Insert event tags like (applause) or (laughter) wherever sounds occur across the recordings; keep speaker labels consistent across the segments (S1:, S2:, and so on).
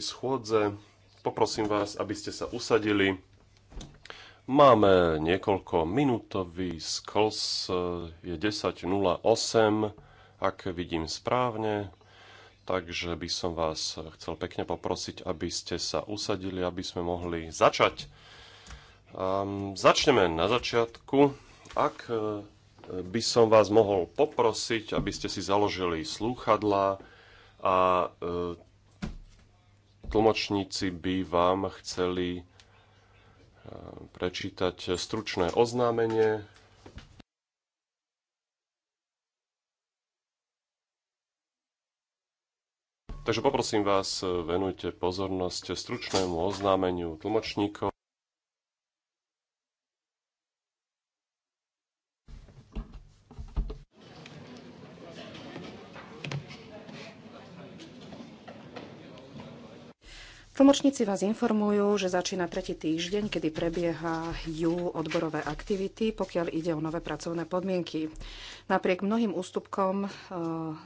S1: schôdze. Poprosím vás, aby ste sa usadili. Máme niekoľko minútový skls, je 10.08, ak vidím správne. Takže by som vás chcel pekne poprosiť, aby ste sa usadili, aby sme mohli začať. Um, začneme na začiatku. Ak e, by som vás mohol poprosiť, aby ste si založili slúchadlá a e, Tlmočníci by vám chceli eh, prečítať stručné oznámenie. Takže poprosím vás, eh, venujte pozornosť stručnému oznámeniu tlmočníkov.
S2: Tlmočníci vás informujú, že začína tretí týždeň, kedy prebiehajú odborové aktivity, pokiaľ ide o nové pracovné podmienky. Napriek mnohým ústupkom eh,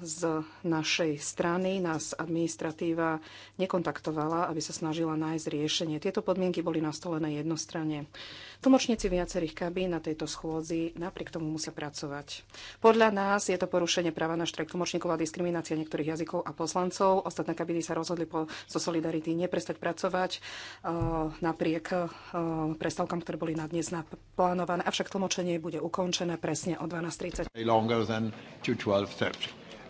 S2: z našej strany nás administratíva nekontaktovala, aby sa snažila nájsť riešenie. Tieto podmienky boli nastolené jednostranne. Tlmočníci viacerých kabín na tejto schôdzi napriek tomu musia pracovať. Podľa nás je to porušenie práva na štrajk tlmočníkov a diskriminácia niektorých jazykov a poslancov. Ostatné kabiny sa rozhodli po, so Solidarity neprestať pracovať eh, napriek eh, prestávkam, ktoré boli na dnes naplánované. Avšak tlmočenie bude ukončené presne o 12.30
S3: longer than to 12.30.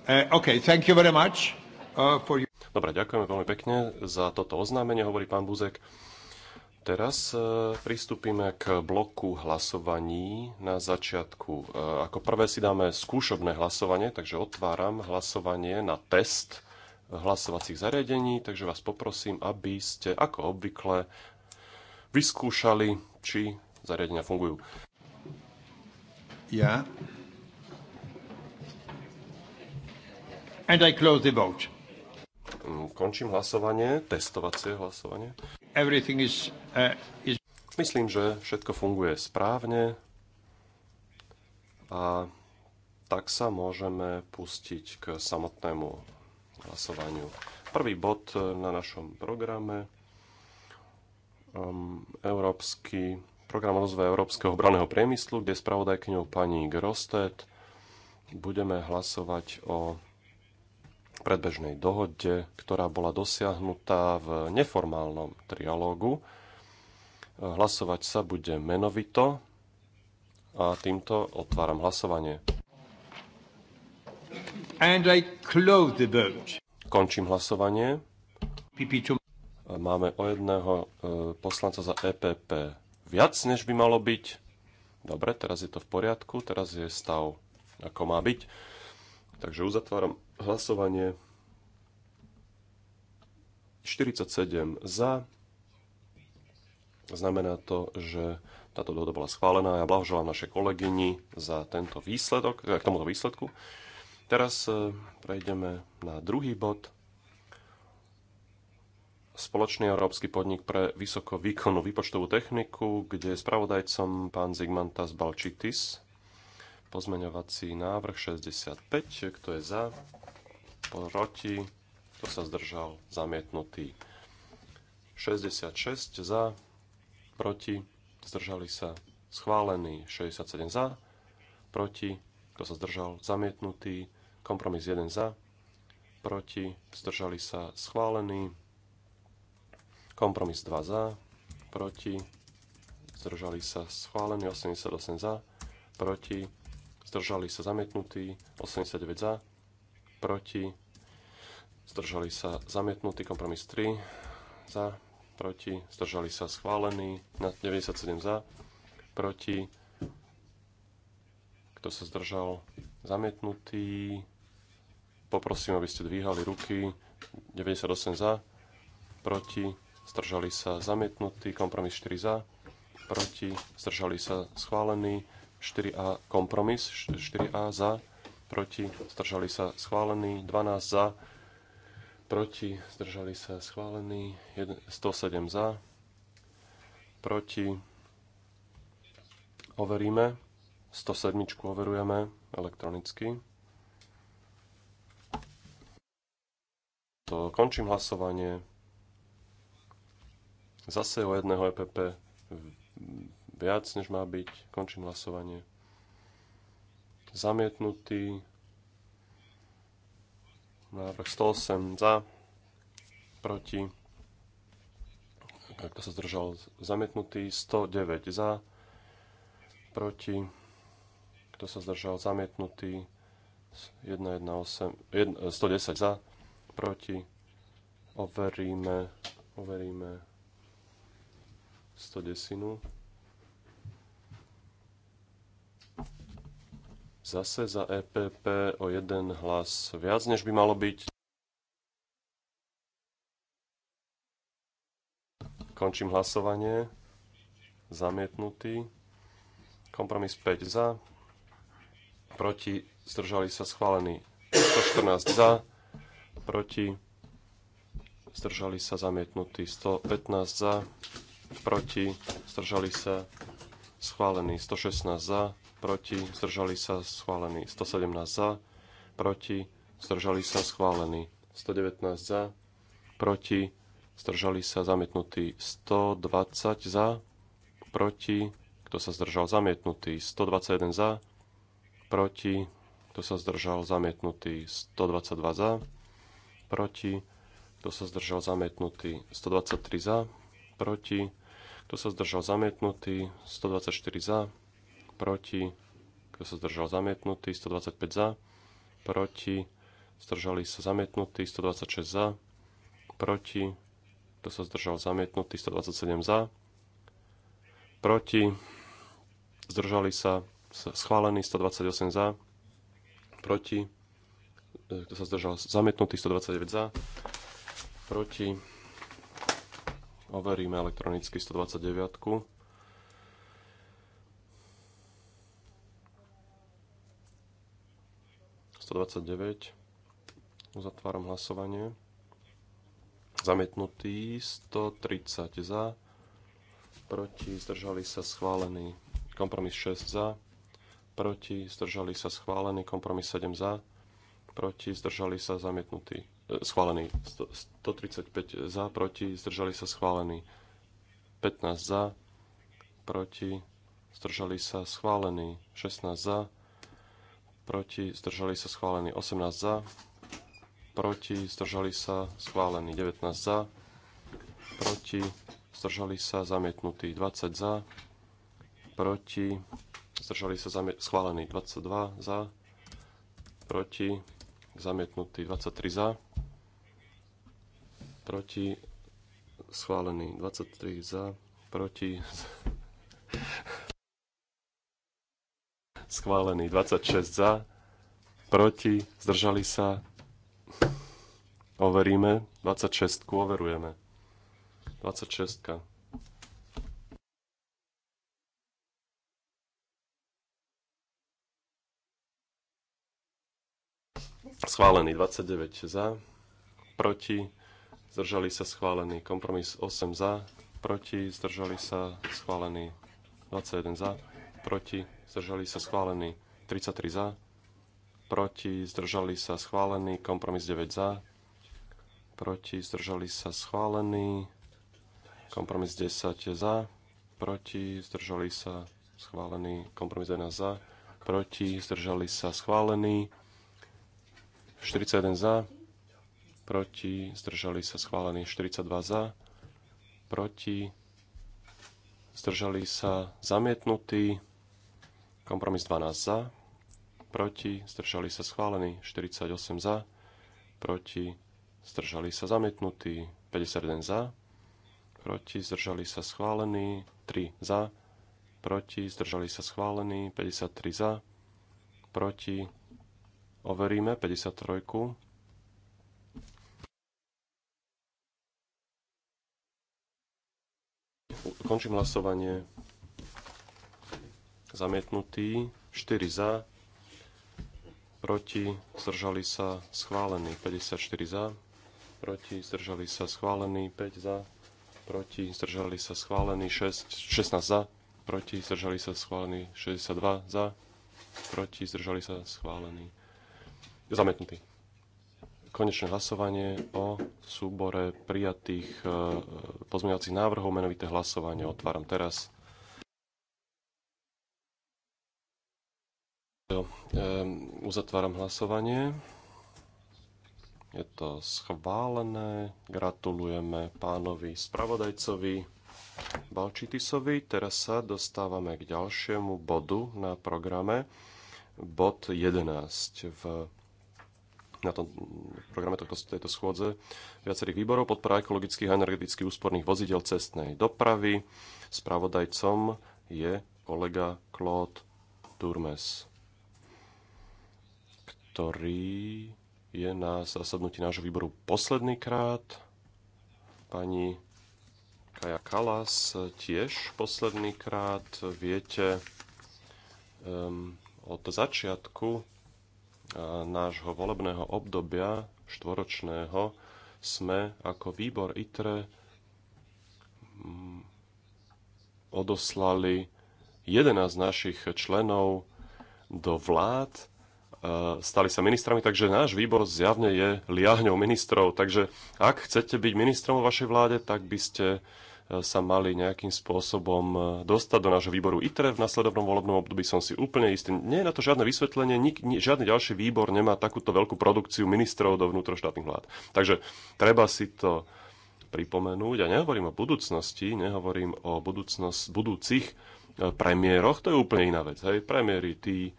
S1: Uh, OK, thank you very much uh, for you. Dobre, ďakujeme veľmi pekne za toto oznámenie, hovorí pán Buzek. Teraz uh, pristúpime k bloku hlasovaní na začiatku. Uh, ako prvé si dáme skúšobné hlasovanie, takže otváram hlasovanie na test hlasovacích zariadení, takže vás poprosím, aby ste ako obvykle vyskúšali, či zariadenia fungujú. Ja. Yeah. And I close the vote. Mm, končím hlasovanie, testovacie hlasovanie. Everything is, uh, is... Myslím, že všetko funguje správne a tak sa môžeme pustiť k samotnému hlasovaniu. Prvý bod eh, na našom programe um, Európsky program rozvoja európskeho obraného priemyslu, kde spravodajkňou pani Grostet budeme hlasovať o predbežnej dohode, ktorá bola dosiahnutá v neformálnom trialógu. Hlasovať sa bude menovito a týmto otváram hlasovanie. And I close the vote. Končím hlasovanie. Máme o jedného e, poslanca za EPP viac, než by malo byť. Dobre, teraz je to v poriadku, teraz je stav, ako má byť. Takže uzatváram hlasovanie 47 za. Znamená to, že táto dohoda bola schválená. Ja blahoželám našej kolegyni za tento výsledok, eh, k tomuto výsledku. Teraz eh, prejdeme na druhý bod. Spoločný európsky podnik pre vysoko výkonnú výpočtovú techniku, kde je spravodajcom pán Zigmantas Balčitis. Pozmeňovací návrh 65, kto je za? proti, kto sa zdržal, zamietnutý. 66 za, proti, zdržali sa, schválený. 67 za, proti, kto sa zdržal, zamietnutý. Kompromis 1 za, proti, zdržali sa, schválený. Kompromis 2 za, proti, zdržali sa, schválený. 88 za, proti, zdržali sa, zamietnutý. 89 za, proti, zdržali sa zamietnutý, kompromis 3 za, proti, zdržali sa schválený, 97 za, proti, kto sa zdržal, zamietnutý, poprosím, aby ste dvíhali ruky, 98 za, proti, zdržali sa zamietnutý, kompromis 4 za, proti, zdržali sa schválený, 4A kompromis, 4A za, proti, zdržali sa schválení, 12 za, proti, zdržali sa schválení, 107 za, proti, overíme, 107 overujeme elektronicky. To končím hlasovanie. Zase o jedného EPP viac, než má byť. Končím hlasovanie. Zamietnutý. Návrh 108 za. Proti. to sa zdržal? Zamietnutý. 109 za. Proti. Kto sa zdržal? Zamietnutý. 118, 110 za. Proti. Overíme. Overíme. 110. zase za EPP o jeden hlas viac, než by malo byť. Končím hlasovanie. Zamietnutý. Kompromis 5 za. Proti. Zdržali sa schválení 114 za. Proti. Zdržali sa zamietnutí 115 za. Proti. Zdržali sa schválený 116 za proti, zdržali sa schválený, 117 za, proti, zdržali sa schválený. 119 za, proti, zdržali sa zamietnutí. 120 za, proti, kto sa zdržal zamietnutý. 121 za, proti, kto sa zdržal zamietnutý. 122 za, proti, kto sa zdržal zamietnutý. 123 za, proti, kto sa zdržal zamietnutý. 124 za, proti, kto sa zdržal zamietnutý, 125 za, proti, zdržali sa zamietnutí, 126 za, proti, kto sa zdržal zamietnutý, 127 za, proti, zdržali sa schválený, 128 za, proti, e, kto sa zdržal zamietnutý, 129 za, proti, overíme elektronicky 129. -ku. 129. Uzatváram hlasovanie. Zamietnutý 130 za. Proti zdržali sa schválený kompromis 6 za. Proti zdržali sa schválený kompromis 7 za. Proti zdržali sa zamietnutý e, schválený 135 za. Proti zdržali sa schválený 15 za. Proti zdržali sa schválený 16 za proti, zdržali sa schválení 18 za, proti, zdržali sa schválení 19 za, proti, zdržali sa zamietnutí 20 za, proti, zdržali sa schválení 22 za, proti, zamietnutí 23 za, proti, schválený 23 za, proti, schválený 26 za, proti, zdržali sa, overíme, 26 overujeme. 26. Schválený 29 za, proti, zdržali sa schválený kompromis 8 za, proti, zdržali sa schválený 21 za proti, zdržali sa schválený 33 za, proti, zdržali sa schválený kompromis 9 za, proti, zdržali sa schválený kompromis 10 za, proti, zdržali sa schválený kompromis 11 za, proti, zdržali sa schválený 41 za, proti, zdržali sa schválený 42 za, proti, zdržali sa zamietnutí Kompromis 12 za, proti, zdržali sa schválení, 48 za, proti, zdržali sa zamietnutí, 51 za, proti, zdržali sa schválení, 3 za, proti, zdržali sa schválení, 53 za, proti, overíme 53. Končím hlasovanie zamietnutý, 4 za, proti, zdržali sa, schválený, 54 za, proti, zdržali sa, schválený, 5 za, proti, zdržali sa, schválený, 6, 16 za, proti, zdržali sa, schválený, 62 za, proti, zdržali sa, schválený, zamietnutý. Konečné hlasovanie o súbore prijatých eh, pozmeňovacích návrhov, menovité hlasovanie otváram teraz. Ehm, uzatváram hlasovanie. Je to schválené. Gratulujeme pánovi spravodajcovi Balčitisovi. Teraz sa dostávame k ďalšiemu bodu na programe. Bod 11 v na tom programe tohto, tejto schôdze viacerých výborov podpora ekologických a energetických úsporných vozidel cestnej dopravy. Spravodajcom je kolega Claude Turmes ktorý je na zasadnutí nášho výboru posledný krát. Pani Kaja Kalas tiež posledný krát. Viete, um, od začiatku nášho volebného obdobia štvoročného sme ako výbor ITRE mm, odoslali 11 našich členov do vlád E, stali sa ministrami, takže náš výbor zjavne je liahňou ministrov. Takže ak chcete byť ministrom vo vašej vláde, tak by ste e, sa mali nejakým spôsobom e, dostať do nášho výboru ITRE. V nasledovnom volebnom období som si úplne istý. Nie je na to žiadne vysvetlenie, nik, ni, žiadny ďalší výbor nemá takúto veľkú produkciu ministrov do vnútroštátnych vlád. Takže treba si to pripomenúť. Ja nehovorím o budúcnosti, nehovorím o budúcnosť, budúcich premiéroch, to je úplne iná vec. Hej. Premiéry tí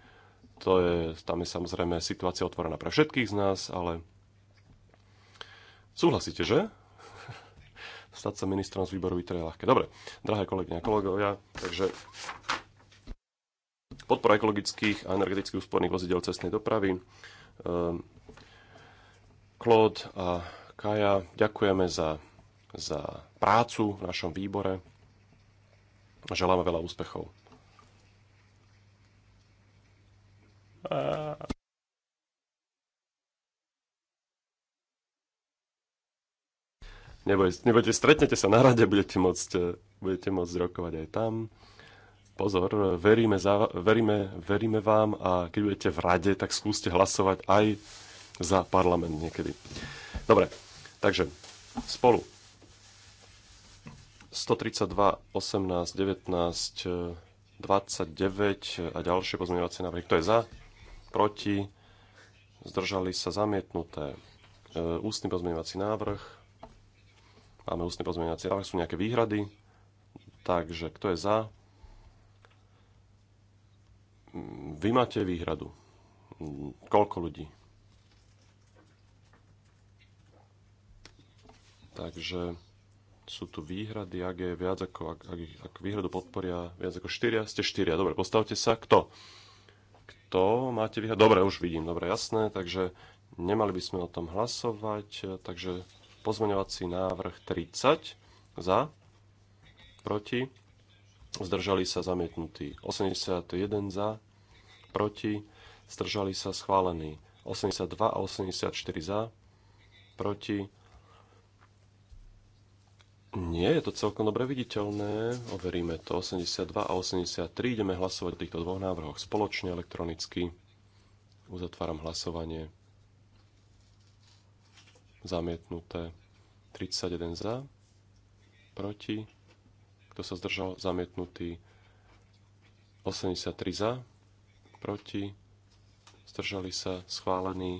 S1: to je, tam je samozrejme situácia otvorená pre všetkých z nás, ale súhlasíte, že? (laughs) Stať sa ministrom z výboru ITRE je ľahké. Dobre, drahé kolegyne a kolegovia, takže podpora ekologických a energetických úsporných vozidel cestnej dopravy. Ehm, Claude a Kaja, ďakujeme za, za prácu v našom výbore. Želáme veľa úspechov. Nebojte, nebojte, stretnete sa na rade, budete môcť, eh, budete môcť rokovať aj tam. Pozor, veríme, za, veríme, veríme vám a keď budete v rade, tak skúste hlasovať aj za parlament niekedy. Dobre, takže spolu. 132, 18, 19, 29 a ďalšie pozmeňovacie návrhy. Kto je za? proti, zdržali sa zamietnuté. E, ústny pozmeňovací návrh. Máme ústny pozmeňovací návrh, sú nejaké výhrady. Takže kto je za? Vy máte výhradu. Koľko ľudí? Takže sú tu výhrady, ak je viac ako, ak, ak, ak výhradu podporia viac ako 4, ste 4. Dobre, postavte sa. Kto? to máte vyhrať. Dobre, už vidím, dobre, jasné, takže nemali by sme o tom hlasovať, e, takže pozmeňovací návrh 30 za, proti, zdržali sa zamietnutí, 81 za, proti, zdržali sa schválení, 82 a 84 za, proti, nie, je to celkom dobre viditeľné. Overíme to. 82 a 83. Ideme hlasovať o týchto dvoch návrhoch spoločne elektronicky. Uzatváram hlasovanie. Zamietnuté. 31 za. Proti. Kto sa zdržal? Zamietnutý. 83 za. Proti. Zdržali sa. Schválený.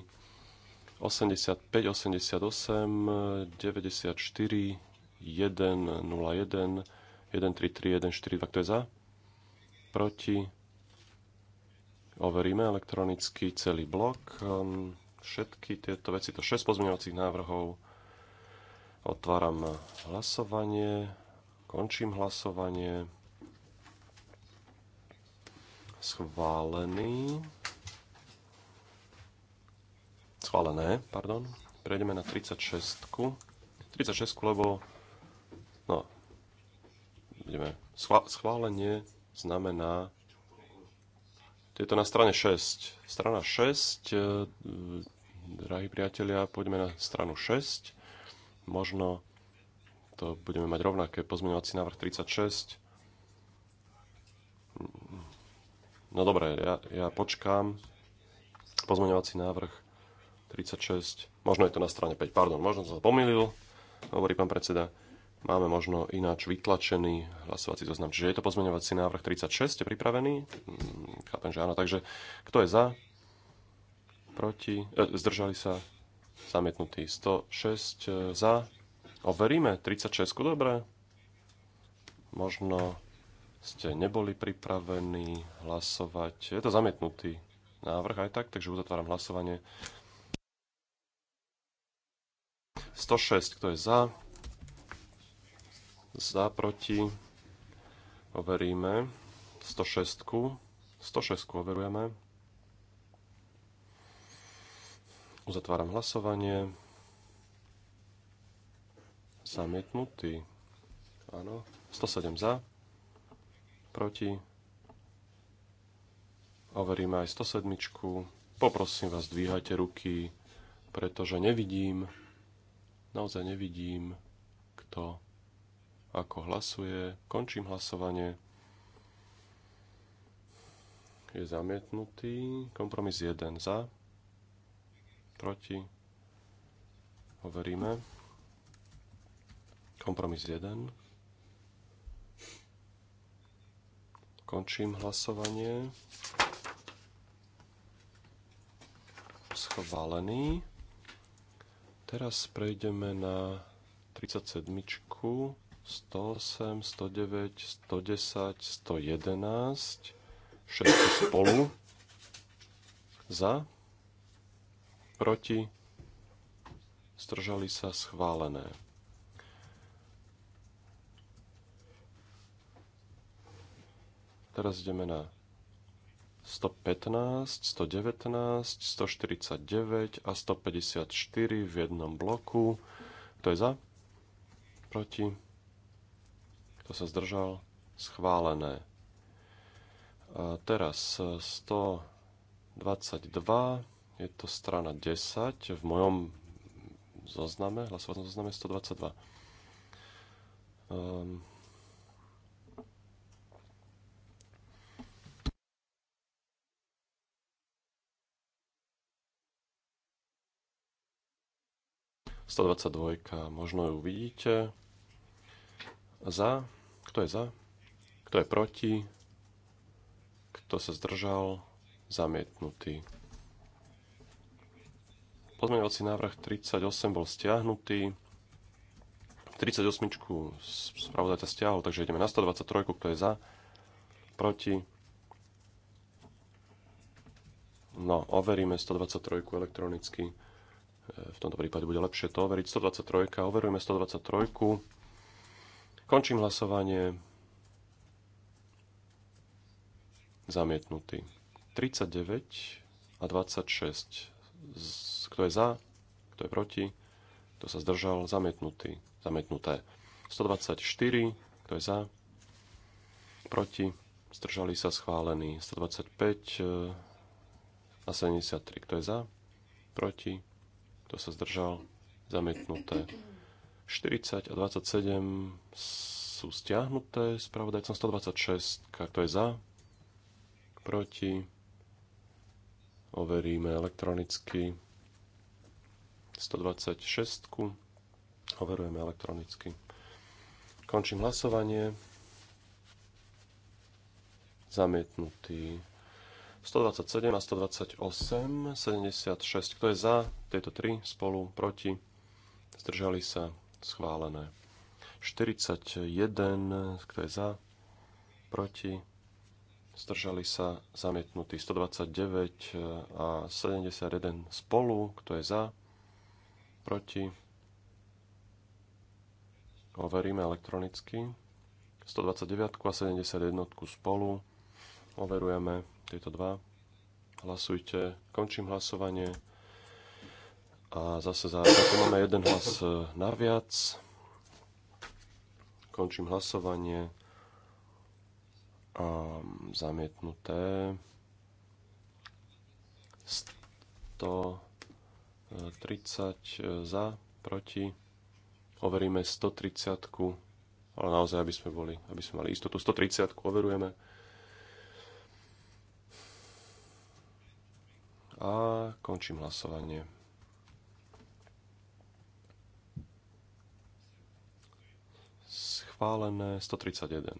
S1: 85, 88, 94, 101, 133, 142, tak je za. Proti. Overíme elektronicky celý blok. Ehm, všetky tieto veci, to 6 pozmeňovacích návrhov. Otváram hlasovanie. Končím hlasovanie. Schválený. Schválené, pardon. Prejdeme na 36. 36, lebo budeme, schválenie znamená, je to na strane 6. Strana 6, e, drahí priatelia, poďme na stranu 6. Možno to budeme mať rovnaké. Pozmeňovací návrh 36. No dobre, ja, ja počkám. Pozmeňovací návrh 36. Možno je to na strane 5, pardon, možno som sa pomýlil, hovorí pán predseda máme možno ináč vytlačený hlasovací zoznam. Čiže je to pozmeňovací návrh 36, ste pripravení? Mm, chápem, že áno. Takže kto je za? Proti? E, zdržali sa? Zamietnutý 106 e, za. Overíme 36, dobre. Možno ste neboli pripravení hlasovať. Je to zamietnutý návrh aj tak, takže uzatváram hlasovanie. 106, kto je za? za, proti, overíme. 106. 106 overujeme. Uzatváram hlasovanie. Zamietnutý. Áno. 107 za. Proti. Overíme aj 107. Poprosím vás, dvíhajte ruky, pretože nevidím, naozaj nevidím, kto ako hlasuje. Končím hlasovanie. Je zamietnutý. Kompromis 1 za. Proti. Overíme. Kompromis 1. Končím hlasovanie. Schválený. Teraz prejdeme na 37. 108, 109, 110, 111, všetko spolu. Za, proti, zdržali sa schválené. Teraz ideme na 115, 119, 149 a 154 v jednom bloku. To je za, proti, kto sa zdržal, schválené. A teraz 122, e, je to strana 10 v mojom zozname, hlasovacom zozname 122. Um, dvojka, možno ju vidíte. Za kto je za? Kto je proti? Kto sa zdržal? Zamietnutý. Pozmeňovací návrh 38 bol stiahnutý. 38 spravodajca stiahol, takže ideme na 123, kto je za, proti. No, overíme 123 elektronicky. E, v tomto prípade bude lepšie to overiť. 123, overujeme 123. Končím hlasovanie. Zamietnutý. 39 a 26. Kto je za? Kto je proti? Kto sa zdržal? Zamietnutý. Zamietnuté. 124. Kto je za? Proti? Zdržali sa schválení. 125 e, a 73. Kto je za? Proti? Kto sa zdržal? Zamietnuté. 40 a 27 sú stiahnuté, spravodajcom 126, kto je za, proti, overíme elektronicky 126, overujeme elektronicky. Končím hlasovanie. Zamietnutý 127 a 128, 76, kto je za, tieto tri spolu, proti, zdržali sa, schválené. 41, kto je za, proti, zdržali sa zamietnutí 129 eh, a 71 spolu, kto je za, proti, overíme elektronicky, 129 a 71 spolu, overujeme tieto dva, hlasujte, končím hlasovanie, a zase za to máme jeden hlas e, naviac. Končím hlasovanie. A zamietnuté. 130 e, e, za, proti. Overíme 130, ale naozaj, aby sme boli, aby sme mali istotu. 130 overujeme. A končím hlasovanie. spálené 131.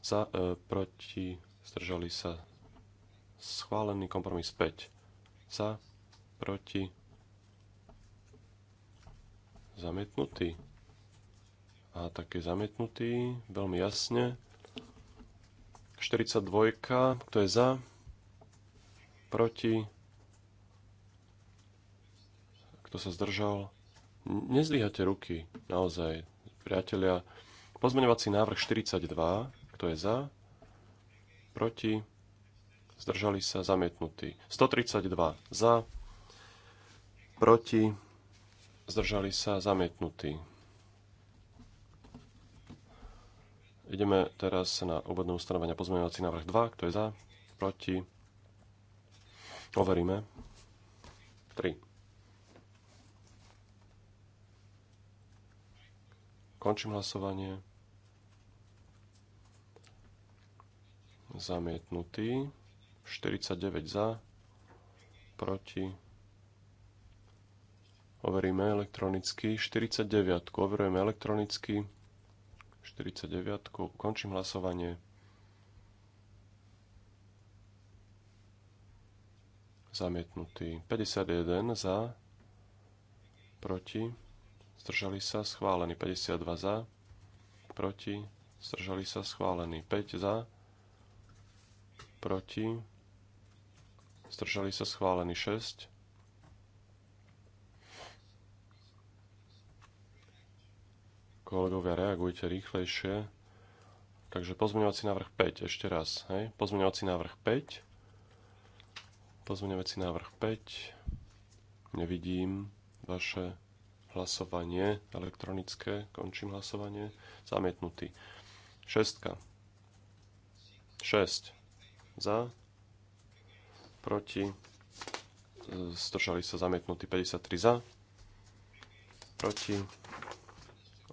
S1: Za, e, proti, zdržali sa schválený kompromis 5. Za, proti, zamietnutý. A tak je zamietnutý, veľmi jasne. 42, kto je za, proti, kto sa zdržal. Nezdvíhate ruky, naozaj priatelia. Pozmeňovací návrh 42, kto je za, proti, zdržali sa, zamietnutí. 132 za, proti, zdržali sa, zamietnutí. Ideme teraz na úvodné ustanovenia pozmeňovací návrh 2, kto je za, proti, overíme. 3. Končím hlasovanie. Zamietnutý. 49 za. Proti. Overíme elektronicky. 49. Overujeme elektronicky. 49. Končím hlasovanie. Zamietnutý. 51 za. Proti zdržali sa, schválený 52 za, proti, zdržali sa, schválený 5 za, proti, zdržali sa, schválený 6. Kolegovia, reagujte rýchlejšie. Takže pozmeňovací návrh 5, ešte raz, hej, pozmeňovací návrh 5, pozmeňovací návrh 5, nevidím vaše hlasovanie elektronické, končím hlasovanie, zamietnutý. Šestka. 6 za, proti, Stržali sa zamietnutí 53 za, proti,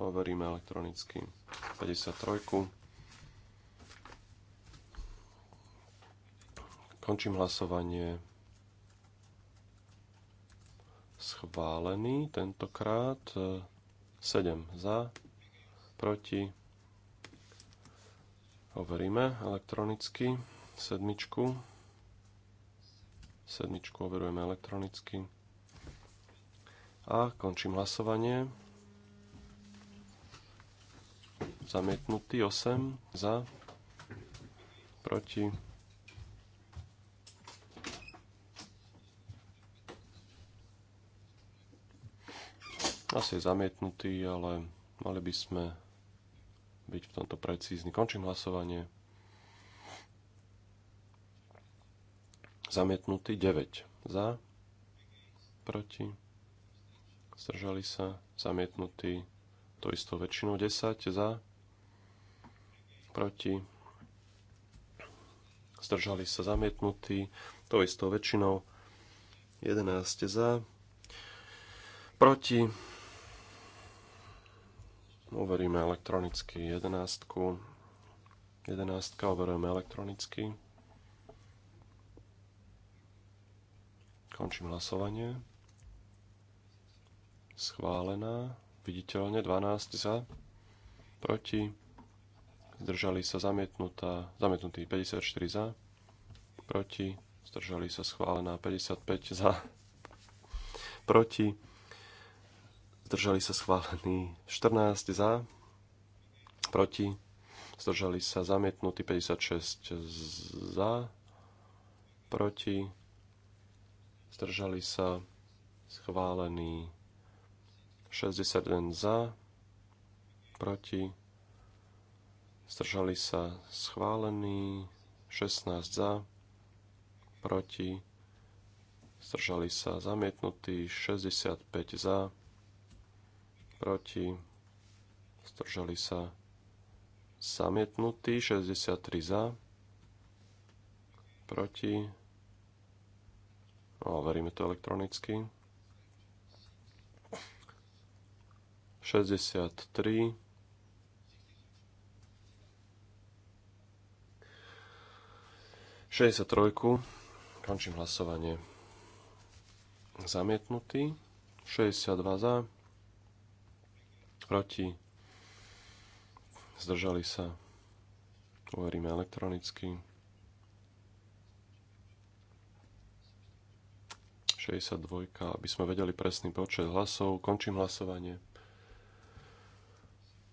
S1: overíme elektronicky 53. Končím hlasovanie, schválený tentokrát. 7 e, za, proti. Overíme elektronicky sedmičku. Sedmičku overujeme elektronicky. A končím hlasovanie. Zamietnutý 8 za, proti Asi je zamietnutý, ale mali by sme byť v tomto precízni. Končím hlasovanie. Zamietnutý 9 za, proti, zdržali sa, zamietnutý to istou väčšinou 10 za, proti, zdržali sa zamietnutí, to istou väčšinou 11 za, proti, overíme elektronicky jedenáctku. Jedenáctka overujeme elektronicky. Končím hlasovanie. Schválená. Viditeľne 12 za. Proti. Zdržali sa zamietnutá, zamietnutý 54 za. Proti. Zdržali sa schválená 55 za. Proti zdržali sa schválení 14 za, proti, zdržali sa zamietnutí 56 za, proti, zdržali sa schválení, 61 za, proti, zdržali sa schválení, 16 za, proti, zdržali sa zamietnutí 65 za, proti, zdržali sa zamietnutí, 63 za, proti, no, veríme to elektronicky, 63 63 končím hlasovanie zamietnutý 62 za proti, zdržali sa, overíme elektronicky. 62, aby sme vedeli presný počet hlasov. Končím hlasovanie.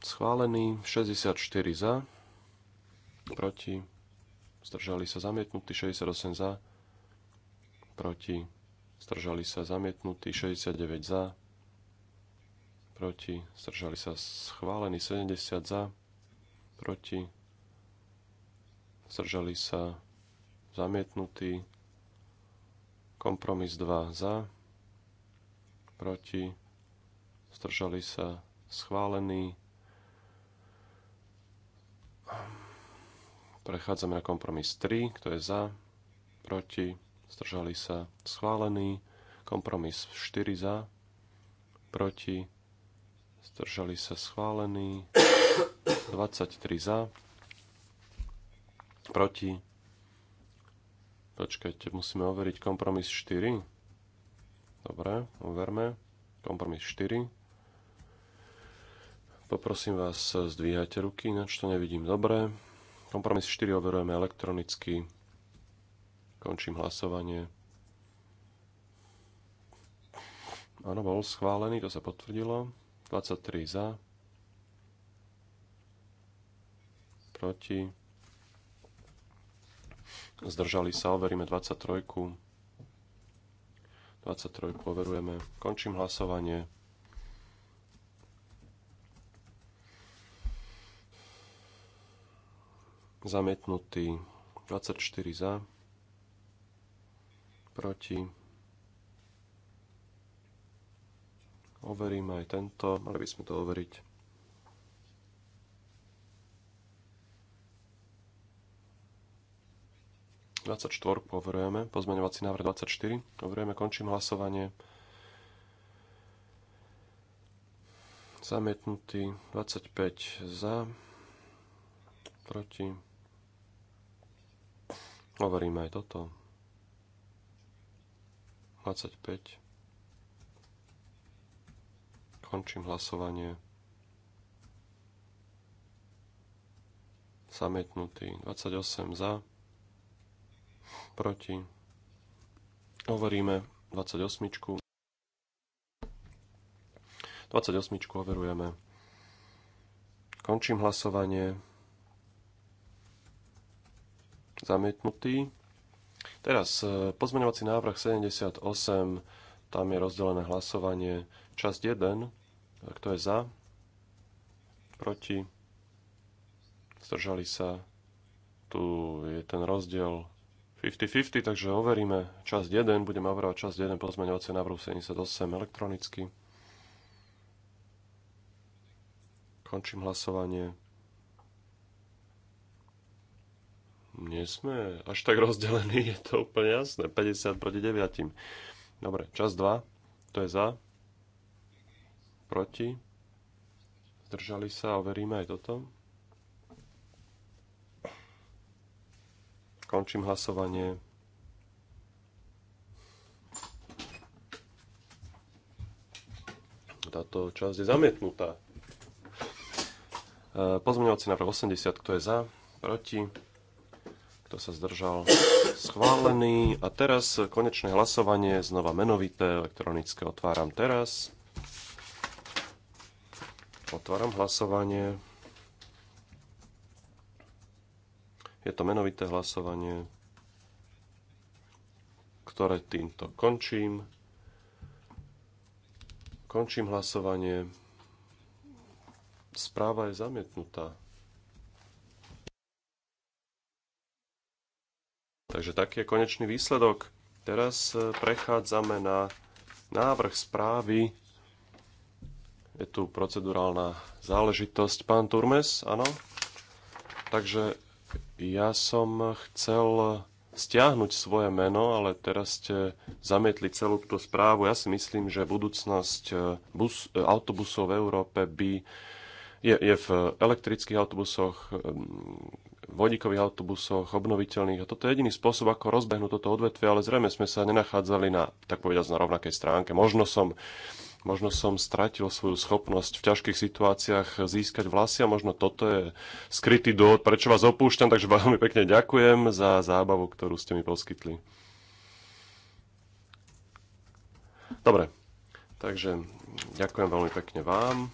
S1: Schválený 64 za, proti, zdržali sa zamietnutí 68 za, proti, zdržali sa zamietnutí 69 za, proti, zdržali sa schválení 70 za, proti, zdržali sa zamietnutí, kompromis 2 za, proti, zdržali sa schválení. Prechádzame na kompromis 3, kto je za, proti, zdržali sa schválení. Kompromis 4 za, proti, zdržali sa schválení, 23 za, proti, počkajte, musíme overiť kompromis 4, dobre, overme, kompromis 4, poprosím vás, zdvíhajte ruky, ináč to nevidím dobre, kompromis 4 overujeme elektronicky, končím hlasovanie, Áno, bol schválený, to sa potvrdilo. 23 za, proti, zdržali sa, overíme 23. 23 overujeme. Končím hlasovanie. Zamietnutý 24 za, proti, Overíme aj tento, mali by sme to overiť. overujeme, pozmeňovací návrh 24. Overujeme, končím hlasovanie. Zamietnutý 25 za, proti. Overíme aj toto. 25. Končím hlasovanie. Zametnutý. 28 za. Proti. Overíme 28. 28 overujeme. Končím hlasovanie. Zamietnutý. Teraz eh, pozmeňovací návrh 78. Tam je rozdelené hlasovanie. Časť 1. Kto je za? Proti? Zdržali sa. Tu je ten rozdiel 50-50, takže overíme časť 1. Budem overovať časť 1 pozmeňovacie návrhu 78 elektronicky. Končím hlasovanie. Nie sme až tak rozdelení, (laughs) je to úplne jasné. 50 proti 9. Dobre, čas 2, to je za proti, zdržali sa, overíme aj toto. Končím hlasovanie. Táto časť je zamietnutá. E, pozmeňovací návrh 80, kto je za, proti, kto sa zdržal, schválený. A teraz konečné hlasovanie, znova menovité, elektronické otváram teraz. Otváram hlasovanie. Je to menovité hlasovanie, ktoré týmto končím. Končím hlasovanie. Správa je zamietnutá. Takže taký je konečný výsledok. Teraz eh, prechádzame na návrh správy je tu procedurálna záležitosť. Pán Turmes, áno? Takže ja som chcel stiahnuť svoje meno, ale teraz ste zamietli celú túto správu. Ja si myslím, že budúcnosť eh, bus, eh, autobusov v Európe by je, je v elektrických autobusoch, eh, vodíkových autobusoch, obnoviteľných. A toto je jediný spôsob, ako rozbehnúť toto odvetvie, ale zrejme sme sa nenachádzali na, tak povedať, na rovnakej stránke. Možno som Možno som stratil svoju schopnosť v ťažkých situáciách získať vlasy a možno toto je skrytý dôvod, prečo vás opúšťam, takže veľmi pekne ďakujem za zábavu, ktorú ste mi poskytli. Dobre, takže ďakujem veľmi pekne vám.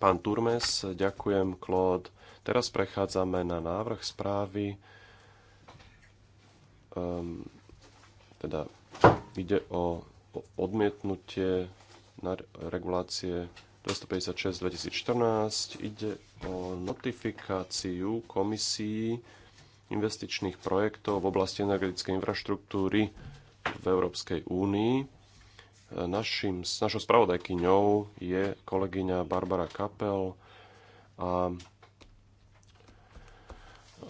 S1: Pán Turmes, ďakujem, Claude. Teraz prechádzame na návrh správy. Um, teda ide o odmietnutie na regulácie 256 2014. Ide o notifikáciu komisii investičných projektov v oblasti energetickej infraštruktúry v Európskej únii. Našim, našou spravodajkyňou je kolegyňa Barbara Kapel a,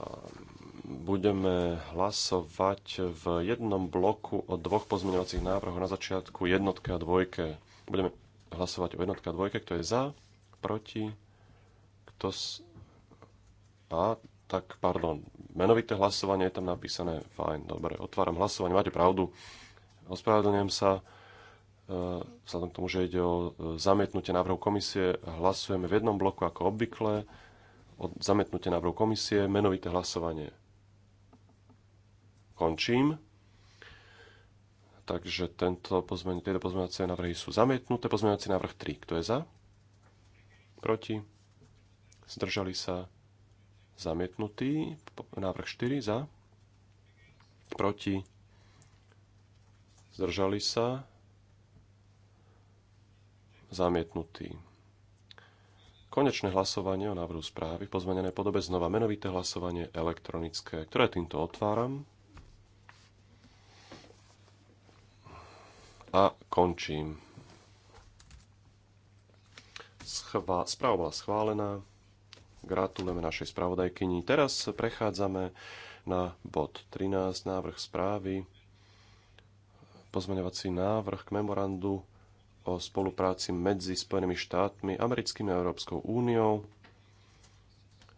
S1: a budeme hlasovať v jednom bloku o dvoch pozmeňovacích návrhoch na začiatku jednotke a dvojke. Budeme hlasovať o jednotke a dvojke, kto je za, proti, kto s... A, tak pardon, menovité hlasovanie je tam napísané, fajn, dobre, otváram hlasovanie, máte pravdu, ospravedlňujem sa, e, vzhľadom k tomu, že ide o e, zamietnutie návrhu komisie, hlasujeme v jednom bloku ako obvykle, o zamietnutie návrhu komisie, menovité hlasovanie. Končím. Takže tento pozmeň, tieto pozmeňovacie návrhy sú zamietnuté. Pozmeňovací návrh 3. Kto je za? Proti? Zdržali sa? Zamietnutý. Návrh 4. Za? Proti? Zdržali sa? Zamietnutý. Konečné hlasovanie o návrhu správy v pozmenenej podobe znova menovité hlasovanie elektronické, ktoré týmto otváram. a končím. Schva- správa bola schválená. Gratulujeme našej spravodajkyni. Teraz prechádzame na bod 13, návrh správy, pozmeňovací návrh k memorandu o spolupráci medzi Spojenými štátmi, americkými a Európskou úniou.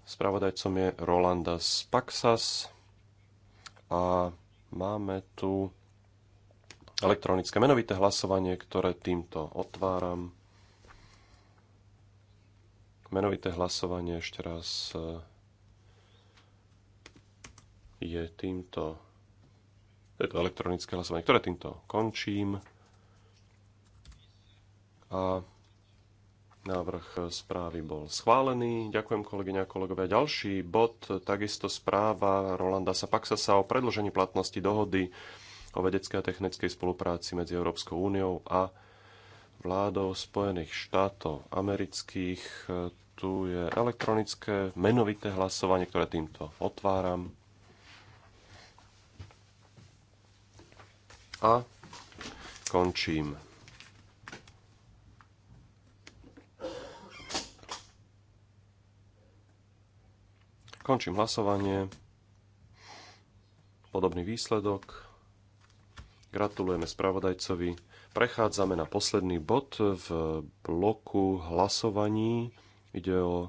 S1: Spravodajcom je Rolanda Spaxas a máme tu elektronické menovité hlasovanie, ktoré týmto otváram. Menovité hlasovanie ešte raz eh, je týmto to elektronické hlasovanie, ktoré týmto končím. A návrh správy bol schválený. Ďakujem kolegyňa a kolegovia. Ďalší bod, takisto správa Rolanda Sapaxasa o predložení platnosti dohody o vedeckej a technickej spolupráci medzi Európskou úniou a vládou Spojených štátov amerických. Tu je elektronické menovité hlasovanie, ktoré týmto otváram. A končím. Končím hlasovanie. Podobný výsledok. Gratulujeme spravodajcovi. Prechádzame na posledný bod v bloku hlasovaní. Ide o e,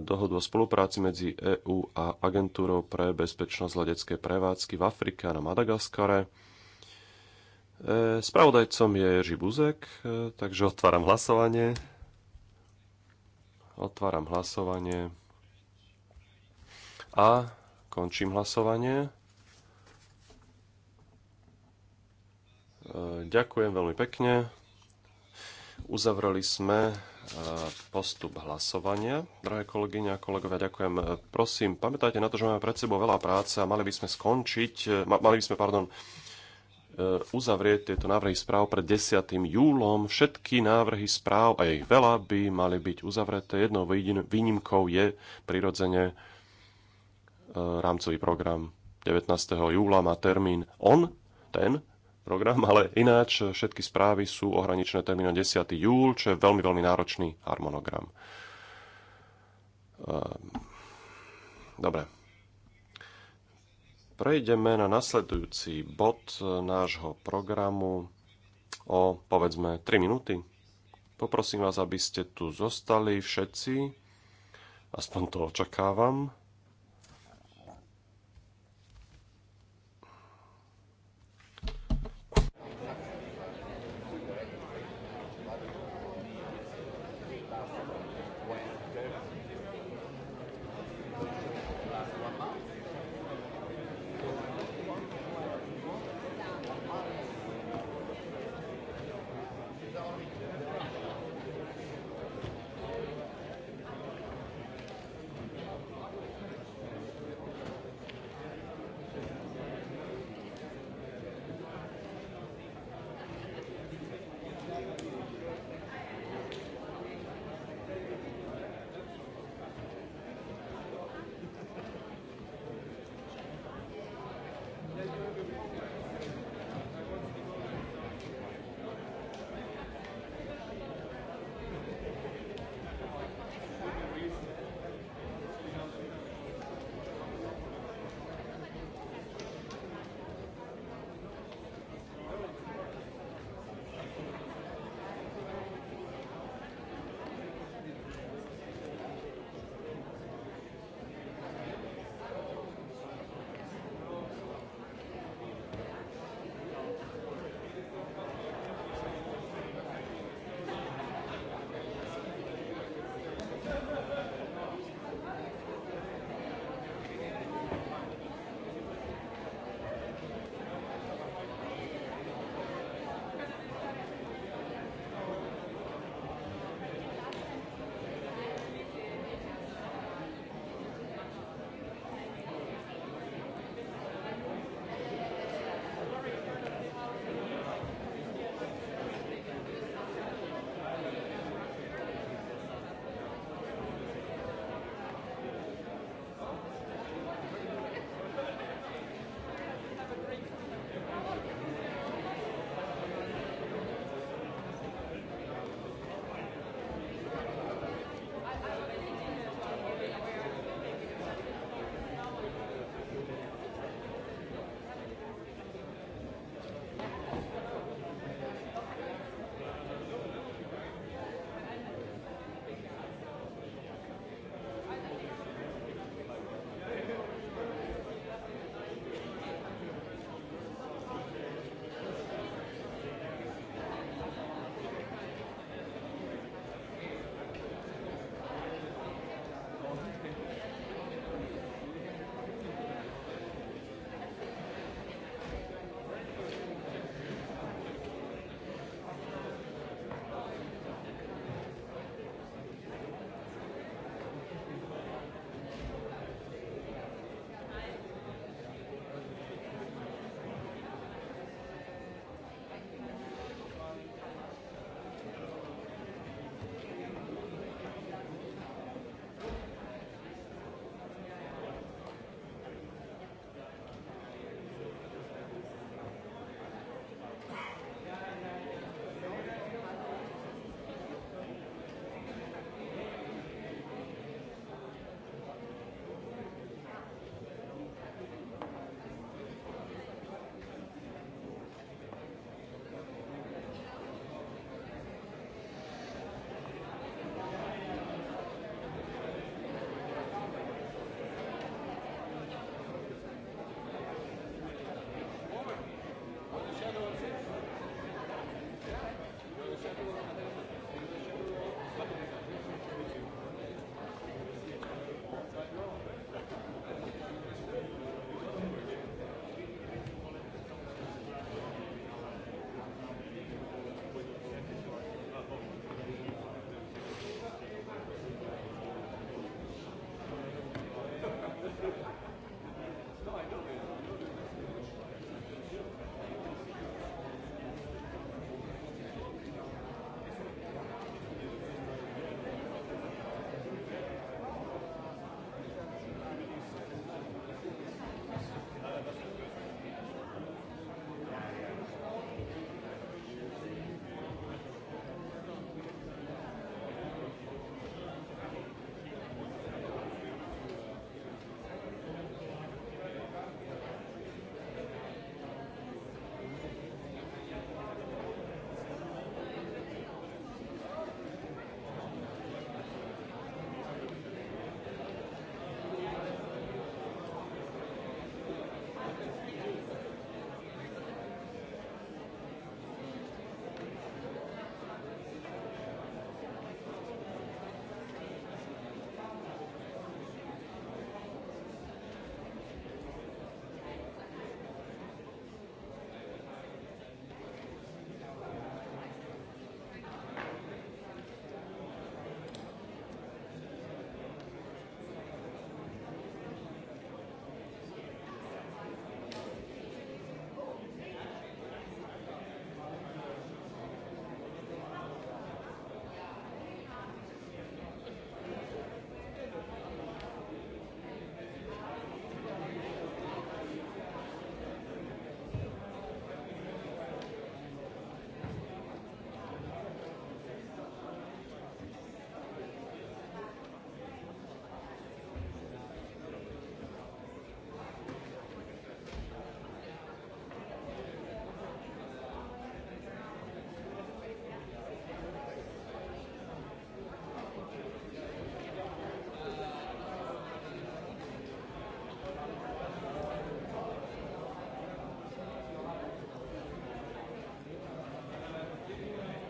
S1: dohodu o spolupráci medzi EÚ a Agentúrou pre bezpečnosť leteckej prevádzky v Afrike a na Madagaskare. E, spravodajcom je Jerzy Buzek, e, takže otváram hlasovanie. Otváram hlasovanie a končím hlasovanie. Eh, ďakujem veľmi pekne. Uzavreli sme eh, postup hlasovania. Drahé kolegyne a kolegovia, ďakujem. Eh, prosím, pamätajte na to, že máme pred sebou veľa práce a mali by sme skončiť, mali by sme, pardon, uzavrieť tieto návrhy správ pred 10. júlom. Všetky návrhy správ, a ich veľa, by mali byť uzavreté. Jednou výnimkou je prirodzene rámcový program 19. júla má termín on, ten, program, ale ináč všetky správy sú ohraničené termínom 10. júl, čo je veľmi, veľmi náročný harmonogram. Ehm, dobre. Prejdeme na nasledujúci bod nášho programu o, povedzme, 3 minúty. Poprosím vás, aby ste tu zostali všetci, aspoň to očakávam.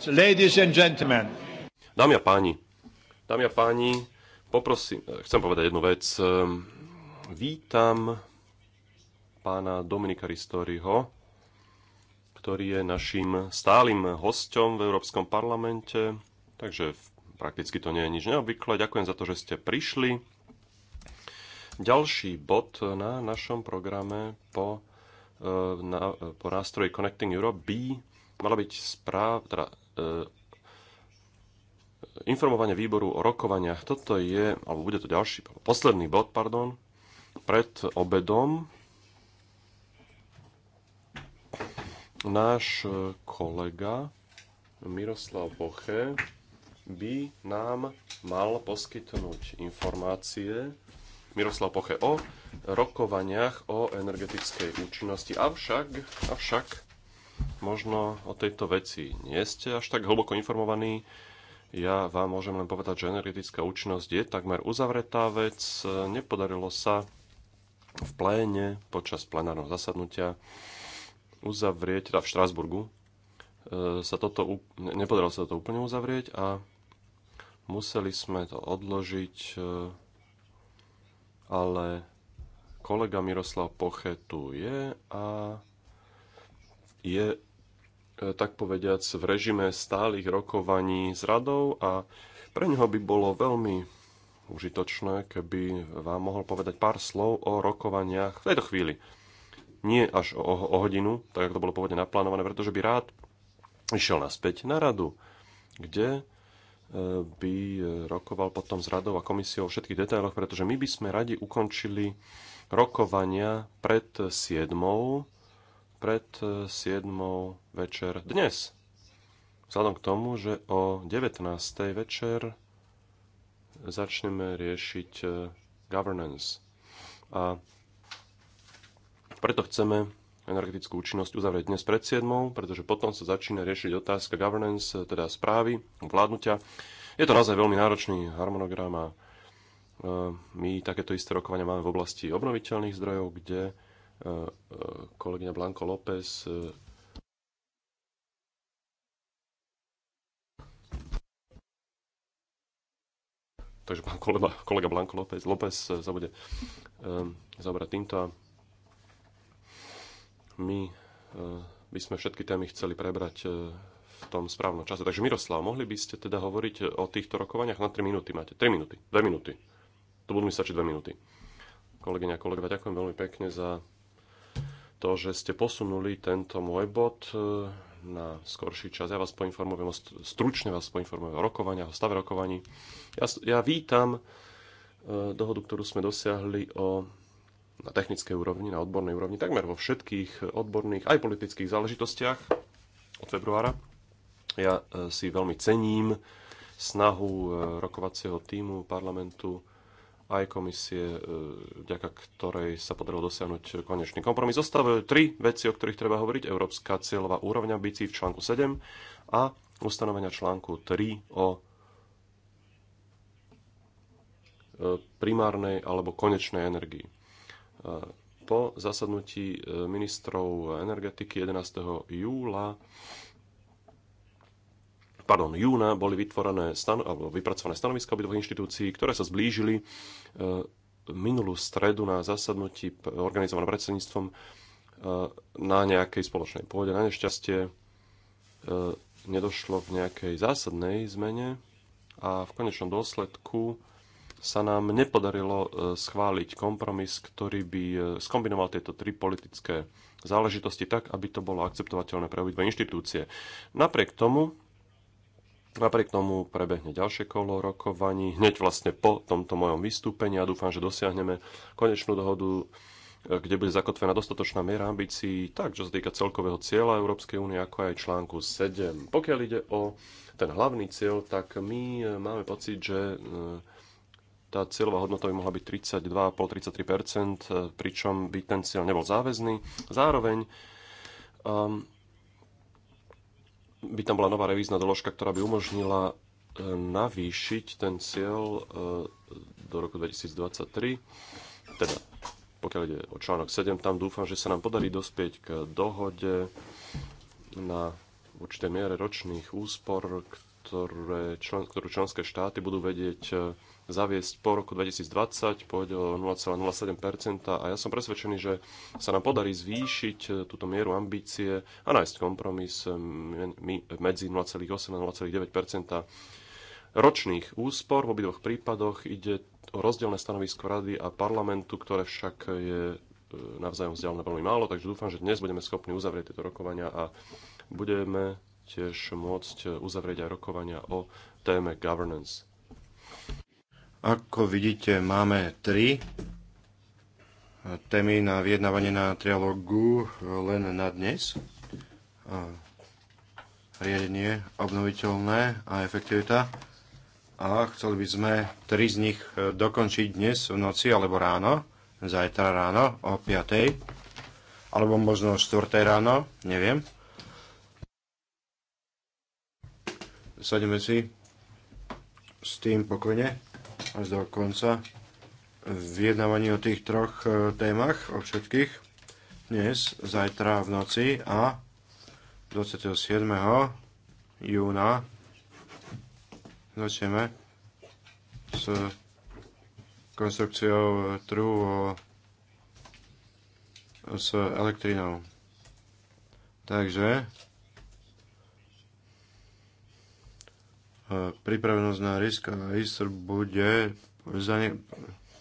S3: Ladies and gentlemen.
S2: Dámy
S1: a páni, dámy a páni, poprosím, eh, chcem povedať jednu vec. Ehm, vítam pána Dominika Ristoriho, ktorý je našim stálym hosťom v Európskom parlamente, takže prakticky to nie je nič neobvyklé. Ďakujem za to, že ste prišli. Ďalší bod na našom programe po, eh, na, po nástroji Connecting Europe by mala byť správa, teda E, informovanie výboru o rokovaniach. Toto je, alebo bude to ďalší, posledný bod, pardon, pred obedom. Náš e, kolega Miroslav Boche by nám mal poskytnúť informácie Miroslav Poche o rokovaniach o energetickej účinnosti. Avšak, avšak možno o tejto veci nie ste až tak hlboko informovaní. Ja vám môžem len povedať, že energetická účinnosť je takmer uzavretá vec. Nepodarilo sa v pléne počas plenárneho zasadnutia uzavrieť, teda v Štrásburgu, e, sa toto, nepodarilo sa to úplne uzavrieť a museli sme to odložiť, e, ale kolega Miroslav Poche tu je a je E, tak povediac, v režime stálych rokovaní s radou a pre neho by bolo veľmi užitočné, keby vám mohol povedať pár slov o rokovaniach v tejto chvíli. Nie až o, o hodinu, tak ako to bolo pôvodne naplánované, pretože by rád išiel naspäť na radu, kde e, by rokoval potom s radou a komisiou o všetkých detailoch, pretože my by sme radi ukončili rokovania pred 7 pred 7. E, večer dnes. Vzhľadom k tomu, že o 19. večer začneme riešiť e, governance. A preto chceme energetickú účinnosť uzavrieť dnes pred 7, pretože potom sa začína riešiť otázka governance, e, teda správy, vládnutia. Je to naozaj veľmi náročný harmonogram a my takéto isté rokovania máme v oblasti obnoviteľných zdrojov, kde kolegyňa Blanko López e, takže pán kolega, kolega Blanko López, López e, sa bude um, e, zabrať týmto my by sme všetky témy chceli prebrať v tom správnom čase. Takže Miroslav, mohli by ste teda hovoriť o týchto rokovaniach na 3 minúty máte. 3 minúty, 2 minúty. To budú mi stačiť 2 minúty. Kolegyňa a ďakujem veľmi pekne za to, že ste posunuli tento môj bod e, na skorší čas. Ja vás poinformujem, stručne vás poinformujem o rokovaní, o stave rokovaní. Ja, ja vítam e, dohodu, ktorú sme dosiahli o, na technickej úrovni, na odbornej úrovni, takmer vo všetkých odborných aj politických záležitostiach od februára. Ja e, si veľmi cením snahu rokovacieho týmu parlamentu aj komisie, e, vďaka ktorej sa podarilo dosiahnuť konečný kompromis. Zostávajú tri veci, o ktorých treba hovoriť. Európska cieľová úrovňa bicí v článku 7 a ustanovenia článku 3 o e, primárnej alebo konečnej energii. E, po zasadnutí ministrov energetiky 11. júla pardon, júna boli vytvorené stano, alebo vypracované stanoviska obidvoch inštitúcií, ktoré sa zblížili e, minulú stredu na zasadnutí organizovaným predsedníctvom e, na nejakej spoločnej pôde. Na nešťastie e, nedošlo k nejakej zásadnej zmene a v konečnom dôsledku sa nám nepodarilo schváliť kompromis, ktorý by skombinoval tieto tri politické záležitosti tak, aby to bolo akceptovateľné pre obidve inštitúcie. Napriek tomu Napriek tomu prebehne ďalšie kolo rokovaní, hneď vlastne po tomto mojom vystúpení a dúfam, že dosiahneme konečnú dohodu, e, kde bude zakotvená dostatočná miera ambícií, tak čo sa týka celkového cieľa Európskej únie, ako aj článku 7. Pokiaľ ide o ten hlavný cieľ, tak my e, máme pocit, že e, tá cieľová hodnota by mohla byť 32,5-33%, pričom by ten cieľ nebol záväzný. Zároveň um, by tam bola nová revízna doložka, ktorá by umožnila e, navýšiť ten cieľ e, do roku 2023. Teda, pokiaľ ide o článok 7, tam dúfam, že sa nám podarí dospieť k dohode na určitej miere ročných úspor, ktoré, člen, ktorú členské štáty budú vedieť e, zaviesť po roku 2020, pôjde o 0,07 a ja som presvedčený, že sa nám podarí zvýšiť eh, túto mieru ambície a nájsť kompromis eh, medzi 0,8 a 0,9 ročných úspor. V obidvoch prípadoch ide o rozdielne stanovisko rady a parlamentu, ktoré však je eh, navzájom vzdialené veľmi málo, takže dúfam, že dnes budeme schopní uzavrieť tieto rokovania a budeme tiež
S4: môcť uzavrieť aj rokovania
S1: o téme governance.
S4: Ako vidíte, máme tri témy na vyjednávanie na trialogu len na dnes. Riedenie obnoviteľné a efektivita. A chceli by sme tri z nich e, dokončiť dnes v noci alebo ráno, zajtra ráno o 5. alebo možno o 4. ráno, neviem. Sadíme si s tým pokojne až do konca vyjednávaní o tých troch e, témach, o všetkých, dnes, zajtra v noci a 27. júna začneme s konstrukciou trú s elektrinou. Takže E, pripravenosť na risk a ISR bude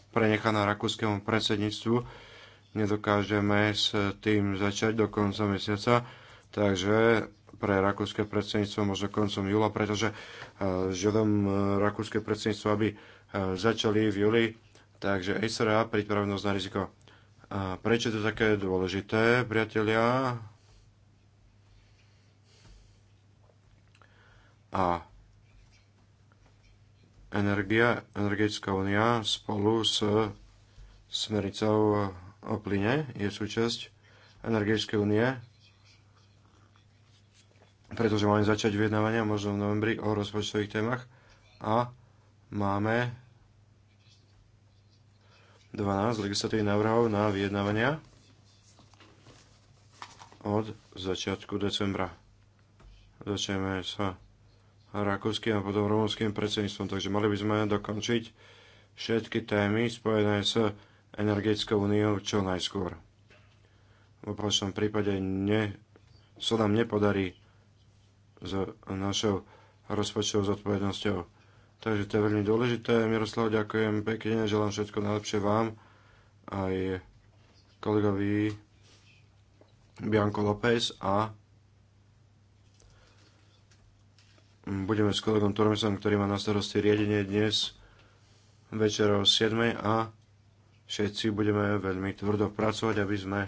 S4: prenechaná rakúskému predsedníctvu. Nedokážeme s tým začať do konca mesiaca, takže pre rakúske predsedníctvo možno koncom júla, pretože e, žiadam e, rakúske predsedníctvo, aby začali v júli, takže SRA pripravenosť na riziko. Prečo prečo to také dôležité, priatelia? A energia, energetická únia spolu s smericou o plyne je súčasť energetické únie, pretože máme začať vyjednávania možno v novembri o rozpočtových témach a máme 12 legislatívnych návrhov na vyjednávania od začiatku decembra. Začneme sa rakúskym a potom rumúnským predsedníctvom. Takže mali by sme dokončiť všetky témy spojené s energetickou úniou čo najskôr. V opačnom prípade ne, sa nám nepodarí s našou rozpočtovou zodpovednosťou. Takže to je veľmi dôležité. Miroslav, ďakujem pekne, želám všetko najlepšie vám aj kolegovi Bianco López a budeme s kolegom Tormesom, ktorý má na starosti riadenie dnes večer o 7. a všetci budeme veľmi tvrdo pracovať, aby sme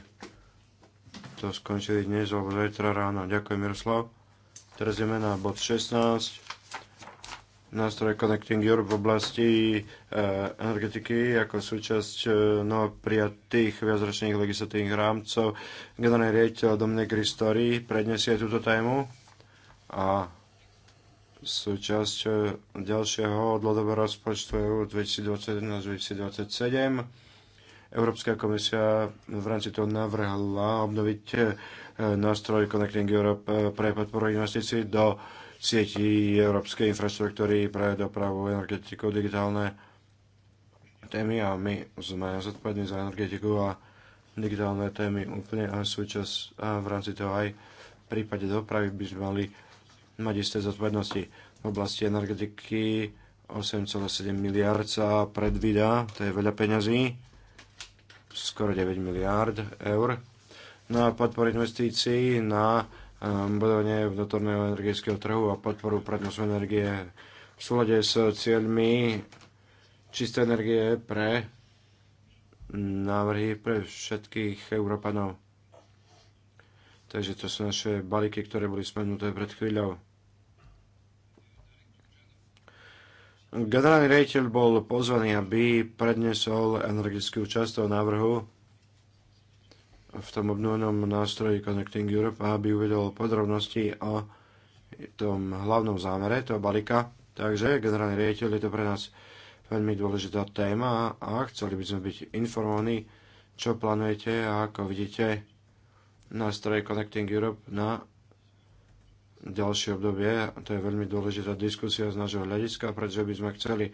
S4: to skončili dnes alebo zajtra ráno. Ďakujem Miroslav. Teraz ideme na bod 16. Nástroj Connecting Europe v oblasti e, energetiky ako súčasť e, novoprijatých viacročných legislatívnych rámcov. Generálny riaditeľ Dominik Ristori predniesie túto tému a Súčasť ďalšieho dlhodobého rozpočtu EU 2021-2027. Európska komisia v rámci toho navrhla obnoviť eh, nástroj Connecting Europe eh, pre podporu investícií do sieti európskej infraštruktúry pre dopravu, energetiku, digitálne témy a my sme zodpovední za energetiku a digitálne témy úplne a súčasť a v rámci toho aj v prípade dopravy by sme mali mať isté zodpovednosti v oblasti energetiky. 8,7 miliard sa predvída, to je veľa peňazí, skoro 9 miliard eur, na no podpor investícií, na um, budovanie vnútorného energetického trhu a podporu prednosu energie v súlade s cieľmi čisté energie pre návrhy pre všetkých Európanov. Takže to sú naše balíky, ktoré boli spomenuté pred chvíľou. Generálny rejiteľ bol pozvaný, aby prednesol energetickú časť toho návrhu v tom obnovenom nástroji Connecting Europe a aby uvedol podrobnosti o tom hlavnom zámere toho balíka. Takže, generálny riaditeľ, je to pre nás veľmi dôležitá téma a chceli by sme byť informovaní, čo plánujete a ako vidíte nástroje Connecting Europe na ďalšie obdobie. To je veľmi dôležitá diskusia z nášho hľadiska, pretože by sme chceli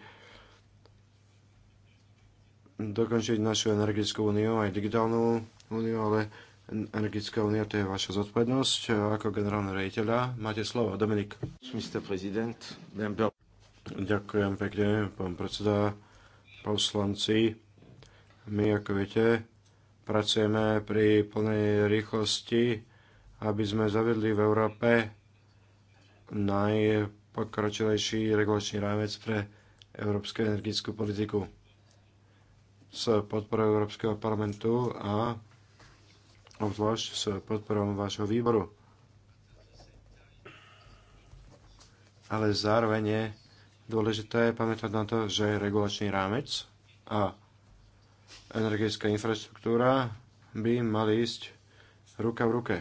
S4: dokončiť našu energetickú úniu, aj digitálnu úniu, ale energetická únia to je vaša zodpovednosť. Ako generálne rejiteľa máte slovo. Dominik. Mr. President, Ďakujem pekne, pán predseda, poslanci. My, ako viete, pracujeme pri plnej rýchlosti, aby sme zavedli v Európe najpokročilejší regulačný rámec pre európsku energetickú politiku s podporou Európskeho parlamentu a obzvlášť s podporou vášho výboru. Ale zároveň je dôležité pamätať na to, že regulačný rámec a energetická infraštruktúra by mali ísť ruka v ruke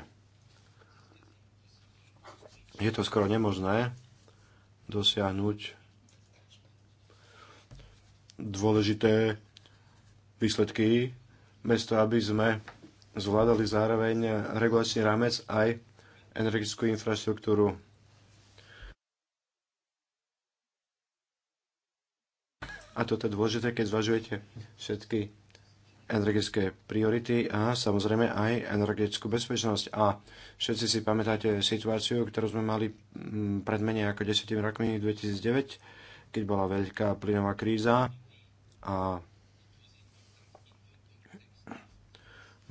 S4: je to skoro nemožné dosiahnuť dôležité výsledky, bez toho, aby sme zvládali zároveň regulačný rámec aj energetickú infraštruktúru. A toto je dôležité, keď zvažujete všetky energetické priority a samozrejme aj energetickú bezpečnosť. A všetci si pamätáte situáciu, ktorú sme mali mm, pred menej ako 10 rokmi 2009, keď bola veľká plynová kríza a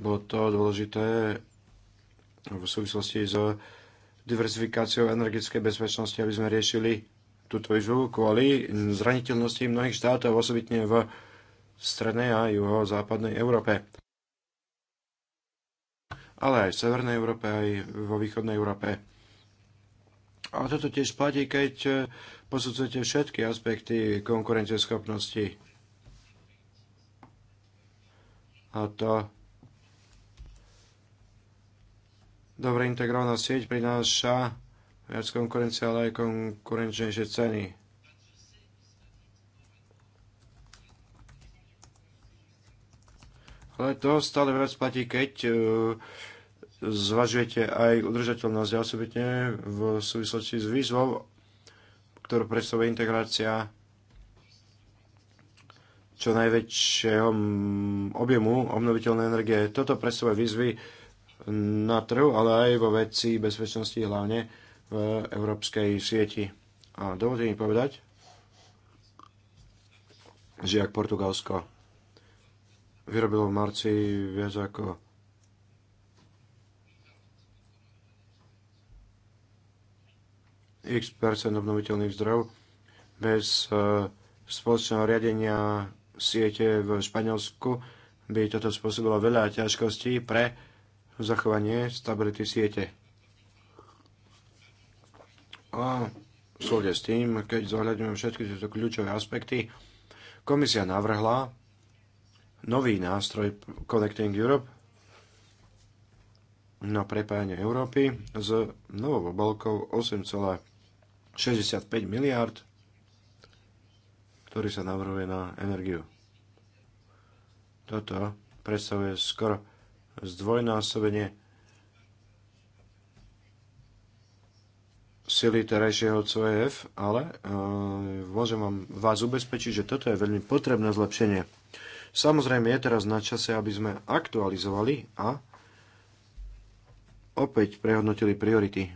S4: bolo to dôležité v súvislosti s diversifikáciou energetickej bezpečnosti, aby sme riešili túto výzvu kvôli zraniteľnosti mnohých štátov, osobitne v v strednej a juhozápadnej Európe. Ale aj v severnej Európe, aj vo východnej Európe. A toto tiež platí, keď e, posudzujete všetky aspekty konkurencieschopnosti. A to dobre integrovaná sieť prináša viac konkurencie, ale aj konkurenčnejšie ceny. Ale to stále viac platí, keď e, zvažujete aj udržateľnosť a osobitne v súvislosti s výzvou, ktorú predstavuje integrácia čo najväčšieho objemu obnoviteľnej energie. Toto predstavuje výzvy na trhu, ale aj vo veci bezpečnosti, hlavne v európskej sieti. A dovolte mi povedať, že ak Portugalsko vyrobilo v marci viac ako 10 percent obnoviteľných zdrojov. Bez e, spoločného riadenia siete v Španielsku by toto spôsobilo veľa ťažkostí pre zachovanie stability siete. A v súde s tým, keď zohľadňujem všetky tieto kľúčové aspekty, komisia navrhla nový nástroj Connecting Europe na prepájanie Európy s novou obalkou 8,65 miliard, ktorý sa navrhuje na energiu. Toto predstavuje skoro zdvojnásobenie sily terajšieho CEF, ale e, môžem vám, vás ubezpečiť, že toto je veľmi potrebné zlepšenie Samozrejme je teraz na čase, aby sme aktualizovali a opäť prehodnotili priority.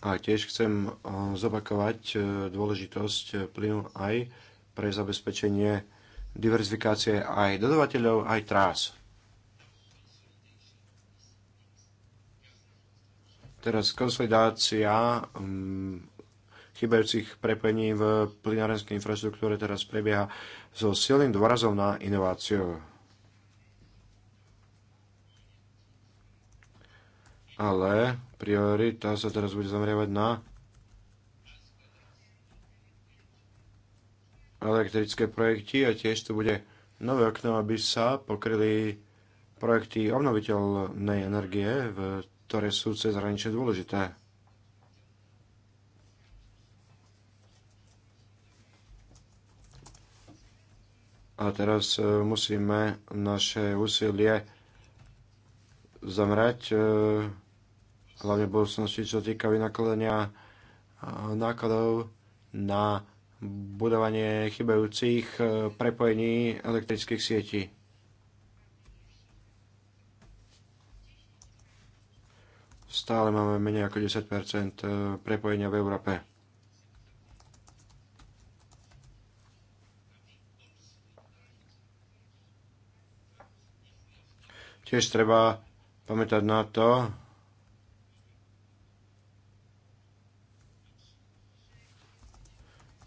S4: A tiež chcem eh, zopakovať eh, dôležitosť plynu aj pre zabezpečenie diverzifikácie aj dodavateľov, aj trás. Teraz konsolidácia mm, chybajúcich prepojení v plynárenskej infraštruktúre teraz prebieha so silným dôrazom na inováciu. Ale priorita sa teraz bude zameriavať na elektrické projekty a tiež tu bude nové okno, aby sa pokryli projekty obnoviteľnej energie v ktoré sú cez hranice dôležité. A teraz e, musíme naše úsilie zamrať, e, hlavne v budúcnosti, čo týka vynakladania e, nákladov na budovanie chybajúcich prepojení elektrických sietí. stále máme menej ako 10 e, prepojenia v Európe. Tiež treba pamätať na to,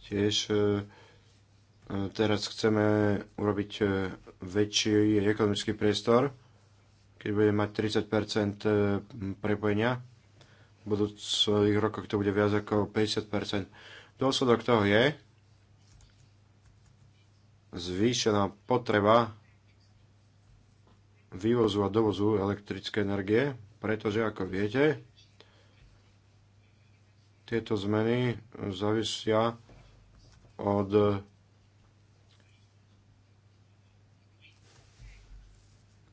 S4: tiež e, e, teraz chceme urobiť väčší ekonomický priestor keď bude mať 30% e, prepojenia. V budúcich rokoch to bude viac ako 50%. Dôsledok toho je zvýšená potreba vývozu a dovozu elektrickej energie, pretože ako viete, tieto zmeny závisia od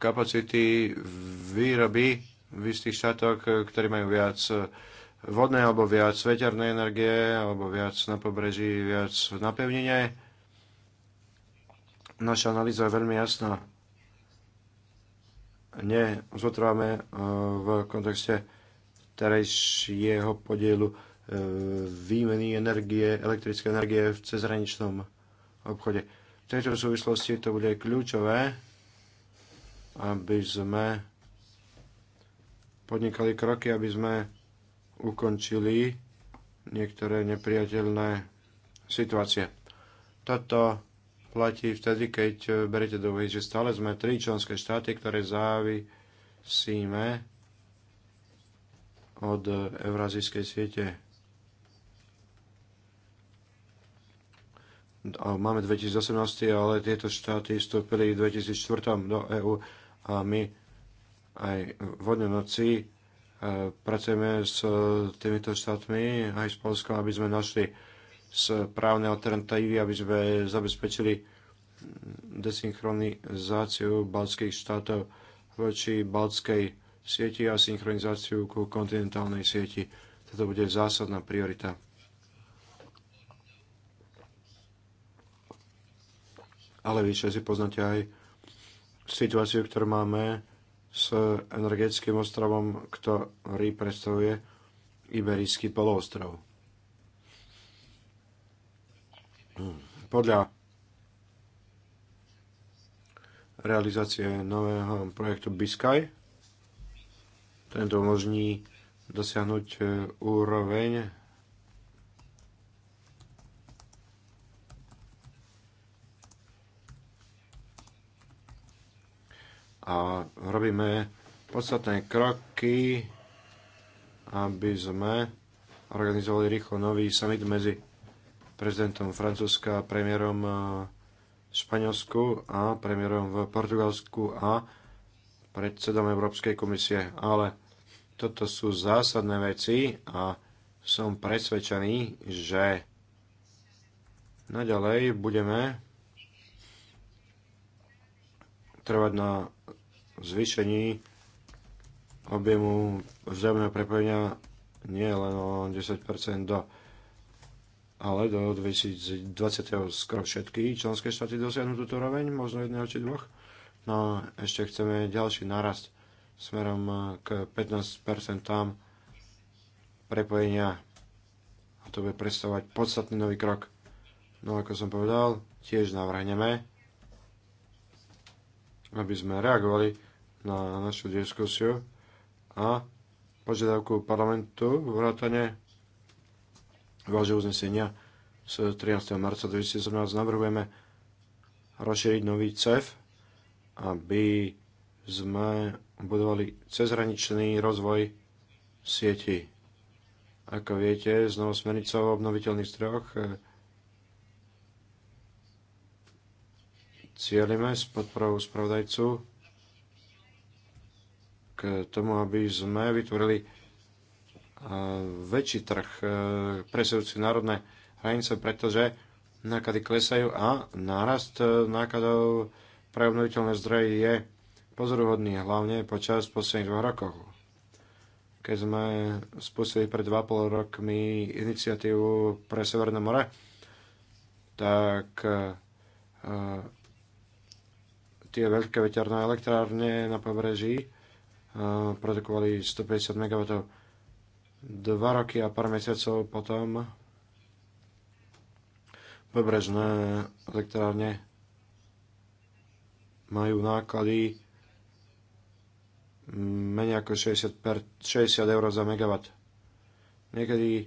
S4: kapacity výroby v istých štátoch, ktorí majú viac vodnej alebo viac veternej energie, alebo viac na pobreží, viac na Naša analýza je veľmi jasná. zotrváme eh, v kontexte terajšieho podielu eh, výmeny energie, elektrické energie v cezhraničnom obchode. V tejto súvislosti to bude kľúčové aby sme podnikali kroky, aby sme ukončili niektoré nepriateľné situácie. Toto platí vtedy, keď berete do úvahy, že stále sme tri členské štáty, ktoré závisíme od Eurazijskej siete. Máme 2018, ale tieto štáty vstúpili v 2004 do EÚ a my aj vodne noci e, pracujeme s týmito štátmi aj s Polskom, aby sme našli správne alternatívy, aby sme zabezpečili desynchronizáciu baltských štátov voči baltskej sieti a synchronizáciu ku kontinentálnej sieti. Toto bude zásadná priorita. Ale vy všetci poznáte aj situáciu, ktorú máme s energetickým ostrovom, ktorý predstavuje Iberijský poloostrov. Hm. Podľa realizácie nového projektu Biscay tento umožní dosiahnuť eh, úroveň a robíme podstatné kroky, aby sme organizovali rýchlo nový summit medzi prezidentom Francúzska a premiérom eh, v Španielsku a premiérom v Portugalsku a predsedom Európskej komisie. Ale toto sú zásadné veci a som presvedčený, že naďalej budeme trvať na zvýšení objemu vzájomného prepojenia nie len o 10% do ale do 2020. skoro všetky členské štáty dosiahnu túto roveň, možno jedného či dvoch. No ešte chceme ďalší narast smerom k 15% prepojenia a to bude predstavovať podstatný nový krok. No ako som povedal, tiež navrhneme, aby sme reagovali na našu diskusiu a požiadavku parlamentu vrátane vášho uznesenia z 13. marca 2017 navrhujeme rozšíriť nový CEF, aby sme budovali cezhraničný rozvoj sieti. Ako viete, z smernica o obnoviteľných zdrojoch e, cieľime s podporou spravodajcu k tomu, aby sme vytvorili e, väčší trh e, presujúci národné hranice, pretože náklady klesajú a nárast e, nákladov pre obnoviteľné zdroje je pozoruhodný, hlavne počas posledných dvoch rokov. Keď sme spustili pred 2,5 rokmi iniciatívu pre Severné more, tak tie veľké veterné elektrárne na pobreží produkovali 150 MW. Dva roky a pár mesiacov potom pobrežné elektrárne majú náklady menej ako 60, per, 60 eur za megawatt. Niekedy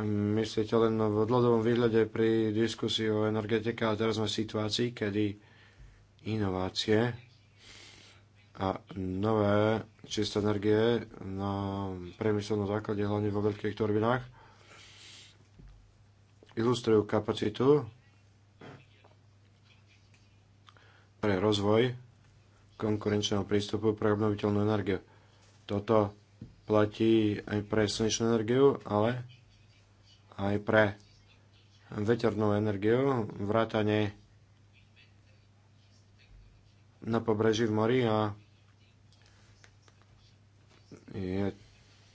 S4: mm, myslíte len v dlhodobom výhľade pri diskusii o energetike, a teraz sme v situácii, kedy inovácie a nové čisté energie na priemyselnom základe, hlavne vo veľkých turbinách, ilustrujú kapacitu pre rozvoj konkurenčného prístupu pre obnoviteľnú energiu. Toto platí aj pre slnečnú energiu, ale aj pre veternú energiu, vrátane na pobreží v mori a je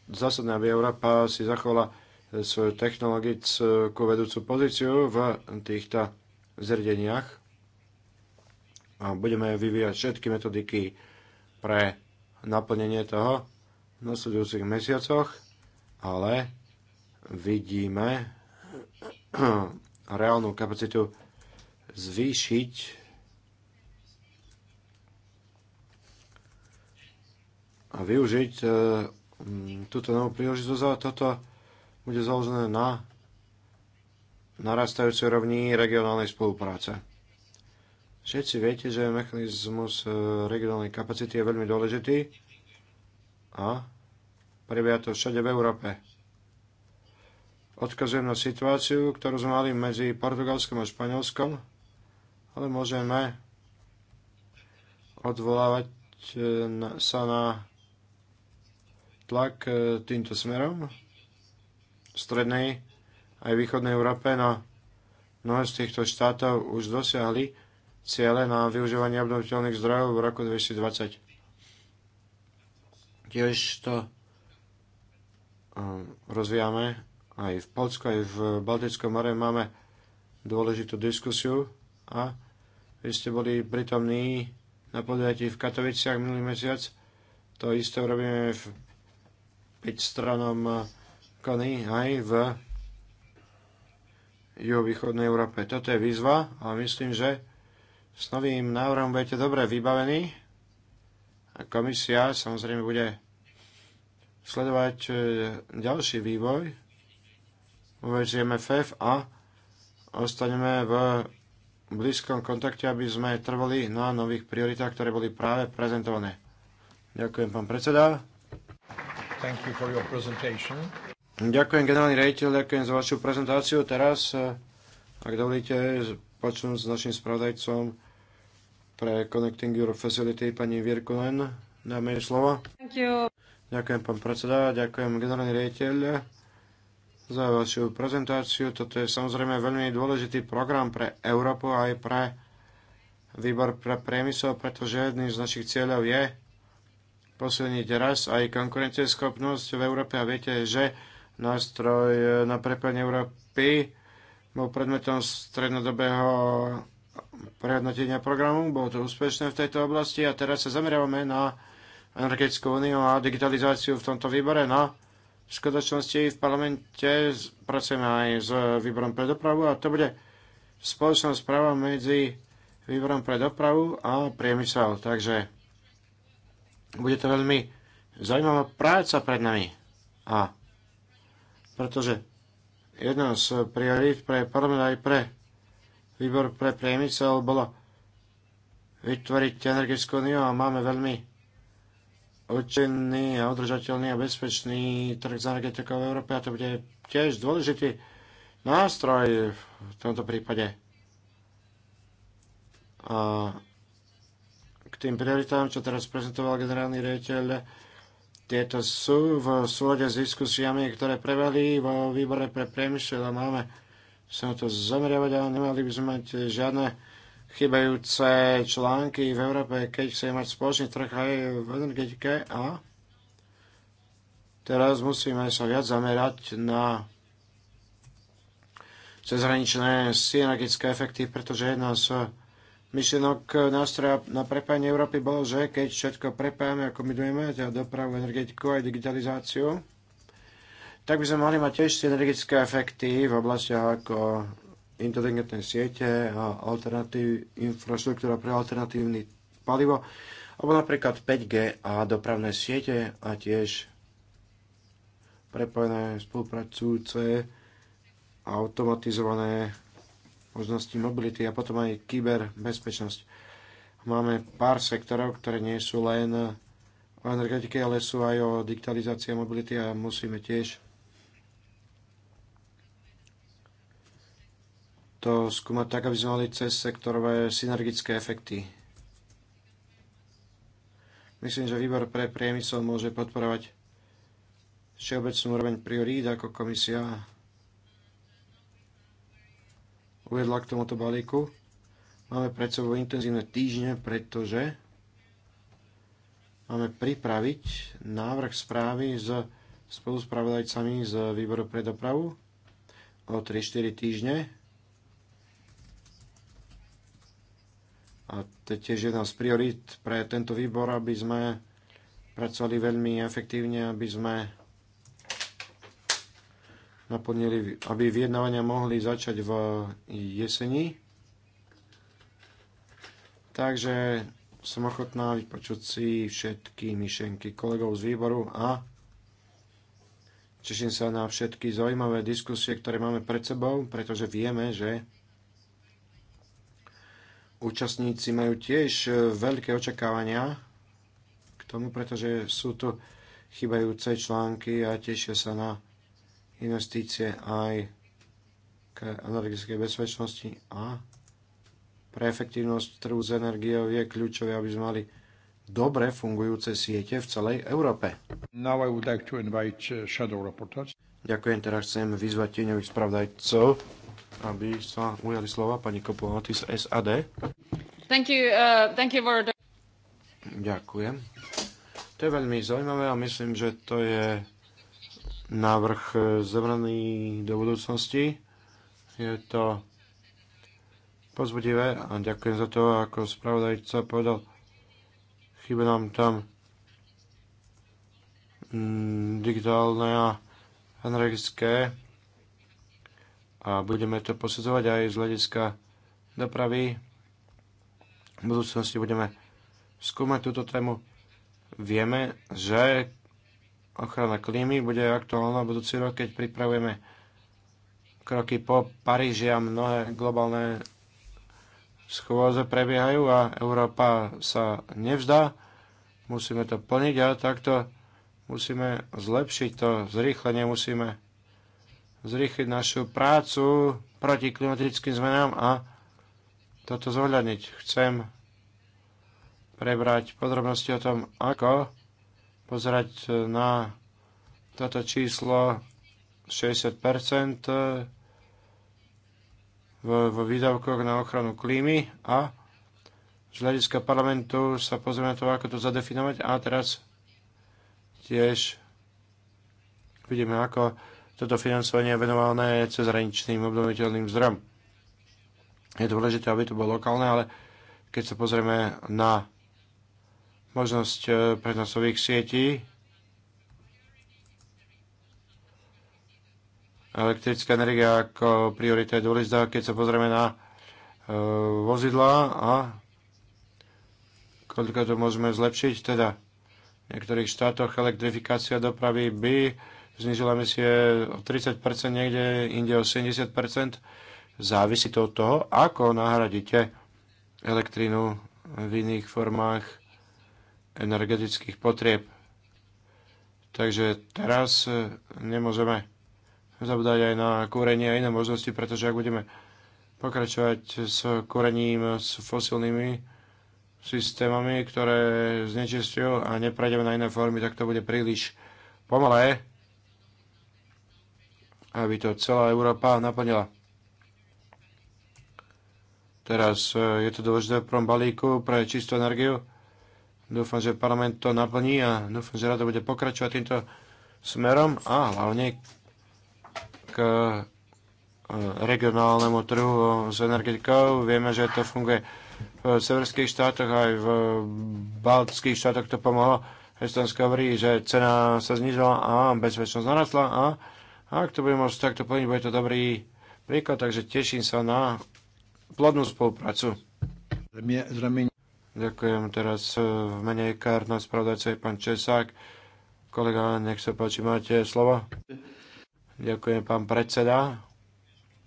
S4: zásadné, aby Európa si zachovala eh, svoju technologickú vedúcu pozíciu v týchto zriadeniach. A budeme vyvíjať všetky metodiky pre naplnenie toho v nasledujúcich mesiacoch, ale vidíme (clears throat) reálnu kapacitu zvýšiť využiť e, túto novú príležitosť a toto bude založené na narastajúcej rovni regionálnej spolupráce. Všetci viete, že mechanizmus e, regionálnej kapacity je veľmi dôležitý a prebieha to všade v Európe. Odkazujem na situáciu, ktorú sme mali medzi Portugalskom a Španielskom, ale môžeme odvolávať e, sa na tlak e, týmto smerom v strednej aj východnej Európe na mnohé z týchto štátov už dosiahli ciele na využívanie obnoviteľných zdrojov v roku 2020. Tiež to e, rozvíjame aj v Polsku, aj v Baltickom more máme dôležitú diskusiu a vy ste boli pritomní na podujatí v Katoviciach minulý mesiac. To isté robíme v stranom kony aj v juhovýchodnej Európe. Toto je výzva a myslím, že s novým návrhom budete dobre vybavení. Komisia samozrejme bude sledovať e, ďalší vývoj veci MFF a ostaneme v blízkom kontakte, aby sme trvali na nových prioritách, ktoré boli práve prezentované. Ďakujem, pán predseda.
S3: Thank you for your presentation.
S4: Ďakujem, generálny rejiteľ, ďakujem za vašu prezentáciu. Teraz, eh, ak dovolíte, počnúť s našim spravodajcom pre Connecting Europe Facility, pani Virkunen. Dáme jej slovo. Ďakujem, pán predseda, ďakujem, generálny rejiteľ, za vašu prezentáciu. Toto je samozrejme veľmi dôležitý program pre Európu aj pre výbor pre priemysel, pretože jedným z našich cieľov je posilniť raz aj konkurencieschopnosť v Európe a viete, že nástroj na prepojenie Európy bol predmetom strednodobého prehodnotenia programu, bolo to úspešné v tejto oblasti a teraz sa zameriavame na energetickú úniu a digitalizáciu v tomto výbore. No, v skutočnosti v parlamente pracujeme aj s výborom pre dopravu a to bude spoločná správa medzi výborom pre dopravu a priemysel. Takže bude to veľmi zaujímavá práca pred nami. A pretože jedna z priorít pre parlament aj pre výbor pre priemysel bolo vytvoriť energetickú uniu a máme veľmi účinný a udržateľný a bezpečný trh s energetikou v Európe a to bude tiež dôležitý nástroj v tomto prípade. A tým prioritám, čo teraz prezentoval generálny riaditeľ. Tieto sú v súlade s diskusiami, ktoré prebehli vo výbore pre priemysel a máme sa na to zameriavať a nemali by sme mať žiadne chybajúce články v Európe, keď chceme mať spoločný trh aj v energetike a teraz musíme sa viac zamerať na cezhraničné synergické efekty, pretože jedna z myšlenok e, nástroja na prepájanie Európy bolo, že keď všetko prepájame a kombinujeme, teda dopravu, energetiku aj digitalizáciu, tak by sme mohli mať tiež synergické efekty v oblastiach ako inteligentné siete a alternatív, infraštruktúra pre alternatívny palivo, alebo napríklad 5G a dopravné siete a tiež prepojené spolupracujúce automatizované možnosti mobility a potom aj kyberbezpečnosť. Máme pár sektorov, ktoré nie sú len o energetike, ale sú aj o digitalizácii a mobility a musíme tiež to skúmať tak, aby sme mali cez sektorové synergické efekty. Myslím, že výbor pre priemysel môže podporovať všeobecnú úroveň priorít ako komisia uvedla k tomuto balíku. Máme pred sebou intenzívne týždne, pretože máme pripraviť návrh správy s spoluspravodajcami z výboru pre dopravu o 3-4 týždne. A to je tiež jedna z priorít pre tento výbor, aby sme pracovali veľmi efektívne, aby sme naplnili, aby vyjednávania mohli začať v jeseni. Takže som ochotná vypočuť si všetky myšlenky kolegov z výboru a teším sa na všetky zaujímavé diskusie, ktoré máme pred sebou, pretože vieme, že účastníci majú tiež veľké očakávania k tomu, pretože sú tu chybajúce články a tešia sa na investície aj k energetickej bezpečnosti a pre efektívnosť trhu s energiou je kľúčové, aby sme mali dobre fungujúce siete v celej Európe. Like uh, Ďakujem, teraz chcem vyzvať tieňových spravdajcov, aby sa ujali slova pani Kopovaty z SAD.
S2: Thank you, uh, thank you for...
S4: Ďakujem. To je veľmi zaujímavé a myslím, že to je návrh e, zemraný do budúcnosti. Je to pozbudivé a ďakujem za to, ako spravodajca povedal, chyba nám tam mm, digitálne a energické a budeme to posudzovať aj z hľadiska dopravy. V budúcnosti budeme skúmať túto tému. Vieme, že ochrana klímy bude aktuálna budúci rok, keď pripravujeme kroky po Paríži a mnohé globálne schôze prebiehajú a Európa sa nevzdá. Musíme to plniť a takto musíme zlepšiť to zrýchlenie, musíme zrýchliť našu prácu proti klimatickým zmenám a toto zohľadniť. Chcem prebrať podrobnosti o tom, ako pozerať e, na toto číslo 60% e, vo výdavkoch na ochranu klímy a z hľadiska parlamentu sa pozrieme na to, ako to zadefinovať a teraz tiež vidíme, ako toto financovanie je venované cezhraničným obnoviteľným zdrojom. Je dôležité, aby to bolo lokálne, ale keď sa pozrieme na možnosť e, prednosových sietí. Elektrická energia ako priorita je dôležitá, keď sa pozrieme na e, vozidla a koľko to môžeme zlepšiť. Teda v niektorých štátoch elektrifikácia dopravy by znižila emisie o 30%, niekde inde o 70%. Závisí to od toho, ako nahradíte elektrínu v iných formách energetických potrieb. Takže teraz e, nemôžeme zabúdať aj na kúrenie a iné možnosti, pretože ak budeme pokračovať s kúrením s fosilnými systémami, ktoré znečistujú a neprejdeme na iné formy, tak to bude príliš pomalé, aby to celá Európa naplnila. Teraz e, je to dôležité v prvom balíku pre čistú energiu Dúfam, že parlament to naplní a dúfam, že rada bude pokračovať týmto smerom a hlavne k e, regionálnemu trhu s energetikou. Vieme, že to funguje v severských štátoch aj v baltských štátoch to pomohlo. Estonsko hovorí, že cena sa znižila a bezpečnosť narastla a ak to bude môcť takto plniť, bude to dobrý príklad, takže teším sa na plodnú spoluprácu. Zremie, zremie. Ďakujem teraz e, v mene EKR na spravodajce je pán Česák. Kolega, nech sa páči, máte slovo. Ďakujem pán predseda.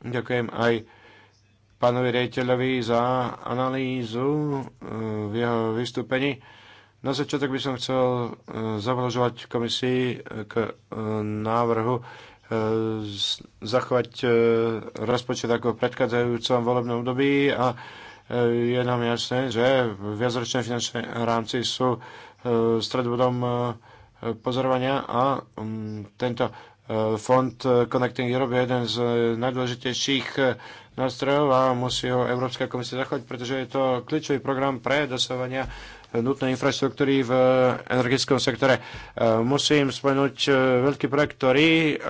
S4: Ďakujem aj pánovi rejiteľovi za analýzu e, v jeho vystúpení. Na začiatok by som chcel e, zavlažovať komisii k návrhu zachovať rozpočet ako v predchádzajúcom volebnom období a je nám jasné, že viacročné finančné rámci sú e, stredbodom e, pozorovania a mm, tento e, fond Connecting Europe je jeden z najdôležitejších nástrojov a musí ho Európska komisia zachovať, pretože je to kľúčový program pre dosahovania nutnej infraštruktúry v energetickom sektore. E, musím spomenúť e, veľký projekt, ktorý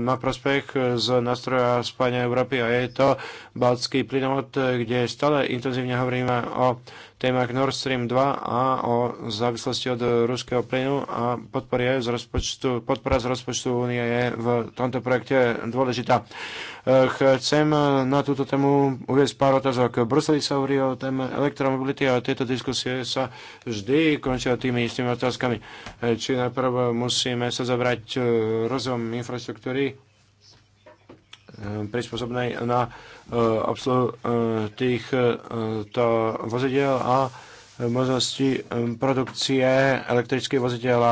S4: na e, prospech z nástroja spájania Európy a je to Baltský plynovod, kde stále intenzívne hovoríme o témach Nord Stream 2 a o závislosti od ruského plynu a podpora z rozpočtu, podpora z rozpočtu únie je v tomto projekte dôležitá. E, chcem na túto tému uvieť pár otázok. Bruseli sa hovorí o téme elektromobility a tieto diskusie sa vždy končia tými istými otázkami. E, či najprv musíme sa zabrať e, rozvojom infraštruktúry Eh, prispôsobenej na eh, obsluhu eh, týchto vozidel a možnosti produkcie elektrických vozidel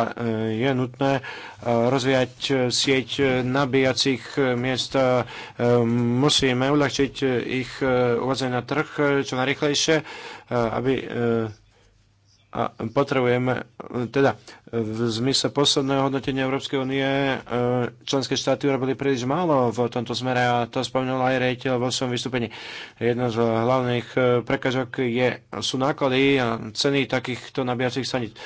S4: je nutné rozvíjať sieť nabíjacích miest. Musíme uľahčiť ich uvádzanie na trh čo najrychlejšie, aby a potrebujeme, teda v zmysle posledného hodnotenia Európskej únie e, členské štáty urobili príliš málo v tomto smere a to spomenul aj rejiteľ vo svojom vystúpení. Jedna z hlavných e, prekažok je, sú náklady a ceny takýchto nabíjacích staníc.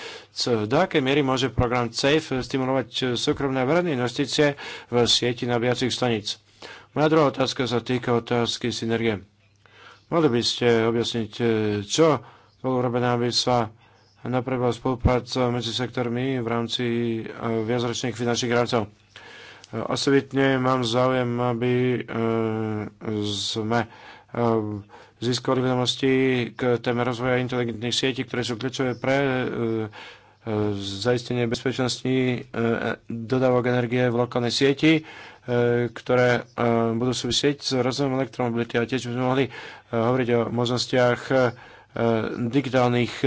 S4: Do akej miery môže program SAFE stimulovať súkromné verejné investície v sieti nabíjacích staníc? Moja druhá otázka sa týka otázky synergie. Mohli by ste objasniť, e, čo bolo urobené, aby sa napríklad spolupráca medzi sektormi v rámci e, viacročných finančných rámcov. E, osobitne mám záujem, aby e, sme získali vedomosti k téme rozvoja inteligentných sietí, ktoré sú kľúčové pre zaistenie bezpečnosti dodávok energie v lokálnej sieti, ktoré budú súvisieť s rozvojom elektromobility. A tiež by sme mohli hovoriť o možnostiach digitálnych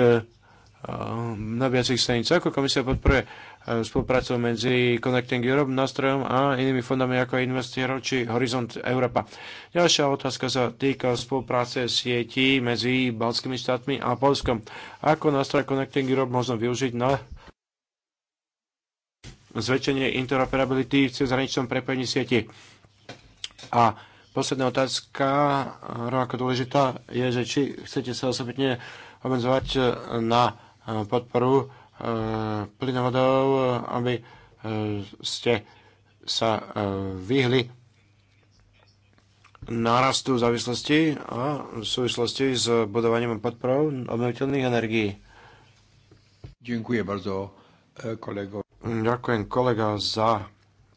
S4: Ehm, na viacich stanicách, ako komisia podporuje ehm, spoluprácu medzi Connecting Europe nástrojom a inými fondami ako Investiero či Horizont Európa. Ďalšia otázka sa týka spolupráce sieti medzi balskými štátmi a Polskom. Ako nástroj Connecting Europe možno využiť na zväčšenie interoperability v cezhraničnom prepojení sieti? A posledná otázka, rovnako dôležitá, je, že či chcete sa osobitne obmedzovať eh, na podporu e, plynovodov, aby e, ste sa e, vyhli nárastu závislosti a v súvislosti s budovaním podporov obnoviteľných energií. Ďakujem bardzo, kolego. Ďakujem kolega za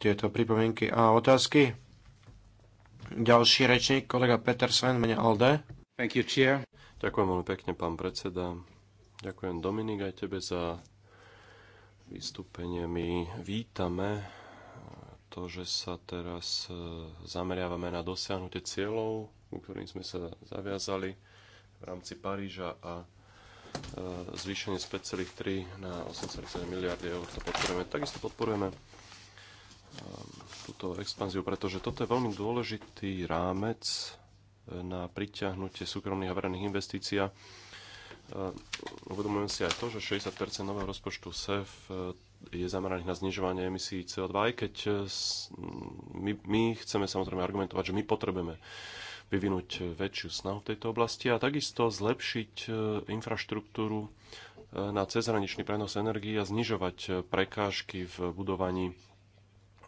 S4: tieto pripomienky a otázky. Ďalší rečník, kolega Petersen, mene Alde. Thank you, chair.
S1: Ďakujem veľmi pekne, pán predseda. Ďakujem Dominik aj tebe za vystúpenie. My vítame to, že sa teraz e, zameriavame na dosiahnutie cieľov, ku ktorým sme sa zaviazali v rámci Paríža a e, zvýšenie z 5,3 na 8,7 miliardy eur to podporujeme. Takisto podporujeme e, túto expanziu, pretože toto je veľmi dôležitý rámec na priťahnutie súkromných a verejných investícií E, uvedomujem si aj to, že 60 nového rozpočtu SEF e, je zameraných na znižovanie emisí CO2, aj keď e, my, my chceme samozrejme argumentovať, že my potrebujeme vyvinúť väčšiu snahu v tejto oblasti a takisto zlepšiť infraštruktúru na cezhraničný prenos energie a znižovať prekážky v budovaní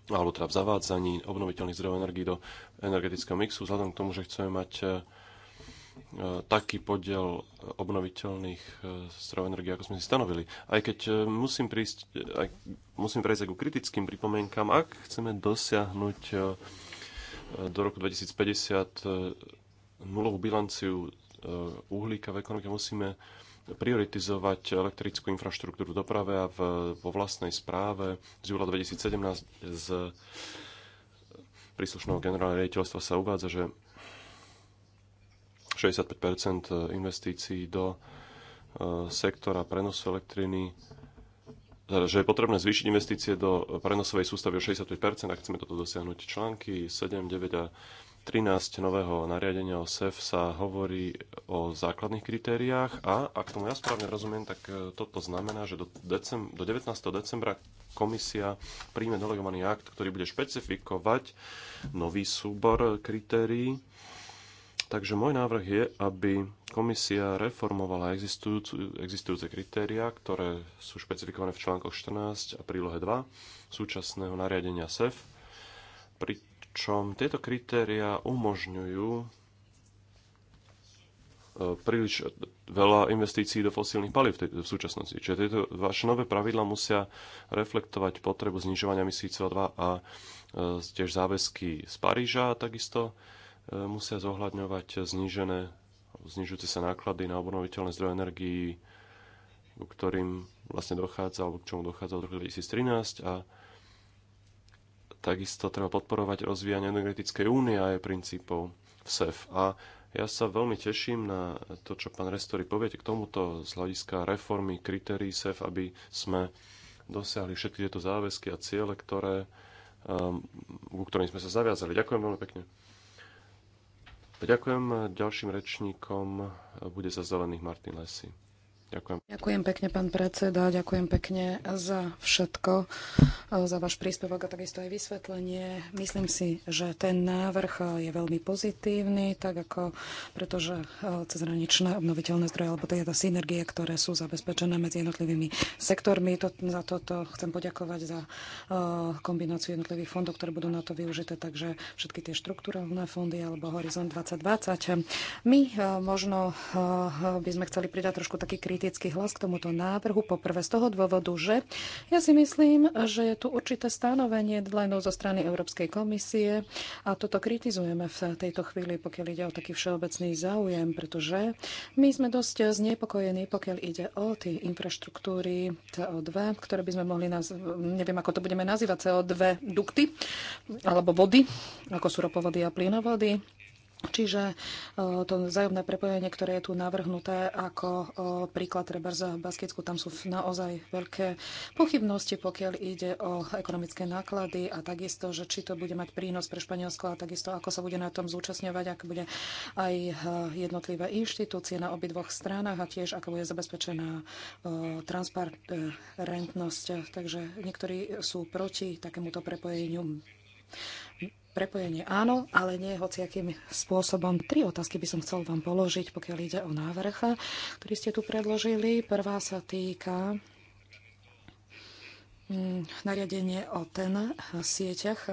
S1: alebo teda v zavádzaní obnoviteľných zdrojov energií do energetického mixu, vzhľadom k tomu, že chceme mať E, taký podiel obnoviteľných e, zdrojov energie, ako sme si stanovili. Aj keď e, musím, prísť, aj, musím prejsť aj ku kritickým pripomienkam, ak chceme dosiahnuť do roku 2050 nulovú bilanciu uhlíka v ekonomike, musíme prioritizovať elektrickú infraštruktúru v doprave a v, vo vlastnej správe z júla 2017 z príslušného generálneho riaditeľstva sa uvádza, že 65 eh, investícií do eh, sektora prenosu elektriny teda, že je potrebné zvýšiť investície do prenosovej sústavy o 65%, ak chceme toto dosiahnuť. Články 7, 9 a 13 nového nariadenia o SEF sa hovorí o základných kritériách a ak tomu ja správne rozumiem, tak eh, toto znamená, že do, decem, do 19. decembra komisia príjme delegovaný akt, ktorý bude špecifikovať nový súbor kritérií Takže môj návrh je, aby komisia reformovala existujúce kritéria, ktoré sú špecifikované v článkoch 14 a prílohe 2 súčasného nariadenia SEF, pričom tieto kritéria umožňujú e, príliš veľa investícií do fosílnych palív v, v súčasnosti. Čiže tieto vaše nové pravidla musia reflektovať potrebu znižovania emisí CO2 a e, tiež záväzky z Paríža takisto musia zohľadňovať znížené, znižujúce sa náklady na obnoviteľné zdroje energií, ku ktorým vlastne dochádza, alebo k čomu dochádza od roku 2013 a takisto treba podporovať rozvíjanie energetickej únie a jej princípov v SEF. A ja sa veľmi teším na to, čo pán Restori poviete k tomuto z hľadiska reformy kritérií SEF, aby sme dosiahli všetky tieto záväzky a ciele, ktoré, um, ku ktorým sme sa zaviazali. Ďakujem veľmi pekne. Ďakujem. Ďalším rečníkom bude za zelených Martin Lesy. Ďakujem.
S2: Ďakujem pekne, pán predseda, ďakujem pekne za všetko, e, za váš príspevok a takisto aj vysvetlenie. Myslím si, že ten návrh e, je veľmi pozitívny, tak ako pretože e, cezhraničné obnoviteľné zdroje alebo teda synergie, ktoré sú zabezpečené medzi jednotlivými sektormi. To, za toto chcem poďakovať za kombináciu jednotlivých fondov, ktoré budú na to využité, takže všetky tie štruktúralné fondy alebo Horizon 2020. My možno by sme chceli pridať trošku taký kritický kritický hlas k tomuto návrhu. Poprvé z toho dôvodu, že ja si myslím, že je tu určité stanovenie len zo strany Európskej komisie a toto kritizujeme v tejto chvíli, pokiaľ ide o taký všeobecný záujem, pretože my sme dosť znepokojení, pokiaľ ide o tie infraštruktúry CO2, ktoré by sme mohli, nazvať, neviem ako to budeme nazývať, CO2 dukty alebo vody, ako sú ropovody a plynovody Čiže eh, to vzájomné prepojenie, ktoré je tu navrhnuté ako eh, príklad treba za Baskicku, tam sú naozaj veľké pochybnosti, pokiaľ ide o ekonomické náklady a takisto, že či to bude mať prínos pre Španielsko a takisto, ako sa bude na tom zúčastňovať, ak bude aj eh, jednotlivé inštitúcie na obidvoch stranách a tiež, ako bude zabezpečená transparentnosť. Takže niektorí sú proti takémuto prepojeniu. Prepojenie áno, ale nie hociakým spôsobom. Tri otázky by som chcel vám položiť, pokiaľ ide o návrh, ktorý ste tu predložili. Prvá sa týka Mm, nariadenie o ten eh, sieťach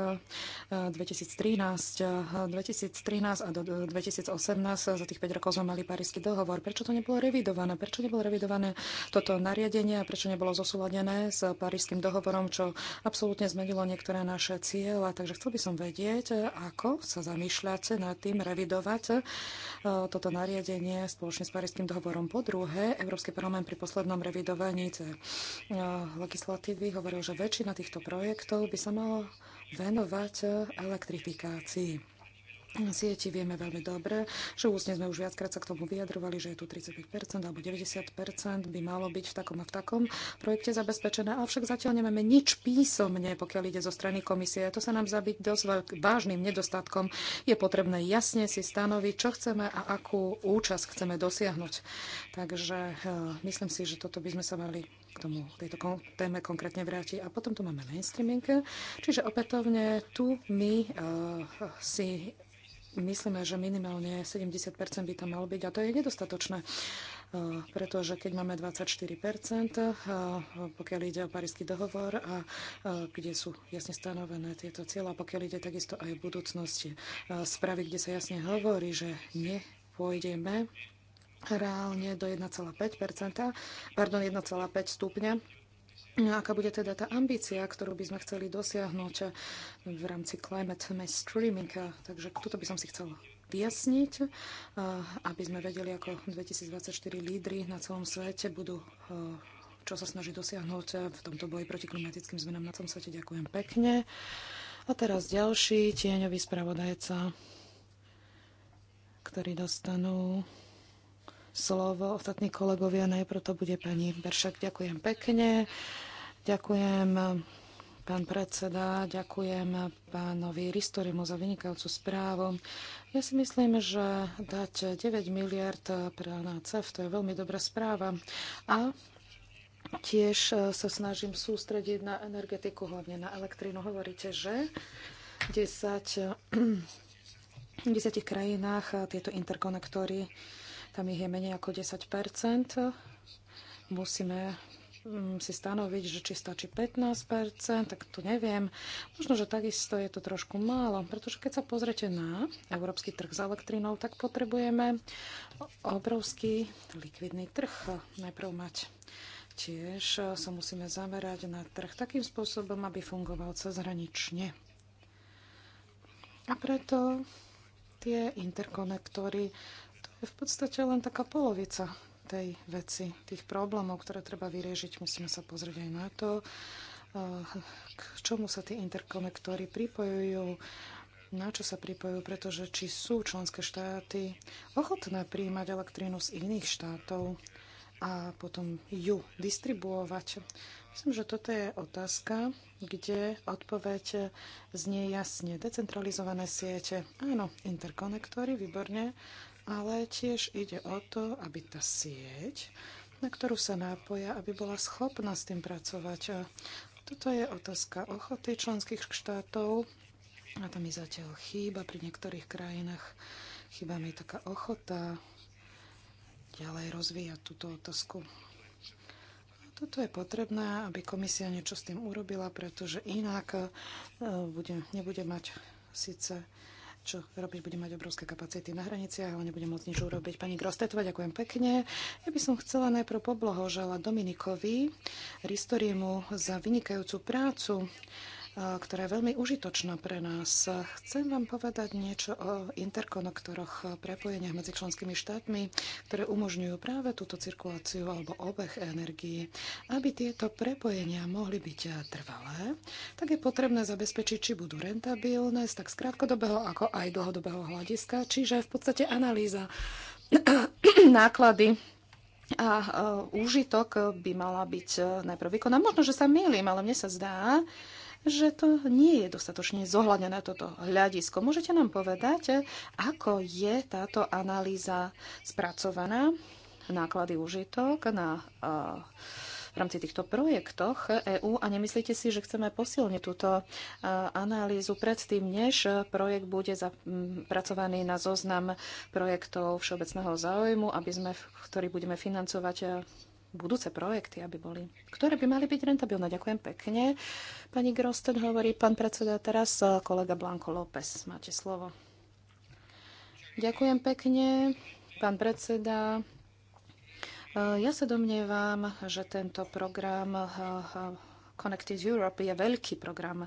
S2: 2013, eh, 2013 eh, a do 2018 za tých 5 rokov sme mali Parísky dohovor. Prečo to nebolo revidované? Prečo nebolo revidované toto nariadenie a prečo nebolo zosúladené s Parískym dohovorom, čo absolútne zmenilo niektoré naše cieľa? Takže chcel by som vedieť, ako sa zamýšľate nad tým revidovať toto nariadenie spoločne s parískym dohovorom. Po druhé, Európsky parlament pri poslednom revidovaní legislatívy hovoril, že väčšina týchto projektov by sa mala venovať elektrifikácii sieti vieme veľmi dobre, že ústne sme už viackrát sa k tomu vyjadrovali, že je tu 35% alebo 90% by malo byť v takom a v takom projekte zabezpečené, avšak zatiaľ nemáme nič písomne, pokiaľ ide zo strany komisie. To sa nám zabiť dosť vážnym nedostatkom. Je potrebné jasne si stanoviť, čo chceme a akú účasť chceme dosiahnuť. Takže eh, myslím si, že toto by sme sa mali k tomu, tejto téme konkrétne vrátiť A potom tu máme mainstreaming, čiže opätovne tu my uh, si myslíme, že minimálne 70% by tam malo byť a to je nedostatočné eh, pretože keď máme 24%, eh, pokiaľ ide o Parísky dohovor, a eh, kde sú jasne stanovené tieto cieľa, pokiaľ ide takisto aj v budúcnosti správy, kde sa jasne hovorí, že nepôjdeme reálne do 1,5%, pardon, 1,5 stupňa No aká bude teda tá ambícia, ktorú by sme chceli dosiahnuť v rámci climate mainstreaming? Takže toto by som si chcela vyjasniť, eh, aby sme vedeli, ako 2024 lídry na celom svete budú eh, čo sa snaží dosiahnuť v tomto boji proti klimatickým zmenám na celom svete. Ďakujem pekne. A teraz ďalší tieňový spravodajca, ktorý dostanú slovo ostatní kolegovia. Najprv to bude pani Beršak. Ďakujem pekne. Ďakujem pán predseda, ďakujem pánovi Ristorimu za vynikajúcu správu. Ja si myslím, že dať 9 miliard pre na CEF, to je veľmi dobrá správa. A tiež sa snažím sústrediť na energetiku, hlavne na elektrínu. Hovoríte, že 10 (clears throat) v 10 krajinách tieto interkonektory tam ich je menej ako 10 Musíme mm, si stanoviť, že či stačí 15%, tak to neviem. Možno, že takisto je to trošku málo, pretože keď sa pozrete na európsky trh s elektrinou, tak potrebujeme obrovský likvidný trh najprv mať. Tiež sa musíme zamerať na trh takým spôsobom, aby fungoval cezhranične. A preto tie interkonektory je v podstate len taká polovica tej veci, tých problémov, ktoré treba vyriešiť. Musíme sa pozrieť aj na to, eh, k čomu sa tie interkonektory pripojujú, na čo sa pripojujú, pretože či sú členské štáty ochotné príjmať elektrínu z iných štátov a potom ju distribuovať. Myslím, že toto je otázka, kde odpoveď znie jasne. Decentralizované siete, áno, interkonektory, výborne ale tiež ide o to, aby tá sieť, na ktorú sa nápoja, aby bola schopná s tým pracovať. A toto je otázka ochoty členských štátov a to mi zatiaľ chýba pri niektorých krajinách. Chýba mi taká ochota ďalej rozvíjať túto otázku. toto je potrebné, aby komisia niečo s tým urobila, pretože inak eh, bude, nebude mať síce čo robiť, bude mať obrovské kapacity na hraniciach, ale nebude môcť nič urobiť. Pani Grostetová, ďakujem pekne. Ja by som chcela najprv poblahoželať Dominikovi Ristoriemu za vynikajúcu prácu ktorá je veľmi užitočná pre nás. Chcem vám povedať niečo o interkonektoroch, prepojeniach medzi členskými štátmi, ktoré umožňujú práve túto cirkuláciu alebo obeh energii, Aby tieto prepojenia mohli byť trvalé, tak je potrebné zabezpečiť, či budú rentabilné z tak z krátkodobého, ako aj dlhodobého hľadiska, čiže v podstate analýza (clears throat) náklady a uh, úžitok by mala byť uh, najprv vykonaná. Možno, že sa mýlim, ale mne sa zdá, že to nie je dostatočne zohľadnené toto hľadisko. Môžete nám povedať, ako je táto analýza spracovaná, náklady užitok na eh, v rámci týchto projektoch EÚ a nemyslíte si, že chceme posilniť túto eh, analýzu predtým, než projekt bude zapracovaný mm, na zoznam projektov všeobecného záujmu, aby sme, ktorý budeme financovať eh, budúce projekty, aby boli, ktoré by mali byť rentabilné. Ďakujem pekne. Pani Grosten hovorí, pán predseda, teraz eh, kolega Blanko López. Máte slovo. Ďakujem pekne, pán predseda. Eh, ja sa domnievam, že tento program eh, Connected Europe je veľký program,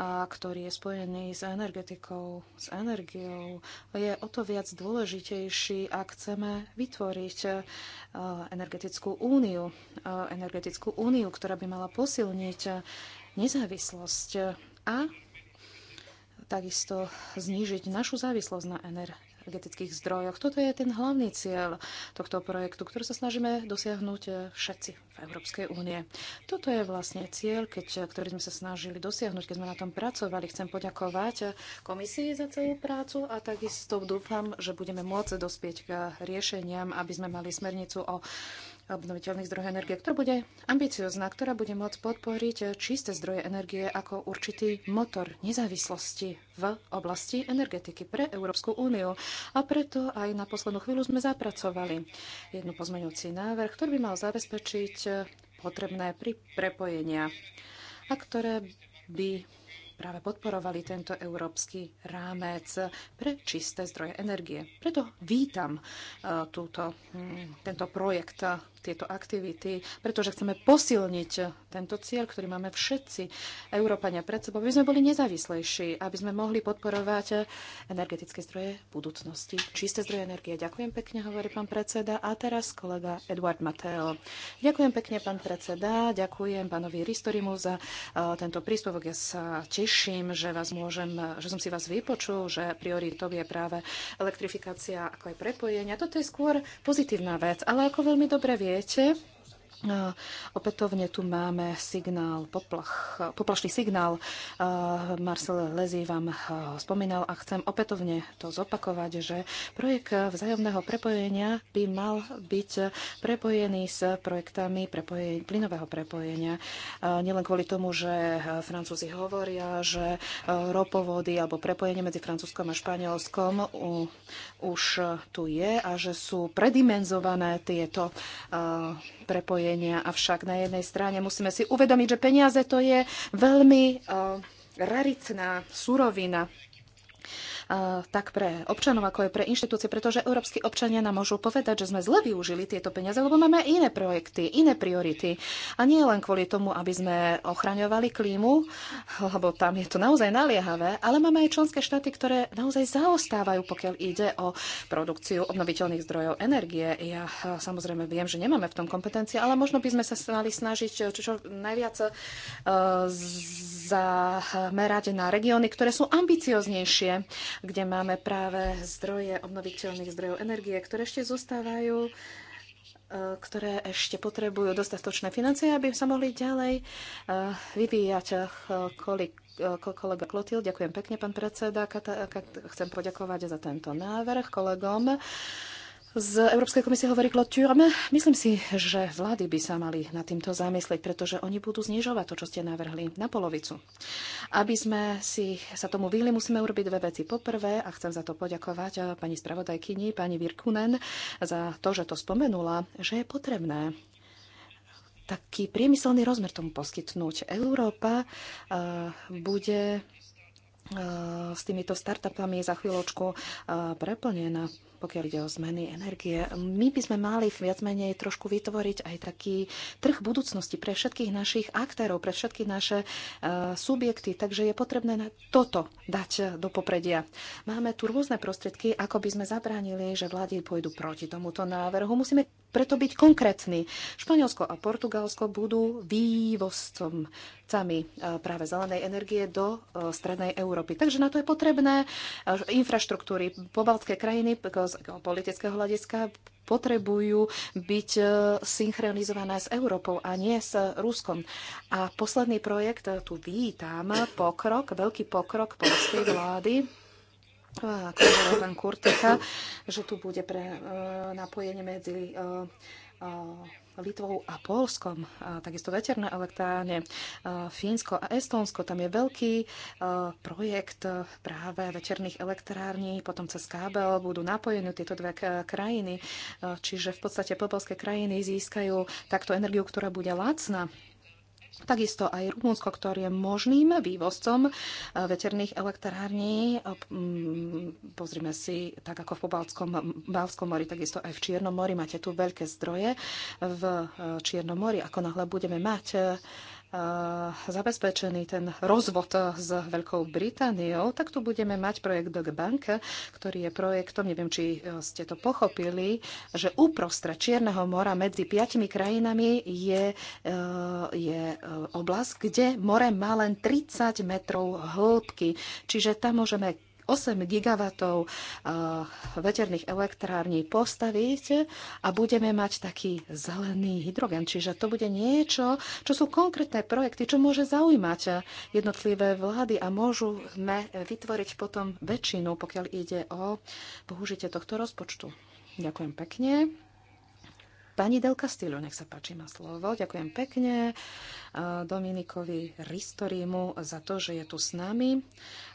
S2: ktorý je spojený s energetikou, s energiou. Je o to viac dôležitejší, ak chceme vytvoriť energetickú úniu. Energetickú úniu, ktorá by mala posilniť nezávislosť a takisto znížiť našu závislosť na energii energetických zdrojoch. Toto je ten hlavný cieľ tohto projektu, ktorý sa snažíme dosiahnuť eh, všetci v Európskej únie. Toto je vlastne cieľ, keď, eh, ktorý sme sa snažili dosiahnuť, keď sme na tom pracovali. Chcem poďakovať eh, komisii za celú prácu a takisto dúfam, že budeme môcť dospieť k riešeniam, aby sme mali smernicu o obnoviteľných zdrojov energie, ktorá bude ambiciozná, ktorá bude môcť podporiť čisté zdroje energie ako určitý motor nezávislosti v oblasti energetiky pre Európsku úniu. A preto aj na poslednú chvíľu sme zapracovali jednu pozmeňujúci návrh, ktorý by mal zabezpečiť potrebné prepojenia a ktoré by práve podporovali tento európsky rámec pre čisté zdroje energie. Preto vítam e, túto, tento projekt, tieto aktivity, pretože chceme posilniť tento cieľ, ktorý máme všetci Európania pred sebou, aby sme boli nezávislejší, aby sme mohli podporovať energetické zdroje budúcnosti, čisté zdroje energie. Ďakujem pekne, hovorí pán predseda. A teraz kolega Eduard Mateo. Ďakujem pekne, pán predseda. Ďakujem pánovi Ristorimu za eh, tento príspevok. Ja sa teším, že, vás môžem, že som si vás vypočul, že prioritou je práve elektrifikácia ako aj prepojenia. Toto je skôr pozitívna vec, ale ako veľmi dobre viete, Opätovne tu máme signál, poplach, poplašný signál. Marcel Lezy vám ho spomínal a chcem opätovne to zopakovať, že projekt vzájomného prepojenia by mal byť prepojený s projektami prepojenia plynového prepojenia. Nielen kvôli tomu, že Francúzi hovoria, že ropovody alebo prepojenie medzi Francúzskom a Španielskom už tu je a že sú predimenzované tieto prepojenia riešenia. Avšak na jednej strane musíme si uvedomiť, že peniaze to je veľmi eh, raritná surovina tak pre občanov, ako aj pre inštitúcie, pretože európsky občania nám môžu povedať, že sme zle využili tieto peniaze, lebo máme iné projekty, iné priority. A nie len kvôli tomu, aby sme ochraňovali klímu, lebo tam je to naozaj naliehavé, ale máme aj členské štáty, ktoré naozaj zaostávajú, pokiaľ ide o produkciu obnoviteľných zdrojov energie. Ja samozrejme viem, že nemáme v tom kompetencie, ale možno by sme sa mali snažiť čo, čo najviac uh, zamerať na regióny, ktoré sú ambicioznejšie kde máme práve zdroje obnoviteľných zdrojov energie, ktoré ešte zostávajú e, ktoré ešte potrebujú dostatočné financie, aby sa mohli ďalej e, vyvíjať kolik kolega Klotil. Ďakujem pekne, pán predseda. Chcem poďakovať za tento návrh kolegom z Európskej komisie hovorí Claude Turme. Myslím si, že vlády by sa mali nad týmto zamyslieť, pretože oni budú znižovať to, čo ste navrhli, na polovicu. Aby sme si sa tomu vyhli, musíme urobiť dve veci. Poprvé, a chcem za to poďakovať eh, pani spravodajkyni, pani Virkunen, za to, že to spomenula, že je potrebné taký priemyselný rozmer tomu poskytnúť. Európa uh, bude E, s týmito startupami je za chvíľočku e, preplnená, pokiaľ ide o zmeny energie. My by sme mali viac menej trošku vytvoriť aj taký trh budúcnosti pre všetkých našich aktérov, pre všetky naše e, subjekty, takže je potrebné na toto dať do popredia. Máme tu rôzne prostriedky, ako by sme zabránili, že vlády pôjdu proti tomuto návrhu. Musíme preto byť konkrétny. Španielsko a Portugalsko budú sami e, práve zelenej energie do e, strednej Európy. Takže na to je potrebné e, infraštruktúry. Pobaltské krajiny z politického hľadiska potrebujú byť synchronizované s Európou a nie s Ruskom. A posledný projekt, tu vítam pokrok, veľký pokrok polskej vlády pán Kurtika, že tu bude pre e, napojenie medzi e, e, Litvou a Polskom, a takisto veterné elektrárne, Fínsko a Estónsko. Tam je veľký projekt práve veterných elektrární, potom cez kábel budú napojené tieto dve krajiny, čiže v podstate polské krajiny získajú takto energiu, ktorá bude lacná Takisto aj Rumunsko, ktoré je možným vývozcom eh, veterných elektrární. Eh, mm, pozrime si, tak ako v Pobalskom, Balskom mori, takisto aj v Čiernom mori. Máte tu veľké zdroje v eh, Čiernom mori. Ako náhle budeme mať Eh, zabezpečený ten rozvod s Veľkou Britániou, tak tu budeme mať projekt Dog Bank, ktorý je projektom, neviem, či eh, ste to pochopili, že uprostred Čierneho mora medzi piatimi krajinami je, eh, je oblasť, kde more má len 30 metrov hĺbky. Čiže tam môžeme 8 gigawatov eh, veterných elektrární postaviť a budeme mať taký zelený hydrogen. Čiže to bude niečo, čo sú konkrétne projekty, čo môže zaujímať jednotlivé vlády a môžeme vytvoriť potom väčšinu, pokiaľ ide o použitie tohto rozpočtu. Ďakujem pekne. Pani Del Castillo, nech sa páči, má slovo. Ďakujem pekne eh, Dominikovi Ristorimu za to, že je tu s nami.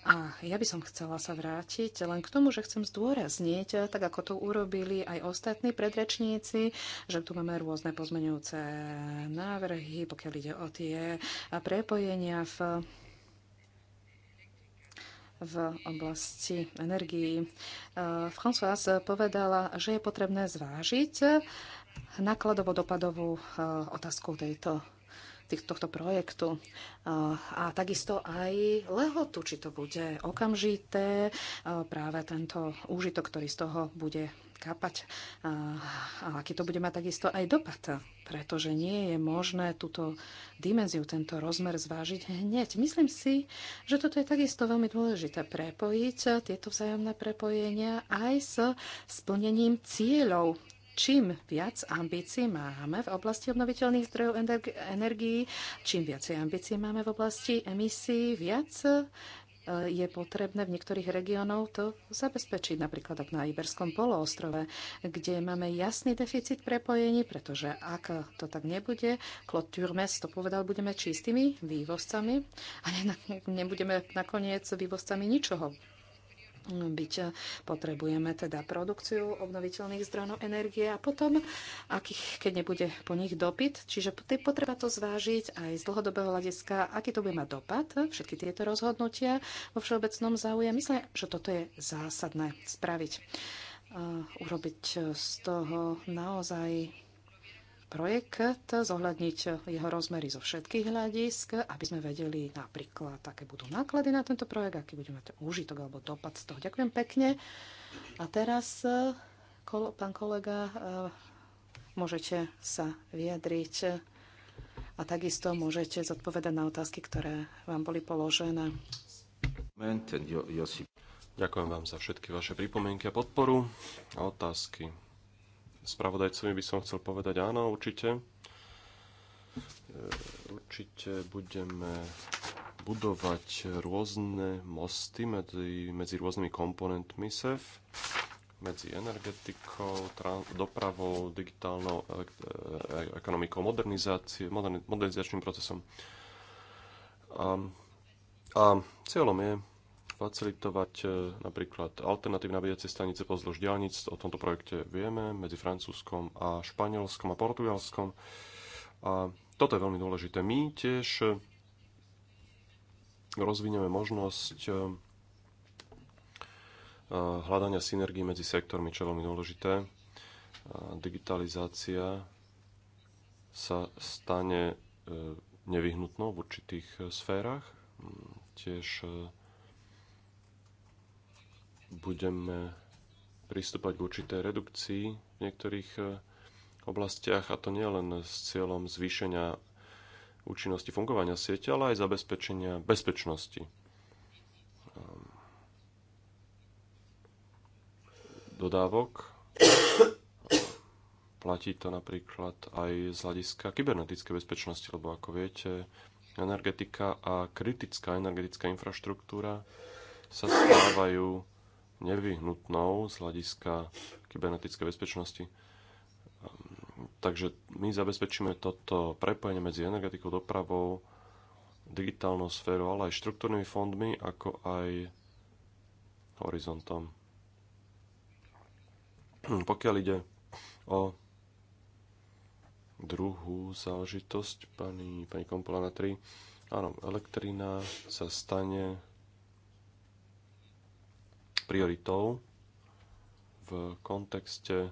S2: A ja by som chcela sa vrátiť len k tomu, že chcem zdôrazniť, eh, tak ako to urobili aj ostatní predrečníci, že tu máme rôzne pozmenujúce návrhy, pokiaľ ide o tie eh, prepojenia v v oblasti energií. Françoise povedala, že je potrebné zvážiť nákladovo-dopadovú e, otázku tejto tohto projektu. E, a takisto aj lehotu, či to bude okamžité, e, práve tento úžitok, ktorý z toho bude kapať. A aký to bude mať takisto aj dopad, pretože nie je možné túto dimenziu, tento rozmer zvážiť hneď. Myslím si, že toto je takisto veľmi dôležité prepojiť tieto vzájomné prepojenia aj s splnením cieľov Čím viac ambícií máme v oblasti obnoviteľných zdrojov energií, čím viac ambícií máme v oblasti emisí, viac e, je potrebné v niektorých regiónoch to zabezpečiť, napríklad na Iberskom poloostrove, kde máme jasný deficit prepojení, pretože ak to tak nebude, Claude Turmes to povedal, budeme čistými vývozcami a (laughs) nebudeme nakoniec vývozcami ničoho byť. E, potrebujeme teda produkciu obnoviteľných zdrojov energie a potom, akých, keď nebude po nich dopyt, čiže potreba to zvážiť aj z dlhodobého hľadiska, aký to bude mať dopad, všetky tieto rozhodnutia vo všeobecnom záujem. Myslím, že toto je zásadné spraviť. Uh, urobiť z toho naozaj projekt, zohľadniť jeho rozmery zo všetkých hľadisk, aby sme vedeli napríklad, aké budú náklady na tento projekt, aký bude mať úžitok alebo dopad z toho. Ďakujem pekne. A teraz, kol, pán kolega, e, môžete sa vyjadriť a takisto môžete zodpovedať na otázky, ktoré vám boli položené.
S1: Ďakujem vám za všetky vaše pripomienky a podporu a otázky spravodajcovi by som chcel povedať áno, určite. E, určite budeme budovať rôzne mosty medzi, medzi rôznymi komponentmi SEF, medzi energetikou, dopravou, digitálnou e, e, ekonomikou, modernizácie, modernizačným procesom. A, a cieľom je facilitovať e, napríklad alternatívne nabíjacie stanice pozdĺž diálnic. O tomto projekte vieme medzi Francúzskom a Španielskom a Portugalskom. A toto je veľmi dôležité. My tiež e, rozvineme možnosť e, hľadania synergií medzi sektormi, čo je veľmi dôležité. Digitalizácia sa stane nevyhnutnou v určitých sférach. Mm, tiež budeme pristúpať k určitej redukcii v niektorých e, oblastiach, a to nie len s cieľom zvýšenia účinnosti fungovania siete, ale aj zabezpečenia bezpečnosti. Ehm, dodávok. Platí to napríklad aj z hľadiska kybernetickej bezpečnosti, lebo ako viete, energetika a kritická energetická infraštruktúra sa stávajú nevyhnutnou z hľadiska kybernetickej bezpečnosti. Ehm, takže my zabezpečíme toto prepojenie medzi energetikou, dopravou, digitálnou sférou, ale aj štruktúrnymi fondmi, ako aj horizontom. Ehm, pokiaľ ide o druhú záležitosť, pani, pani Kompola na 3, áno, elektrina sa stane prioritou v kontexte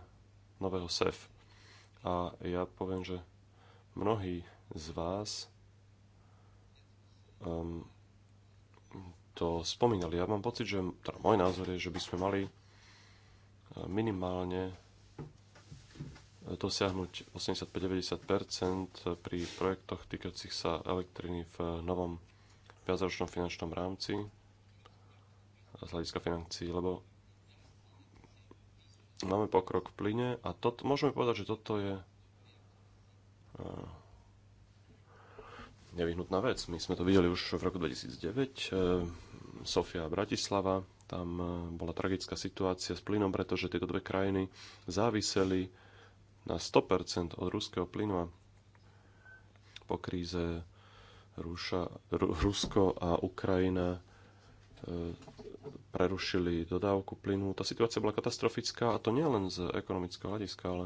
S1: nového SEF. A ja poviem, že mnohí z vás um, to spomínali. Ja mám pocit, že teda môj názor je, že by sme mali uh, minimálne uh, dosiahnuť 85-90 pri projektoch týkajúcich sa elektriny v uh, novom viacročnom finančnom rámci z hľadiska financií, lebo máme pokrok v plyne a to, môžeme povedať, že toto je eh, nevyhnutná vec. My sme to videli už v roku 2009. Eh, Sofia a Bratislava, tam eh, bola tragická situácia s plynom, pretože tieto dve krajiny záviseli na 100% od ruského plynu a po kríze Rúša, Rusko a Ukrajina prerušili dodávku plynu. Tá situácia bola katastrofická a to nie len z ekonomického hľadiska, ale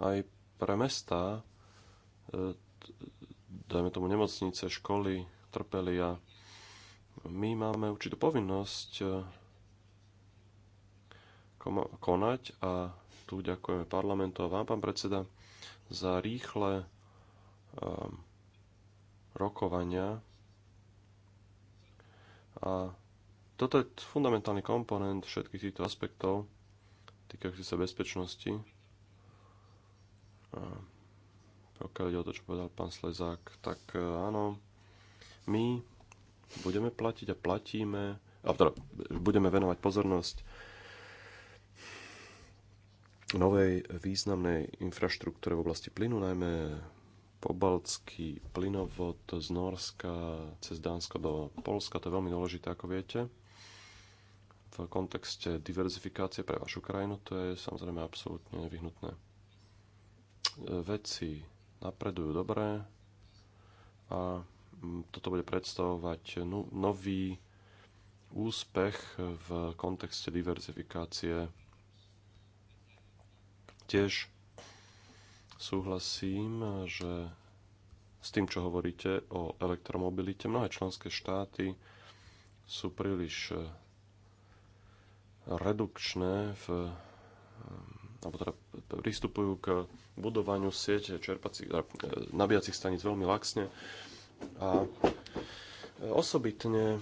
S1: aj pre mesta, e, dajme tomu nemocnice, školy, trpeli a my máme určitú povinnosť e, konať a tu ďakujeme parlamentu a vám, pán predseda, za rýchle e, rokovania a toto je fundamentálny komponent všetkých týchto aspektov týkajúcich sa bezpečnosti. A pokiaľ ide o to, čo povedal pán Slezák, tak e, áno, my budeme platiť a platíme, a teda budeme venovať pozornosť novej významnej infraštruktúre v oblasti plynu, najmä pobaltský plynovod z Norska cez Dánsko do Polska. To je veľmi dôležité, ako viete. V kontexte diverzifikácie pre vašu krajinu to je samozrejme absolútne nevyhnutné. Veci napredujú dobre a toto bude predstavovať nový úspech v kontexte diverzifikácie. Tiež súhlasím, že s tým, čo hovoríte o elektromobilite, mnohé členské štáty sú príliš eh, redukčné v eh, alebo teda eh, pristupujú k budovaniu siete čerpacích, nabíjacích staníc veľmi laxne a osobitne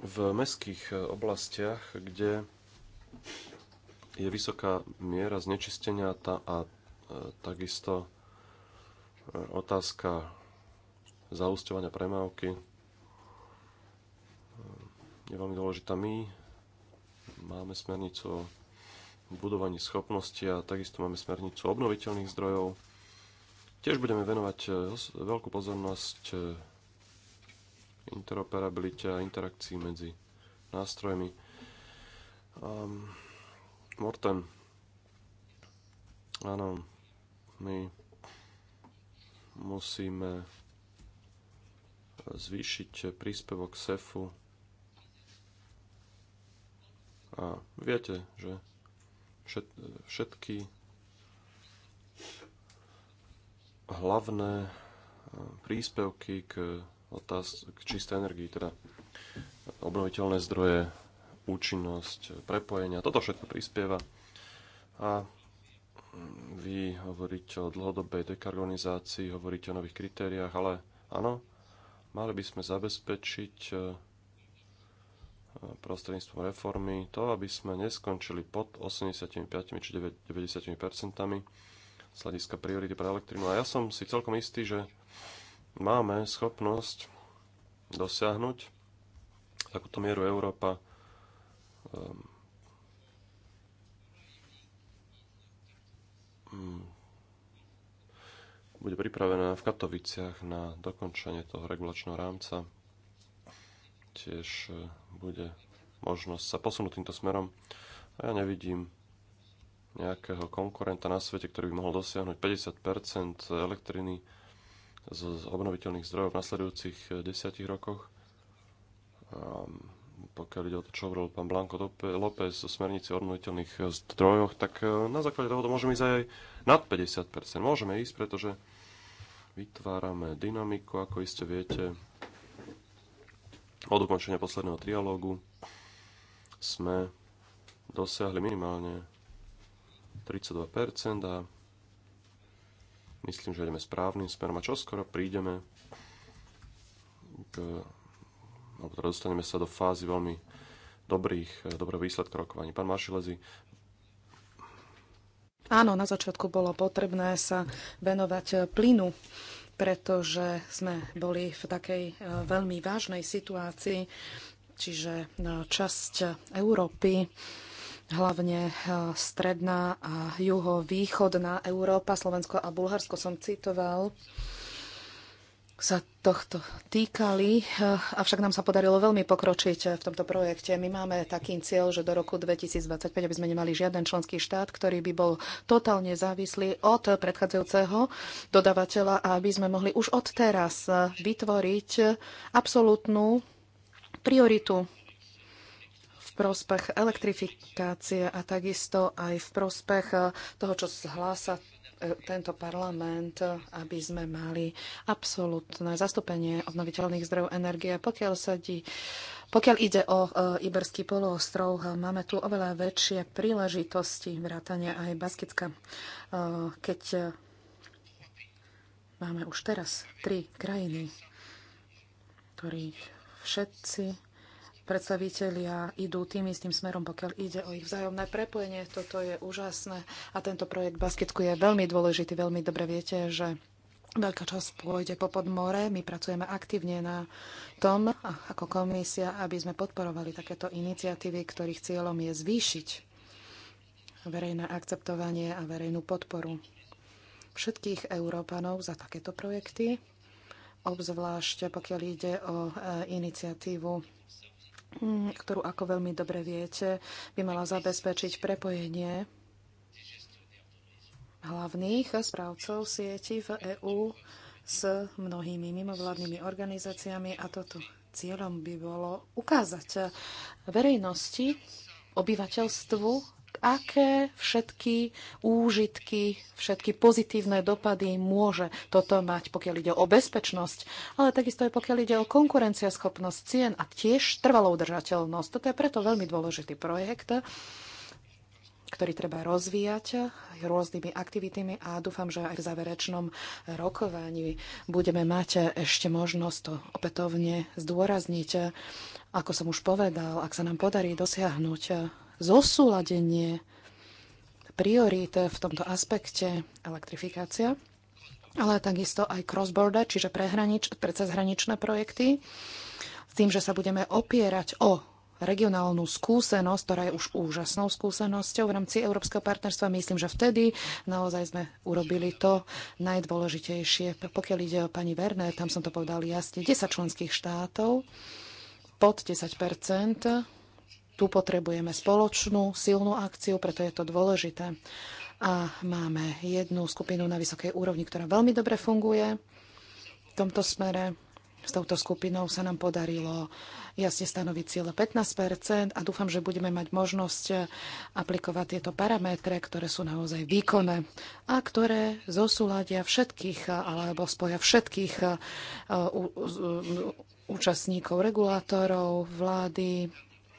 S1: v mestských oblastiach, kde je vysoká miera znečistenia a E, takisto e, otázka zaústovania premávky e, je veľmi dôležitá. My máme smernicu o budovaní schopnosti a takisto máme smernicu obnoviteľných zdrojov. Tiež budeme venovať veľkú pozornosť interoperabilite a interakcii medzi nástrojmi. Um, Morten. Áno, my musíme zvýšiť príspevok SEFu a viete, že všetky hlavné e, príspevky k, otáz- k čistej energii, teda obnoviteľné zdroje, účinnosť, prepojenia, toto všetko prispieva. A vy hovoríte o dlhodobej dekarbonizácii, hovoríte o nových kritériách, ale áno, mali by sme zabezpečiť e, prostredníctvom reformy to, aby sme neskončili pod 85 či 90 percentami z hľadiska priority pre elektrínu. A ja som si celkom istý, že máme schopnosť dosiahnuť takúto mieru Európa Mm. bude pripravená v Katoviciach na dokončenie toho regulačného rámca. Tiež e, bude možnosť sa posunúť týmto smerom. A ja nevidím nejakého konkurenta na svete, ktorý by mohol dosiahnuť 50 elektriny z obnoviteľných zdrojov v nasledujúcich e, desiatich rokoch. Um, pokiaľ ide o to, čo hovoril pán Blanko López o smernici o obnoviteľných e, zdrojoch, tak e, na základe toho to môžeme ísť aj nad 50%. Môžeme ísť, pretože vytvárame dynamiku, ako iste viete, od ukončenia posledného trialógu sme dosiahli minimálne 32% a myslím, že ideme správnym smerom a čoskoro prídeme k alebo teda dostaneme sa do fázy veľmi dobrých, e, dobrého výsledka rokovaní. Pán Maršilezi,
S2: Áno, na začiatku bolo potrebné sa venovať e, plynu, pretože sme boli v takej e, veľmi vážnej situácii, čiže časť Európy, hlavne stredná a juhovýchodná Európa, Slovensko a Bulharsko som citoval, sa tohto týkali, eh, avšak nám sa podarilo veľmi pokročiť eh, v tomto projekte. My máme taký cieľ, že do roku 2025, aby sme nemali žiaden členský štát, ktorý by bol totálne závislý od predchádzajúceho dodávateľa a aby sme mohli už od teraz eh, vytvoriť absolútnu prioritu v prospech elektrifikácie a takisto aj v prospech toho, čo zhlása E, tento parlament, e, aby sme mali absolútne zastúpenie obnoviteľných zdrojov energie. Pokiaľ sa pokiaľ ide o e, Iberský poloostrov, máme tu oveľa väčšie príležitosti vrátania aj Baskicka. keď máme už teraz tri krajiny, ktorých všetci predstavitelia idú tým istým smerom, pokiaľ ide o ich vzájomné prepojenie. Toto je úžasné a tento projekt Basketku je veľmi dôležitý. Veľmi dobre viete, že veľká časť pôjde po podmore. My pracujeme aktívne na tom, ako komisia, aby sme podporovali takéto iniciatívy, ktorých cieľom je zvýšiť verejné akceptovanie a verejnú podporu všetkých Európanov za takéto projekty, obzvlášť pokiaľ ide o e, iniciatívu Mm, ktorú, ako veľmi dobre viete, by mala zabezpečiť prepojenie hlavných správcov sieti v EÚ s mnohými mimovládnymi organizáciami a toto cieľom by bolo ukázať verejnosti, obyvateľstvu aké všetky úžitky, všetky pozitívne dopady môže toto mať, pokiaľ ide o bezpečnosť, ale takisto aj pokiaľ ide o konkurencieschopnosť cien a tiež trvalou udržateľnosť. Toto je preto veľmi dôležitý projekt, ktorý treba rozvíjať rôznymi aktivitami a dúfam, že aj v záverečnom rokovaní budeme mať ešte možnosť to opätovne zdôrazniť. Ako som už povedal, ak sa nám podarí dosiahnuť zosúladenie priorít v tomto aspekte elektrifikácia, ale takisto aj cross-border, čiže prehranič, cezhraničné projekty, s tým, že sa budeme opierať o regionálnu skúsenosť, ktorá je už úžasnou skúsenosťou v rámci Európskeho partnerstva. Myslím, že vtedy naozaj sme urobili to najdôležitejšie. Pokiaľ ide o pani Verné, tam som to povedal jasne, 10 členských štátov pod 10 tu potrebujeme spoločnú silnú akciu, preto je to dôležité. A máme jednu skupinu na vysokej úrovni, ktorá veľmi dobre funguje v tomto smere. S touto skupinou sa nám podarilo jasne stanoviť cieľ 15 a dúfam, že budeme mať možnosť aplikovať tieto parametre, ktoré sú naozaj výkonné a ktoré zosúladia všetkých alebo spoja všetkých eh, účastníkov, regulátorov, vlády,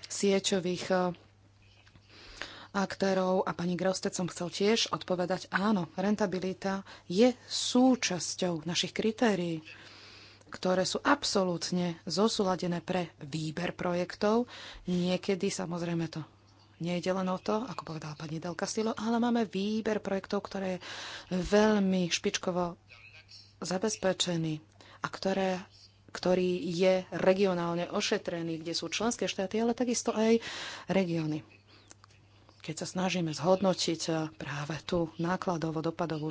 S2: sieťových e, aktérov a pani Grostec som chcel tiež odpovedať, áno, rentabilita je súčasťou našich kritérií, ktoré sú absolútne zosúladené pre výber projektov. Niekedy samozrejme to nejde len o to, ako povedala pani Delka Silo, ale máme výber projektov, ktoré je veľmi špičkovo zabezpečený a ktoré ktorý je regionálne ošetrený, kde sú členské štáty, ale takisto aj regióny. Keď sa snažíme zhodnotiť eh, práve tú nákladovo-dopadovú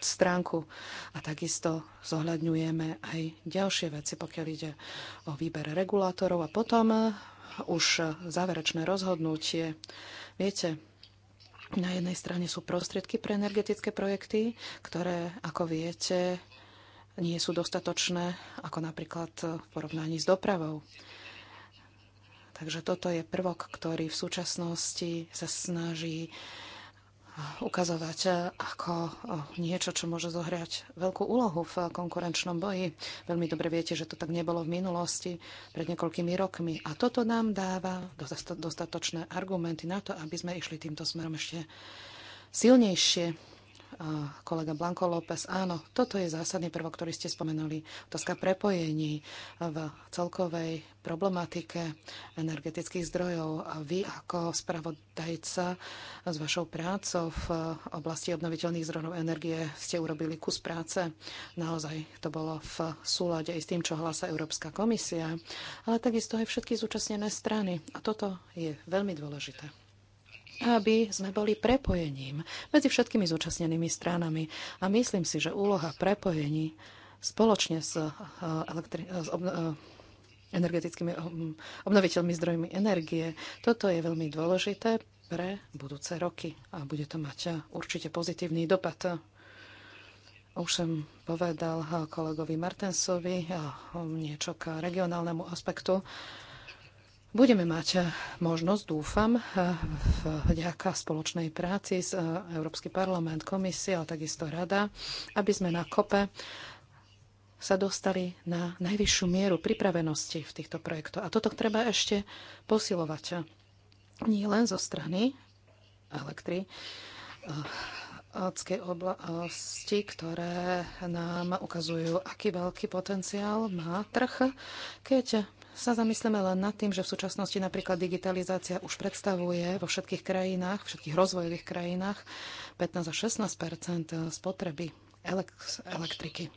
S2: stránku a takisto zohľadňujeme aj ďalšie veci, pokiaľ ide o výber regulátorov a potom eh, už eh, záverečné rozhodnutie. Viete, na jednej strane sú prostriedky pre energetické projekty, ktoré, ako viete, nie sú dostatočné, ako napríklad v porovnaní s dopravou. Takže toto je prvok, ktorý v súčasnosti sa snaží ukazovať ako niečo, čo môže zohrať veľkú úlohu v konkurenčnom boji. Veľmi dobre viete, že to tak nebolo v minulosti, pred niekoľkými rokmi. A toto nám dáva dostatočné argumenty na to, aby sme išli týmto smerom ešte silnejšie kolega Blanko López. Áno, toto je zásadný prvok, ktorý ste spomenuli. Otázka prepojení v celkovej problematike energetických zdrojov. A vy ako spravodajca s vašou prácou v oblasti obnoviteľných zdrojov energie ste urobili kus práce. Naozaj to bolo v súlade aj s tým, čo hlása Európska komisia, ale takisto aj všetky zúčastnené strany. A toto je veľmi dôležité aby sme boli prepojením medzi všetkými zúčastnenými stranami. A myslím si, že úloha prepojení spoločne s, eh, elektri- eh, s eh, energetickými obnoviteľmi zdrojmi energie, toto je veľmi dôležité pre budúce roky a bude to mať určite pozitívny dopad. Už som povedal kolegovi Martensovi niečo k regionálnemu aspektu. Budeme mať eh, možnosť, dúfam, eh, vďaka spoločnej práci s eh, Európsky parlament, komisia a takisto rada, aby sme na kope sa dostali na najvyššiu mieru pripravenosti v týchto projektoch. A toto treba ešte posilovať. Nie len zo strany elektry, oblasti, ktoré nám ukazujú, aký veľký potenciál má trh, keď sa zamyslíme len nad tým, že v súčasnosti napríklad digitalizácia už predstavuje vo všetkých krajinách, všetkých rozvojových krajinách 15 až 16 spotreby elektriky.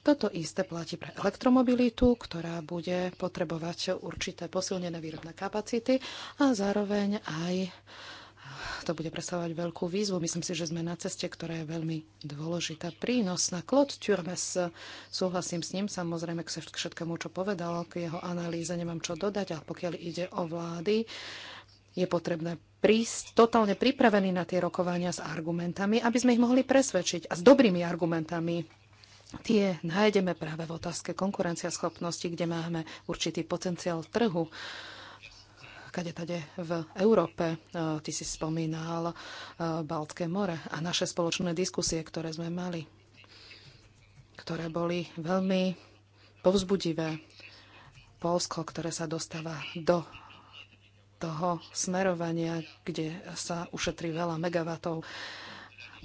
S2: Toto isté platí pre elektromobilitu, ktorá bude potrebovať určité posilnené výrobné kapacity a zároveň aj to bude predstavovať veľkú výzvu. Myslím si, že sme na ceste, ktorá je veľmi dôležitá. Prínosná. Claude Turmes, súhlasím s ním, samozrejme k všetkému, čo povedal, k jeho analýze nemám čo dodať, ale pokiaľ ide o vlády, je potrebné prísť totálne pripravený na tie rokovania s argumentami, aby sme ich mohli presvedčiť a s dobrými argumentami. Tie nájdeme práve v otázke konkurenciaschopnosti, kde máme určitý potenciál trhu kade tade v Európe. E, ty si spomínal e, Baltské more a naše spoločné diskusie, ktoré sme mali, ktoré boli veľmi povzbudivé. Polsko, ktoré sa dostáva do toho smerovania, kde sa ušetrí veľa megavatov.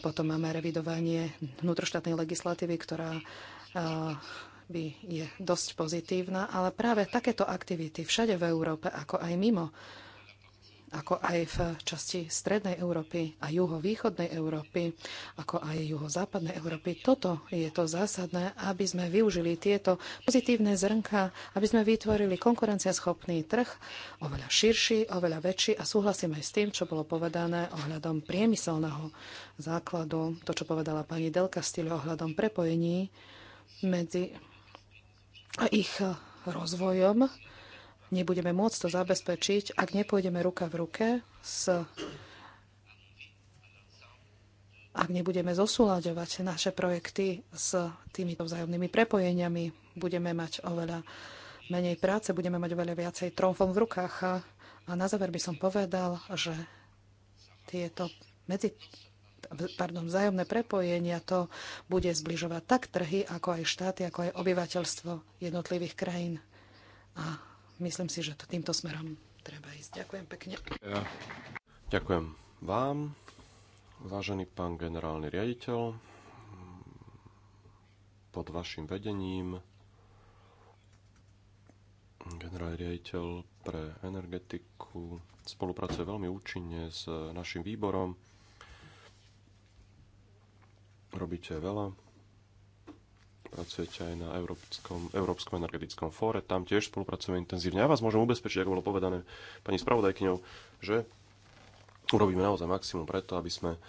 S2: Potom máme revidovanie vnútroštátnej legislatívy, ktorá e, by je dosť pozitívna, ale práve takéto aktivity všade v Európe, ako aj mimo, ako aj v časti strednej Európy a juhovýchodnej Európy, ako aj juhozápadnej Európy. Toto je to zásadné, aby sme využili tieto pozitívne zrnka, aby sme vytvorili konkurenciaschopný trh, oveľa širší, oveľa väčší a súhlasím aj s tým, čo bolo povedané ohľadom priemyselného základu, to, čo povedala pani Delka Castillo ohľadom prepojení medzi a ich e, rozvojom. Nebudeme môcť to zabezpečiť, ak nepôjdeme ruka v ruke s ak nebudeme zosúľaďovať naše projekty s týmito vzájomnými prepojeniami, budeme mať oveľa menej práce, budeme mať oveľa viacej tromfom v rukách. A na záver by som povedal, že tieto medzi pardon, vzájomné prepojenia, to bude zbližovať tak trhy, ako aj štáty, ako aj obyvateľstvo jednotlivých krajín. A myslím si, že to týmto smerom treba ísť. Ďakujem pekne.
S1: Ja. Ďakujem vám, vážený pán generálny riaditeľ. Pod vašim vedením generálny riaditeľ pre energetiku spolupracuje veľmi účinne s našim výborom Robíte veľa. Pracujete aj na Európskom, Európskom energetickom fóre. Tam tiež spolupracujeme intenzívne. Ja vás môžem ubezpečiť, ako bolo povedané pani spravodajkyňou, že urobíme naozaj maximum preto, aby sme e,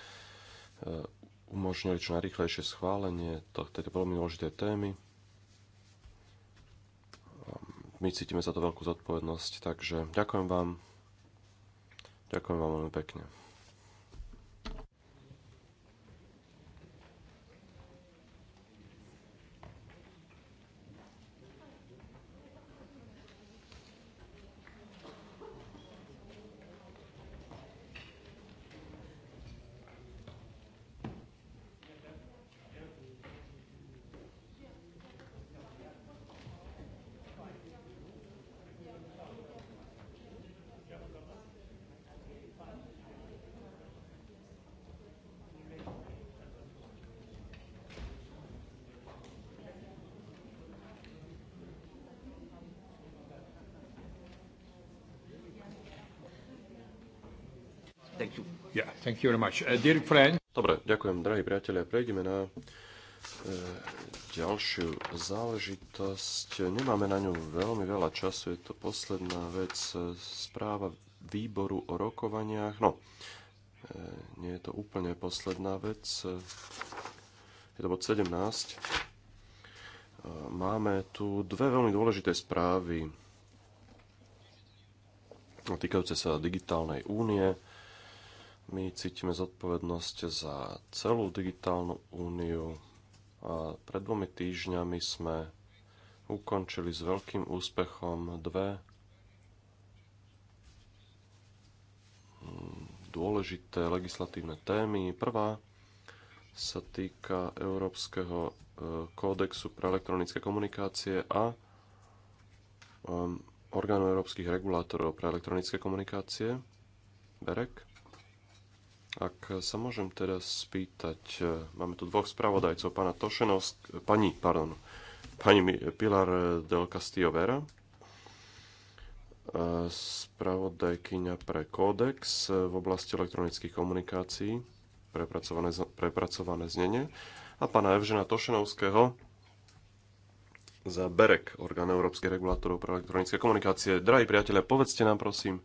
S1: umožnili čo najrychlejšie schválenie tejto veľmi dôležitej témy. My cítime za to veľkú zodpovednosť, takže ďakujem vám. Ďakujem vám veľmi pekne. Thank you. Yeah, thank you very much. Uh, dear friend. Dobre, ďakujem, drahí priatelia. Prejdeme na uh, ďalšiu záležitosť. Nemáme na ňu veľmi veľa času, je to posledná vec, uh, správa výboru o rokovaniach. No, uh, nie je to úplne posledná vec, je to bod 17. Máme tu dve veľmi dôležité správy týkajúce sa digitálnej únie my cítime zodpovednosť za celú digitálnu úniu. A pred dvomi týždňami sme ukončili s veľkým úspechom dve dôležité legislatívne témy. Prvá sa týka Európskeho e, kódexu pre elektronické komunikácie a e, orgánu európskych regulátorov pre elektronické komunikácie, BEREK. Ak sa môžem teraz spýtať, e, máme tu dvoch spravodajcov, pána Tošenovsk, e, pani, pardon, pani Pilar del Castillo Vera, e, spravodajkyňa pre kódex v oblasti elektronických komunikácií, prepracované, prepracované znenie, a pána Evžena Tošenovského za BEREK, orgán Európskej regulátorov pre elektronické komunikácie. Drahí priatelia, povedzte nám prosím,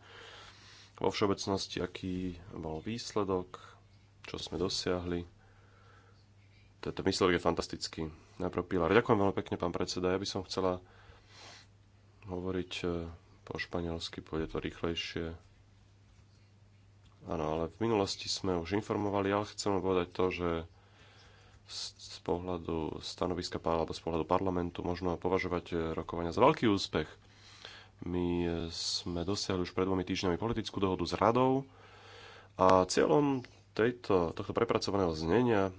S1: vo všeobecnosti, aký bol výsledok, čo sme dosiahli. Tento výsledok je fantastický. Najprv Pilar. Ďakujem veľmi pekne, pán predseda. Ja by som chcela hovoriť eh, po španielsky, pôjde to rýchlejšie. Áno, ale v minulosti sme už informovali, ale chcem povedať to, že z pohľadu stanoviska alebo z pohľadu parlamentu možno považovať eh, rokovania za veľký úspech. My sme dosiahli už pred dvomi týždňami politickú dohodu s radou a cieľom tejto, tohto prepracovaného znenia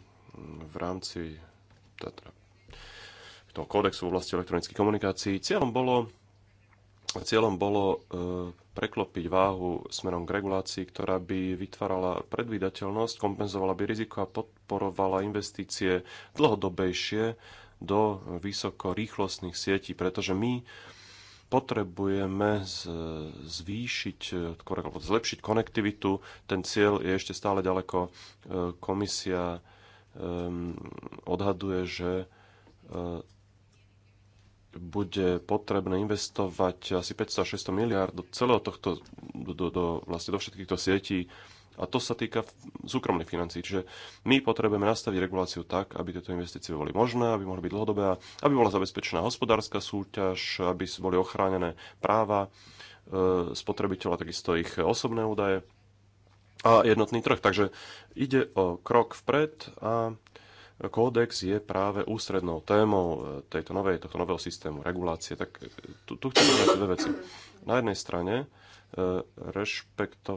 S1: v rámci teda, toho kódexu v oblasti elektronických komunikácií cieľom bolo, cieľom bolo e, preklopiť váhu smerom k regulácii, ktorá by vytvárala predvídateľnosť, kompenzovala by riziko a podporovala investície dlhodobejšie do vysokorýchlostných sietí, pretože my potrebujeme zvýšiť, alebo zlepšiť konektivitu. Ten cieľ je ešte stále ďaleko. E, komisia e, odhaduje, že e, bude potrebné investovať asi 500-600 miliard do celého tohto, do, do, vlastne do všetkých týchto sietí a to sa týka súkromných financí. Čiže my potrebujeme nastaviť reguláciu tak, aby tieto investície boli možné, aby mohli byť dlhodobé, aby bola zabezpečená hospodárska súťaž, aby boli ochránené práva e, spotrebiteľa, takisto ich osobné údaje a jednotný trh. Takže ide o krok vpred a kódex je práve ústrednou témou e, tejto novej, tohto nového systému regulácie. Tak e, tu, tu chcem povedať dve veci. Na jednej strane rešpektovanie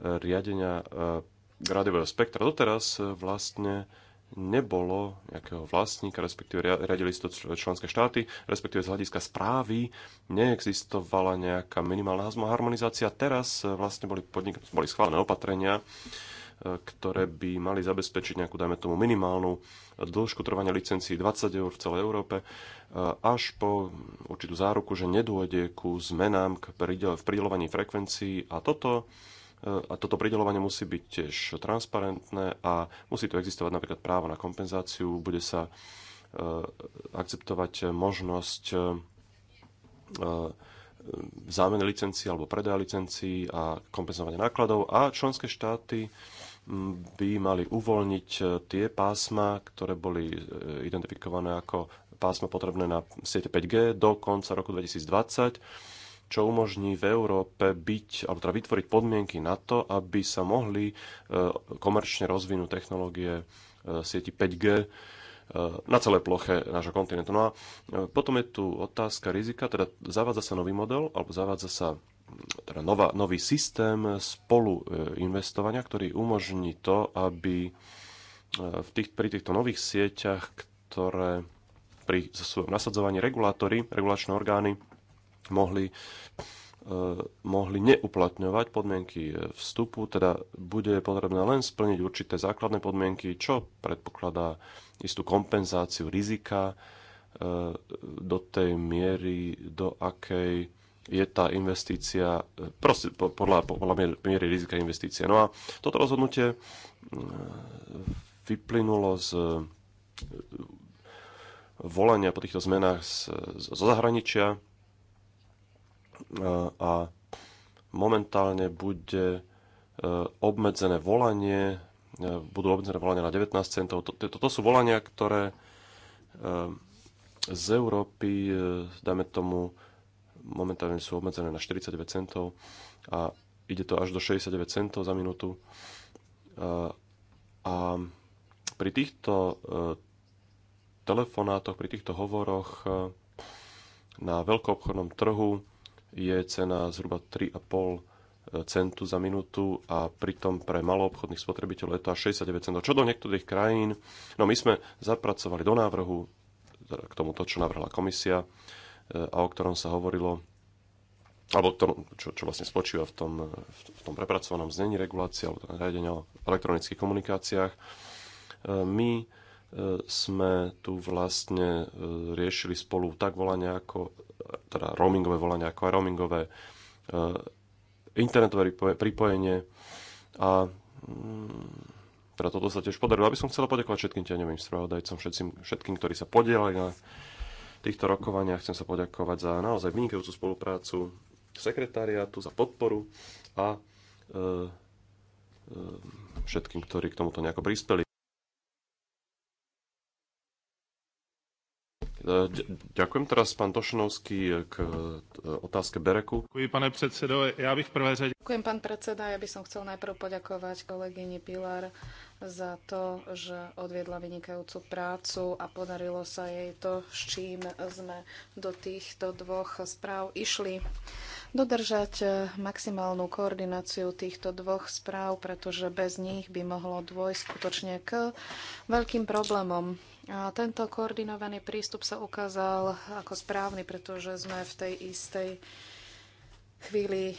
S1: riadenia e, rádiového spektra. Doteraz e, vlastne nebolo nejakého vlastníka, respektíve riadili to členské štáty, respektíve z hľadiska správy neexistovala nejaká minimálna harmonizácia. Teraz e, vlastne boli, podnik- boli schválené opatrenia, ktoré by mali zabezpečiť nejakú, dajme tomu, minimálnu dĺžku trvania licencií 20 eur v celej Európe, až po určitú záruku, že nedôjde ku zmenám k v pridelovaní frekvencií a toto a toto pridelovanie musí byť tiež transparentné a musí tu existovať napríklad právo na kompenzáciu, bude sa e, akceptovať možnosť e, e, zámeny licencií alebo predaja licencií a kompenzovania nákladov a členské štáty by mali uvoľniť tie pásma, ktoré boli identifikované ako pásma potrebné na siete 5G do konca roku 2020 čo umožní v Európe byť, alebo teda vytvoriť podmienky na to, aby sa mohli e, komerčne rozvinúť technológie e, sieti 5G e, na celé ploche nášho kontinentu. No a potom je tu otázka rizika, teda zavádza sa nový model, alebo zavádza sa teda nová, nový systém spolu investovania, ktorý umožní to, aby v tých, pri týchto nových sieťach, ktoré pri svojom nasadzovaní regulátory, regulačné orgány mohli e, mohli neuplatňovať podmienky vstupu, teda bude potrebné len splniť určité základné podmienky, čo predpokladá istú kompenzáciu rizika e, do tej miery, do akej je tá investícia, e, proste podľa, podľa miery rizika investície. No a toto rozhodnutie vyplynulo z volania po týchto zmenách zo zahraničia, a momentálne bude e, obmedzené volanie, e, budú obmedzené volania na 19 centov. Toto sú volania, ktoré e, z Európy, dáme tomu, momentálne sú obmedzené na 49 centov a ide to až do 69 centov za minútu. A pri týchto telefonátoch, pri týchto hovoroch na veľkoobchodnom trhu je cena zhruba 3,5 e, centu za minútu a pritom pre maloobchodných spotrebiteľov je to až 69 centov, čo do niektorých krajín. No my sme zapracovali do návrhu, teda k tomuto, čo navrhla komisia e, a o ktorom sa hovorilo, alebo to, čo, čo vlastne spočíva v tom, v tom prepracovanom znení regulácie alebo teda nariadenia o elektronických komunikáciách. E, my sme tu vlastne riešili spolu tak volania ako teda roamingové volania, ako aj roamingové e, internetové pripojenie a mm, teda toto sa tiež podarilo. Aby som chcela poďakovať všetkým tieňovým spravodajcom, všetkým, všetkým, ktorí sa podielali na týchto rokovaniach. Chcem sa poďakovať za naozaj vynikajúcu spoluprácu sekretariátu, za podporu a e, e, všetkým, ktorí k tomuto nejako prispeli. E, ďakujem teraz pán Tošinovský k e, e, otázke Bereku. Ďakujem, pane predsedo. Ja bych prvé
S2: Ďakujem, pán predseda. Ja by som chcel najprv poďakovať kolegyni Pilar za to, že odviedla vynikajúcu prácu a podarilo sa jej to, s čím sme do týchto dvoch správ išli. Dodržať maximálnu koordináciu týchto dvoch správ, pretože bez nich by mohlo dôjsť skutočne k veľkým problémom a tento koordinovaný prístup sa ukázal ako správny, pretože sme v tej istej chvíli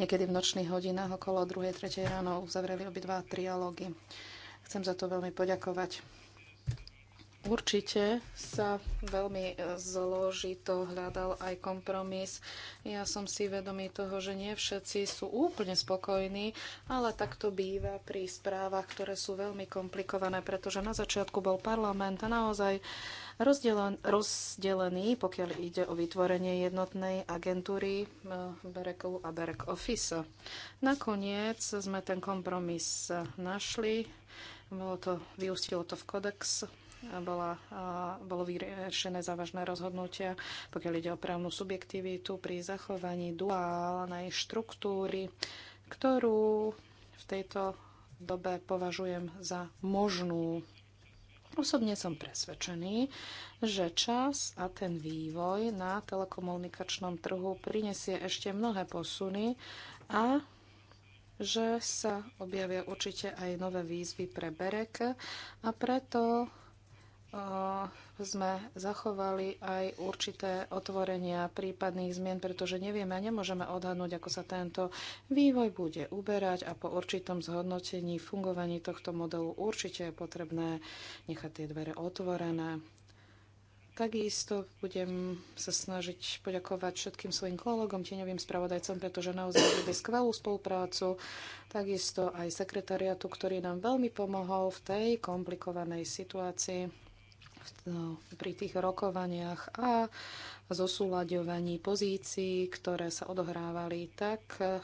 S2: niekedy v nočných hodinách okolo 2.3. ráno uzavreli obidva trialógy. Chcem za to veľmi poďakovať. Určite sa veľmi e, zložito hľadal aj kompromis. Ja som si vedomý toho, že nie všetci sú úplne spokojní, ale tak to býva pri správach, ktoré sú veľmi komplikované, pretože na začiatku bol parlament a naozaj rozdelen, rozdelený, pokiaľ ide o vytvorenie jednotnej agentúry e, Bereku a Berek Office. Nakoniec sme ten kompromis našli. Bolo to, vyústilo to v kodex bola, bolo vyriešené závažné rozhodnutia, pokiaľ ide o právnu subjektivitu pri zachovaní duálnej štruktúry, ktorú v tejto dobe považujem za možnú. Osobne som presvedčený, že čas a ten vývoj na telekomunikačnom trhu prinesie ešte mnohé posuny a že sa objavia určite aj nové výzvy pre BEREK a preto sme zachovali aj určité otvorenia prípadných zmien, pretože nevieme a nemôžeme odhadnúť, ako sa tento vývoj bude uberať a po určitom zhodnotení fungovaní tohto modelu určite je potrebné nechať tie dvere otvorené. Takisto budem sa snažiť poďakovať všetkým svojim kolegom, tieňovým spravodajcom, pretože naozaj robili skvelú spoluprácu. Takisto aj sekretariatu, ktorý nám veľmi pomohol v tej komplikovanej situácii. No, pri tých rokovaniach a zosúľaďovaní pozícií, ktoré sa odohrávali tak eh,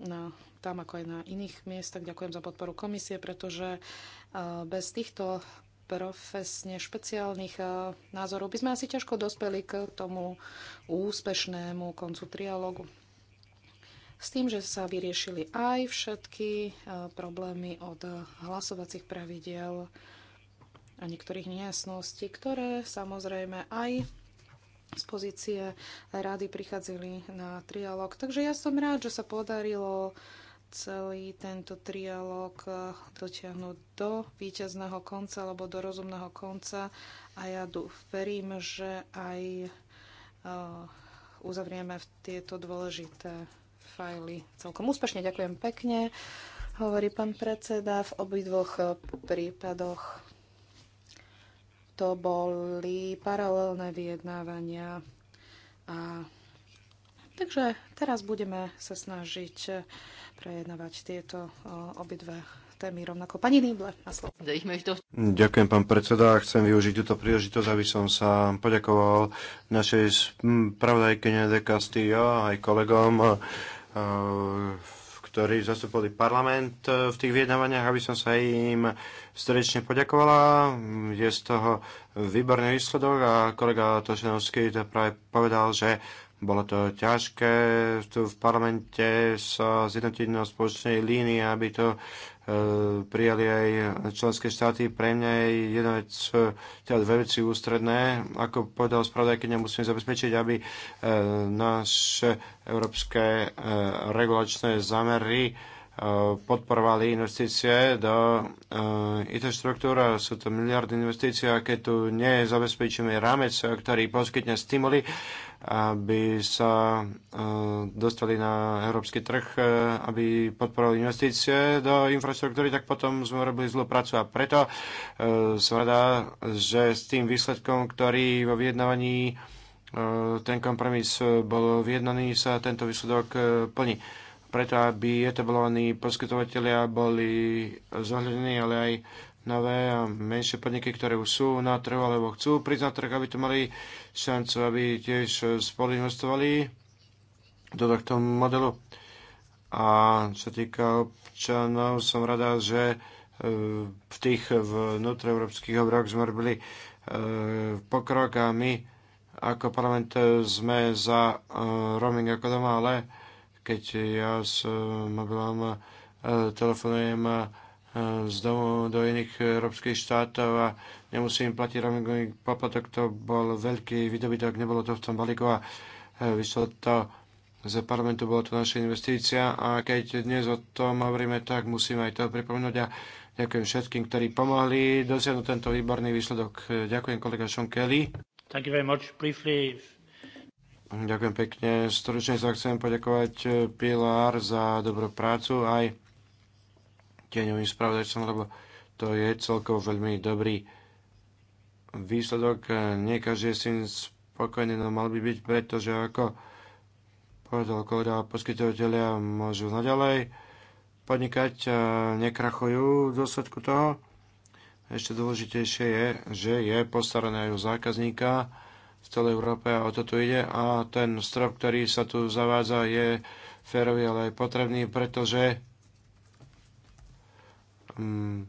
S2: na, tam ako aj na iných miestach. Ďakujem za podporu komisie, pretože eh, bez týchto profesne špeciálnych eh, názorov by sme asi ťažko dospeli k tomu úspešnému koncu trialógu. S tým, že sa vyriešili aj všetky problémy od hlasovacích pravidiel a niektorých nejasností, ktoré samozrejme aj z pozície rady prichádzali na trialog. Takže ja som rád, že sa podarilo celý tento trialog eh, dotiahnuť do víťazného konca alebo do rozumného konca a ja verím, že aj eh, uzavrieme v tieto dôležité fajly celkom úspešne. Ďakujem pekne, hovorí pán predseda. V obidvoch eh, prípadoch to boli paralelné vyjednávania. A takže teraz budeme sa snažiť eh, prejednávať tieto eh, obidve témy rovnako. Pani
S4: Nýble, na slovo. Ďakujem, pán predseda. Chcem využiť túto príležitosť, aby som sa poďakoval našej pravdajkyne de Castillo aj kolegom v eh, ktorí zastupovali parlament e, v tých vyjednávaniach, aby som sa im srdečne poďakovala. Je z toho výborný výsledok a kolega Tošinovský to práve povedal, že bolo to ťažké tu v parlamente sa zjednotiť na spoločnej línii, aby to Eh, prijali aj členské štáty. Pre mňa je jedna vec, teda dve veci ústredné. Ako povedal keď musíme zabezpečiť, aby eh, naše európske eh, regulačné zámery podporovali investície do IT štruktúr, sú to miliardy investícií a keď tu nezabezpečíme rámec, ktorý poskytne stimuly, aby sa e, dostali na európsky trh, e, aby podporovali investície do infraštruktúry, tak potom sme robili zlú prácu a preto e, som rada, že s tým výsledkom, ktorý vo vyjednávaní ten kompromis bol vyjednaný, sa tento výsledok plní. Preto, aby etablovaní poskytovateľia boli zohľadení, ale aj nové a menšie podniky, ktoré už sú na trhu alebo chcú prísť na trh, aby to mali šancu, aby tiež spolu investovali do tohto modelu. A čo týka občanov, som rada, že e, v tých vnútroeurópskych obrok sme robili e, pokrok a my ako parlament sme za e, roaming ako doma, ale keď ja s mobilom telefonujem z domu do iných európskych štátov a nemusím platiť roamingový poplatok. To bol veľký vydobytok, nebolo to v tom balíku a e, vyšlo to z parlamentu, bola to naša investícia a keď dnes o tom hovoríme, tak musíme aj to pripomenúť a ďakujem všetkým, ktorí pomohli dosiahnuť tento výborný výsledok. Ďakujem kolega Sean Kelly.
S5: Thank you very much. Briefly,
S4: Ďakujem pekne. Stručne sa chcem poďakovať e, Pilar za dobrú prácu aj tieňovým spravodajcom, lebo to je celkovo veľmi dobrý výsledok. Nie každý je s tým spokojný, no mal by byť, pretože ako povedal kolega, poskytovateľia môžu naďalej podnikať, a nekrachujú v dôsledku toho. Ešte dôležitejšie je, že je postarané aj u zákazníka v celej Európe a o to tu ide a ten strop, ktorý sa tu zavádza, je férový, ale aj potrebný, pretože Mm.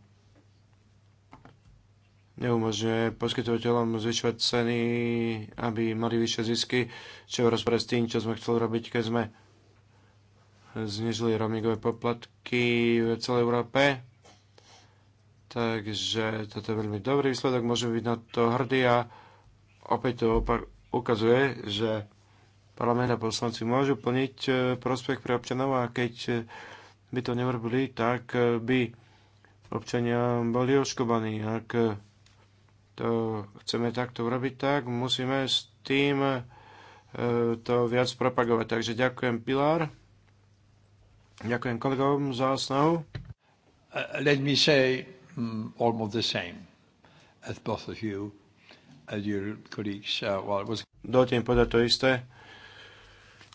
S4: neumožňuje poskytovateľom zvyšovať ceny, aby mali vyššie zisky, čo v rozpore s tým, čo sme chceli robiť, keď sme znižili roamingové poplatky v celej Európe. Takže toto je veľmi dobrý výsledok, môžeme byť na to hrdí a opäť to ukazuje, že parlament a poslanci môžu plniť eh, prospech pre občanov a keď eh, by to neurobili, tak eh, by občania boli oškobaní. Ak to chceme takto urobiť, tak musíme s tým e, to viac propagovať. Takže ďakujem Pilar, ďakujem kolegom za snahu. Uh, let me say
S3: mm, almost the same as both of you, uh, as your colleagues.
S4: Uh, well, was... Dotiem povedať to isté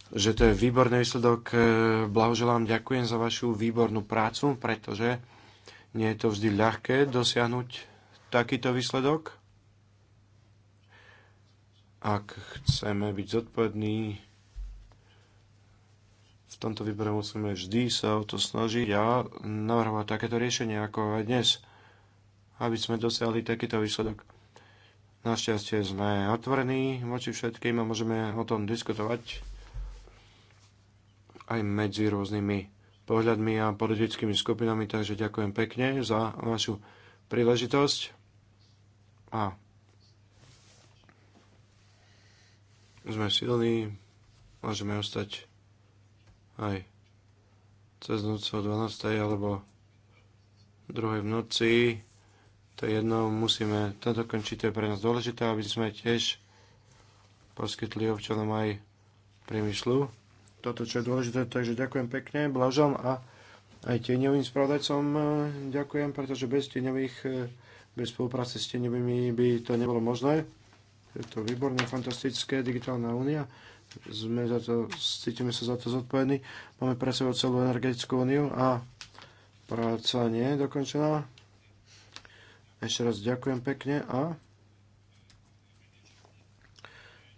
S4: že to je výborný výsledok. E, blahoželám, ďakujem za vašu výbornú prácu, pretože nie je to vždy ľahké dosiahnuť takýto výsledok. Ak chceme byť zodpovední, v tomto výbore musíme vždy sa o to snažiť a navrhovať takéto riešenie ako aj dnes, aby sme dosiahli takýto výsledok. Našťastie sme otvorení voči všetkým a môžeme o tom diskutovať aj medzi rôznymi pohľadmi a politickými skupinami, takže ďakujem pekne za vašu príležitosť a sme silní, môžeme ostať aj cez noc o 12. alebo druhej v noci. To je jedno, musíme to dokončiť, to je pre nás dôležité, aby sme tiež poskytli občanom aj priemyslu toto, čo je dôležité. Takže ďakujem pekne, blažom a aj tieňovým spravodajcom e, ďakujem, pretože bez tieňových, e, bez spolupráce s tieňovými by to nebolo možné. Je to výborné, fantastické, digitálna únia. Sme za to, cítime sa za to zodpovední. Máme pre sebou celú energetickú úniu a práca nie je dokončená. Ešte raz ďakujem pekne a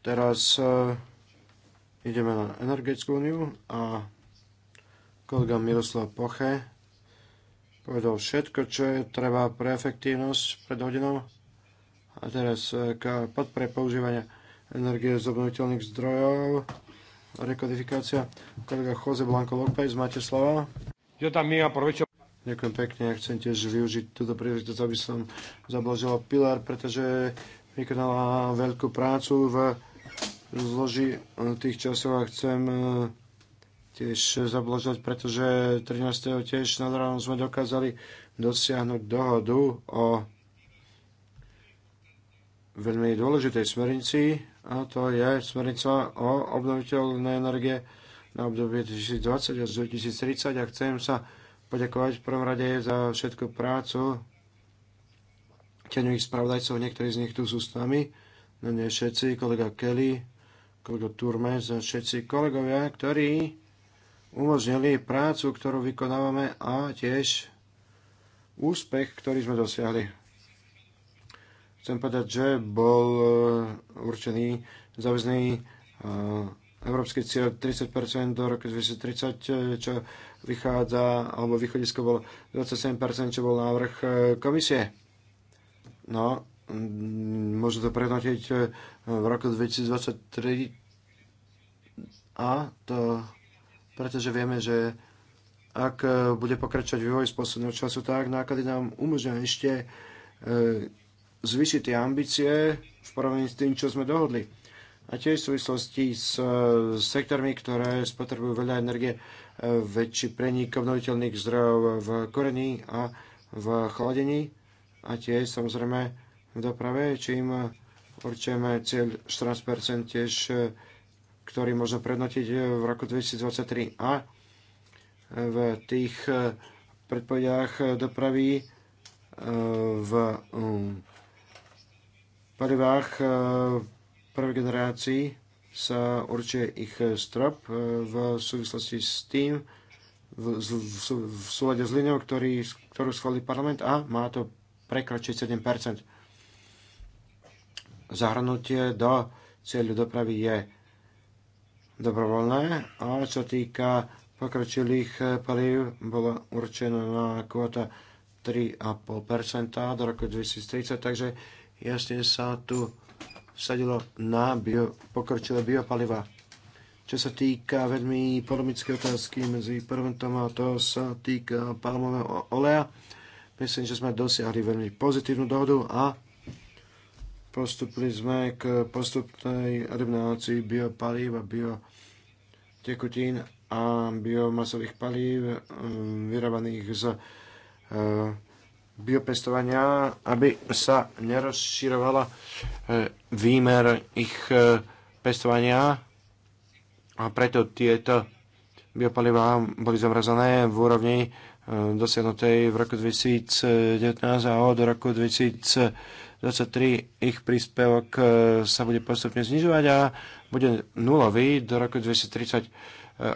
S4: teraz e, Ideme na energetickú úniu a kolega Miroslav Poche povedal všetko, čo je treba pre efektívnosť pred hodinou. A teraz eh, k podpore používania energie z obnoviteľných zdrojov, rekodifikácia. Kolega Jose Blanco López, máte slovo. Ja tam mi Ďakujem pekne, ja chcem tiež využiť túto príležitosť, aby som zablažila Pilar, pretože vykonala veľkú prácu v zloží e, tých časov a chcem e, tiež zablažať, pretože 13. tiež nad ráno sme dokázali dosiahnuť dohodu o veľmi dôležitej smernici a to je smernica o obnoviteľnej energie na obdobie 2020 až 2030 a chcem sa poďakovať v prvom rade za všetku prácu teňových spravodajcov, niektorí z nich tu sú s nami, no nie všetci, kolega Kelly, kolego Turmes a všetci kolegovia, ktorí umožnili prácu, ktorú vykonávame a tiež úspech, ktorý sme dosiahli. Chcem povedať, že bol e, určený záväzný e, európsky cieľ 30% do roku 2030, e, čo vychádza, alebo východisko bolo 27%, čo bol návrh komisie. No, Mm, Môžete to prehodnotiť e, v roku 2023 a to pretože vieme, že ak e, bude pokračovať vývoj z posledného času, tak náklady nám umožňujú ešte e, zvyšiť tie ambície v porovnaní s tým, čo sme dohodli. A tiež v súvislosti s sektormi, ktoré spotrebujú veľa energie, väčší prenik obnoviteľných zdrojov v korení a v chladení a tiež samozrejme v doprave, čím určujeme cieľ 14% tiež, ktorý možno prednotiť v roku 2023 a v tých eh, predpovediach dopravy eh, v um, palivách eh, prvej generácii sa určuje ich strop v súvislosti s tým, v, v, v súlade s líniou, ktorú schválil parlament a má to prekročiť 7 zahrnutie do cieľu dopravy je dobrovoľné a čo týka pokročilých palív určené určená kvota 3,5% do roku 2030, takže jasne sa tu sadilo na bio, pokročilé biopaliva. Čo sa týka veľmi polemické otázky medzi parlamentom a to sa týka palmového oleja, myslím, že sme dosiahli veľmi pozitívnu dohodu a postupili sme k postupnej eliminácii biopalív a biotekutín a biomasových palív um, vyrábaných z uh, biopestovania, aby sa nerozširovala uh, výmer ich uh, pestovania a preto tieto biopalivá boli zamrazané v úrovni Eh, dosiahnutej v roku 2019 a od roku 2023 ich príspevok eh, sa bude postupne znižovať a bude nulový do roku 2030. Eh,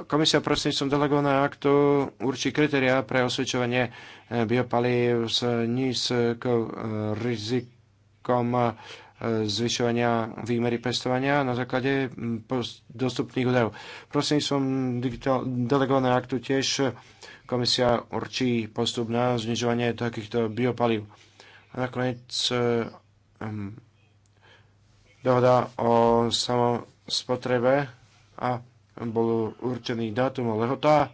S4: komisia prostredníctvom delegovaného aktu určí kritériá pre osvedčovanie biopalív s nízkou rizikom zvyšovania výmery pestovania na základe mm, dostupných údajov. Prostredníctvom delegovaného aktu tiež komisia určí postup na znižovanie takýchto biopalív. A nakoniec um, dohoda o samospotrebe a bol určený dátum a lehota,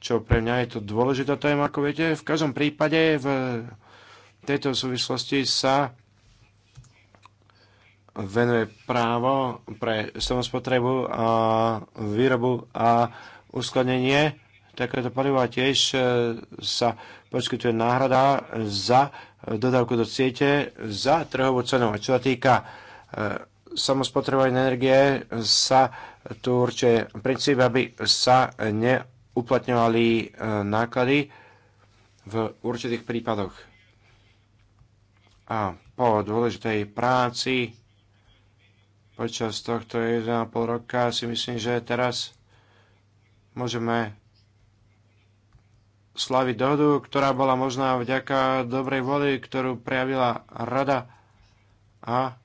S4: čo pre mňa je to dôležitá téma, ako viete. V každom prípade v tejto súvislosti sa venuje právo pre samospotrebu a výrobu a uskladnenie takéto paliva tiež e, sa poskytuje náhrada za dodávku do siete za trhovú cenu. A čo sa týka e, samospotrebovanej energie, sa tu určuje princíp, aby sa neuplatňovali e, náklady v určitých prípadoch. A po dôležitej práci počas tohto 1,5 roka si myslím, že teraz môžeme slaviť dohodu, ktorá bola možná vďaka dobrej voli, ktorú prejavila Rada a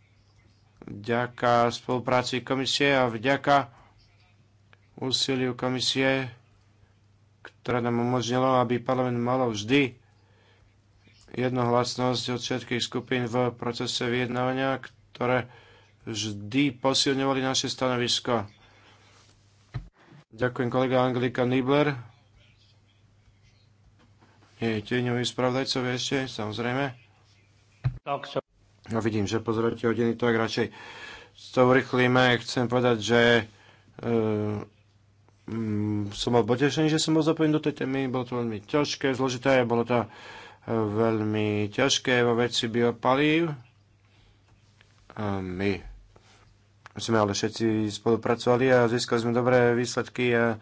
S4: vďaka spolupráci komisie a vďaka úsiliu komisie, ktoré nám umožnilo, aby parlament mal vždy jednohlasnosť od všetkých skupín v procese vyjednávania, ktoré vždy posilňovali naše stanovisko. Ďakujem kolega Anglika Nibler je tieňový spravodajcovia ešte, samozrejme. Ja vidím, že pozrite hodiny, tak radšej tou urychlíme. Chcem povedať, že um, som bol potešený, že som bol zapojený do tej témy. Bolo to veľmi ťažké, zložité, bolo to e, veľmi ťažké vo veci biopalív. A my sme ale všetci spolupracovali a získali sme dobré výsledky a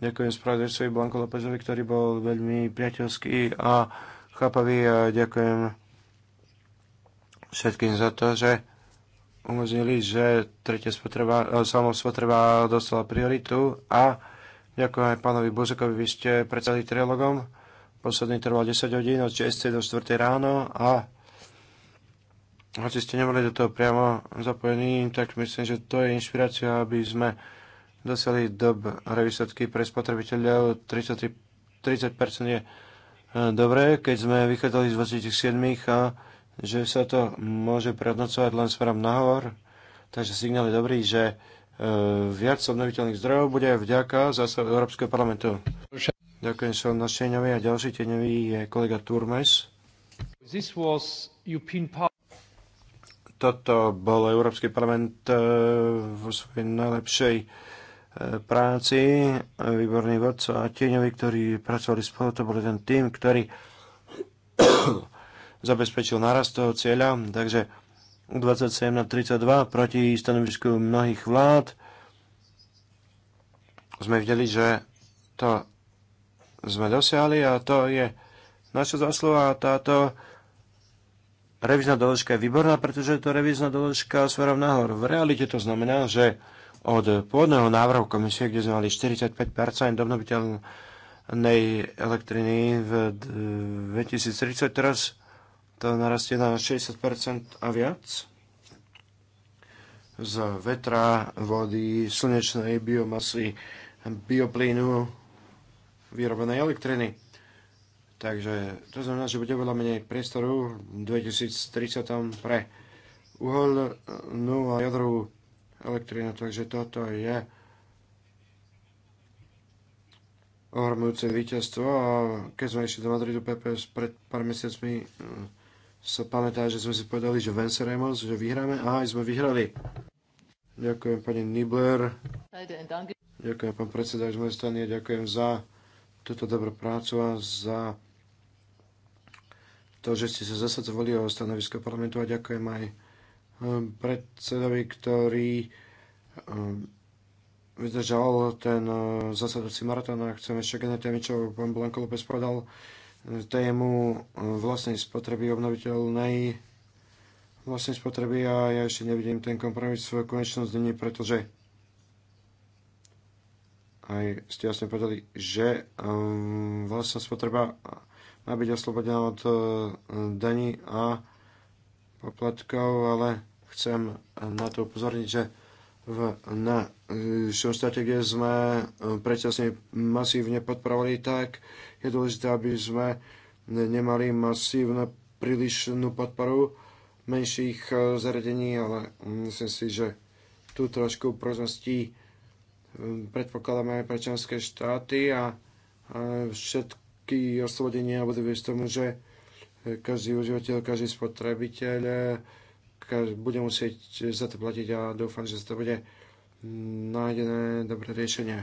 S4: Ďakujem spravodajcovi Blanko Lopezovi, ktorý bol veľmi priateľský a chápavý a ďakujem všetkým za to, že umožnili, že tretia spotreba, e, spotreba dostala prioritu a ďakujem aj pánovi Buzekovi, vy ste predsedali trilogom. Posledný trval 10 hodín od 6. do 4. ráno a hoci ste neboli do toho priamo zapojení, tak myslím, že to je inšpirácia, aby sme dosiahli dobré výsledky pre spotrebiteľov. 30% je e, dobré, keď sme vychádzali z 27 a že sa to môže prednocovať len smerom nahor. Takže signál je dobrý, že e, viac obnoviteľných zdrojov bude vďaka zase Európskeho parlamentu. Ďakujem som Šeňovi a ďalší teňový je kolega Turmes. Toto bol Európsky parlament e, v svojej najlepšej práci, výborný vodca a tieňovi, ktorí pracovali spolu, to bol ten tým, ktorý (coughs) zabezpečil narast toho cieľa, takže 27 na 32 proti stanovisku mnohých vlád sme videli, že to sme dosiahli a to je naša zásluha a táto revizná doložka je výborná, pretože to revizná doložka smerom nahor. V realite to znamená, že od pôvodného návrhu komisie, kde sme mali 45 obnoviteľnej elektriny v 2030, teraz to narastie na 60 a viac z vetra, vody, slnečnej biomasy, bioplínu, vyrobenej elektriny. Takže to znamená, že bude veľa menej priestoru v 2030 pre uholnú a jadrovú elektrina. Takže toto je ohromujúce víťazstvo a keď sme išli do Madridu PPS pred pár mesiacmi hm, sa pamätá, že sme si povedali, že venceremos, že vyhráme a aj sme vyhrali. Ďakujem pani Nibler. Ďakujem pán predseda z mojej strany a ďakujem za túto dobrú prácu a za to, že ste sa zasadzovali o stanovisko parlamentu a ďakujem aj predsedovi, ktorý ehm, vydržal ten e, zasadací maratón a chcem ešte k téme, čo pán Blanko López povedal, e, tému e, vlastnej spotreby obnoviteľnej vlastnej spotreby a ja ešte nevidím ten kompromis v konečnom znení, pretože aj ste jasne povedali, že ehm, vlastná spotreba má byť oslobodená od daní a poplatkov, ale chcem na to upozorniť, že v našom eh, státe, kde sme eh, predčasne masívne podporovali, tak je dôležité, aby sme nemali masívnu prílišnú podporu menších eh, zariadení, ale myslím si, že tu trošku proznosti predpokladáme aj pre členské štáty a všetky oslobodenia budú viesť tomu, že každý užívateľ, každý spotrebiteľ skrátka bude musieť za to platiť a dúfam, že to bude nájdené dobré riešenie.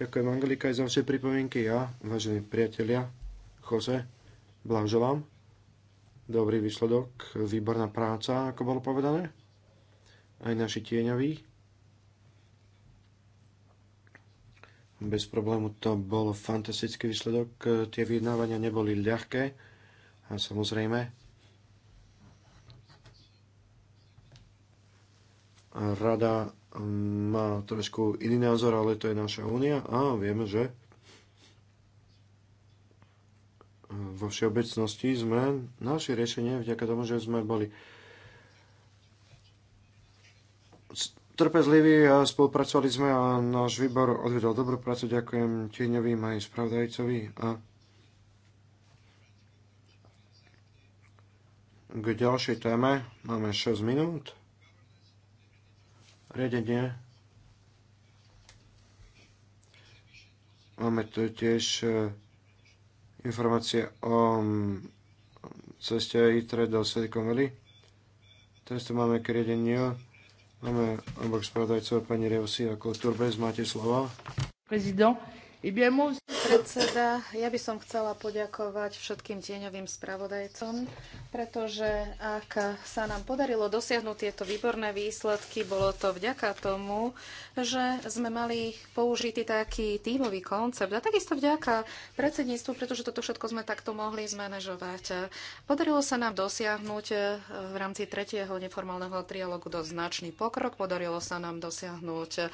S4: Ďakujem Angelika aj za vaše pripomienky. Ja, vážení priatelia, Jose, blahoželám. Dobrý výsledok, výborná práca, ako bolo povedané. Aj naši tieňoví. Bez problému to bol fantastický výsledok. Tie vyjednávania neboli ľahké. A samozrejme, Rada mm, má trošku iný názor, ale to je naša únia a vieme, že vo všeobecnosti sme našli riešenie vďaka tomu, že sme boli trpezliví a spolupracovali sme a náš výbor odvedol dobrú prácu. Ďakujem tieňovým aj spravdajcovi a k ďalšej téme máme 6 minút riadenie. Máme tu tiež e, informácie o ceste ITRE do Silicon Valley. Teraz tu máme k riadeniu. Máme obok spravodajcov pani Reusi ako Turbez. Máte slovo.
S5: Prezident.
S2: Eh bien, moi predseda. Ja by som chcela poďakovať všetkým tieňovým spravodajcom, pretože ak sa nám podarilo dosiahnuť tieto výborné výsledky, bolo to vďaka tomu, že sme mali použitý taký tímový koncept a takisto vďaka predsedníctvu, pretože toto všetko sme takto mohli zmanéžovať. Podarilo sa nám dosiahnuť eh, v rámci tretieho neformálneho trialogu dosť značný pokrok, podarilo sa nám dosiahnuť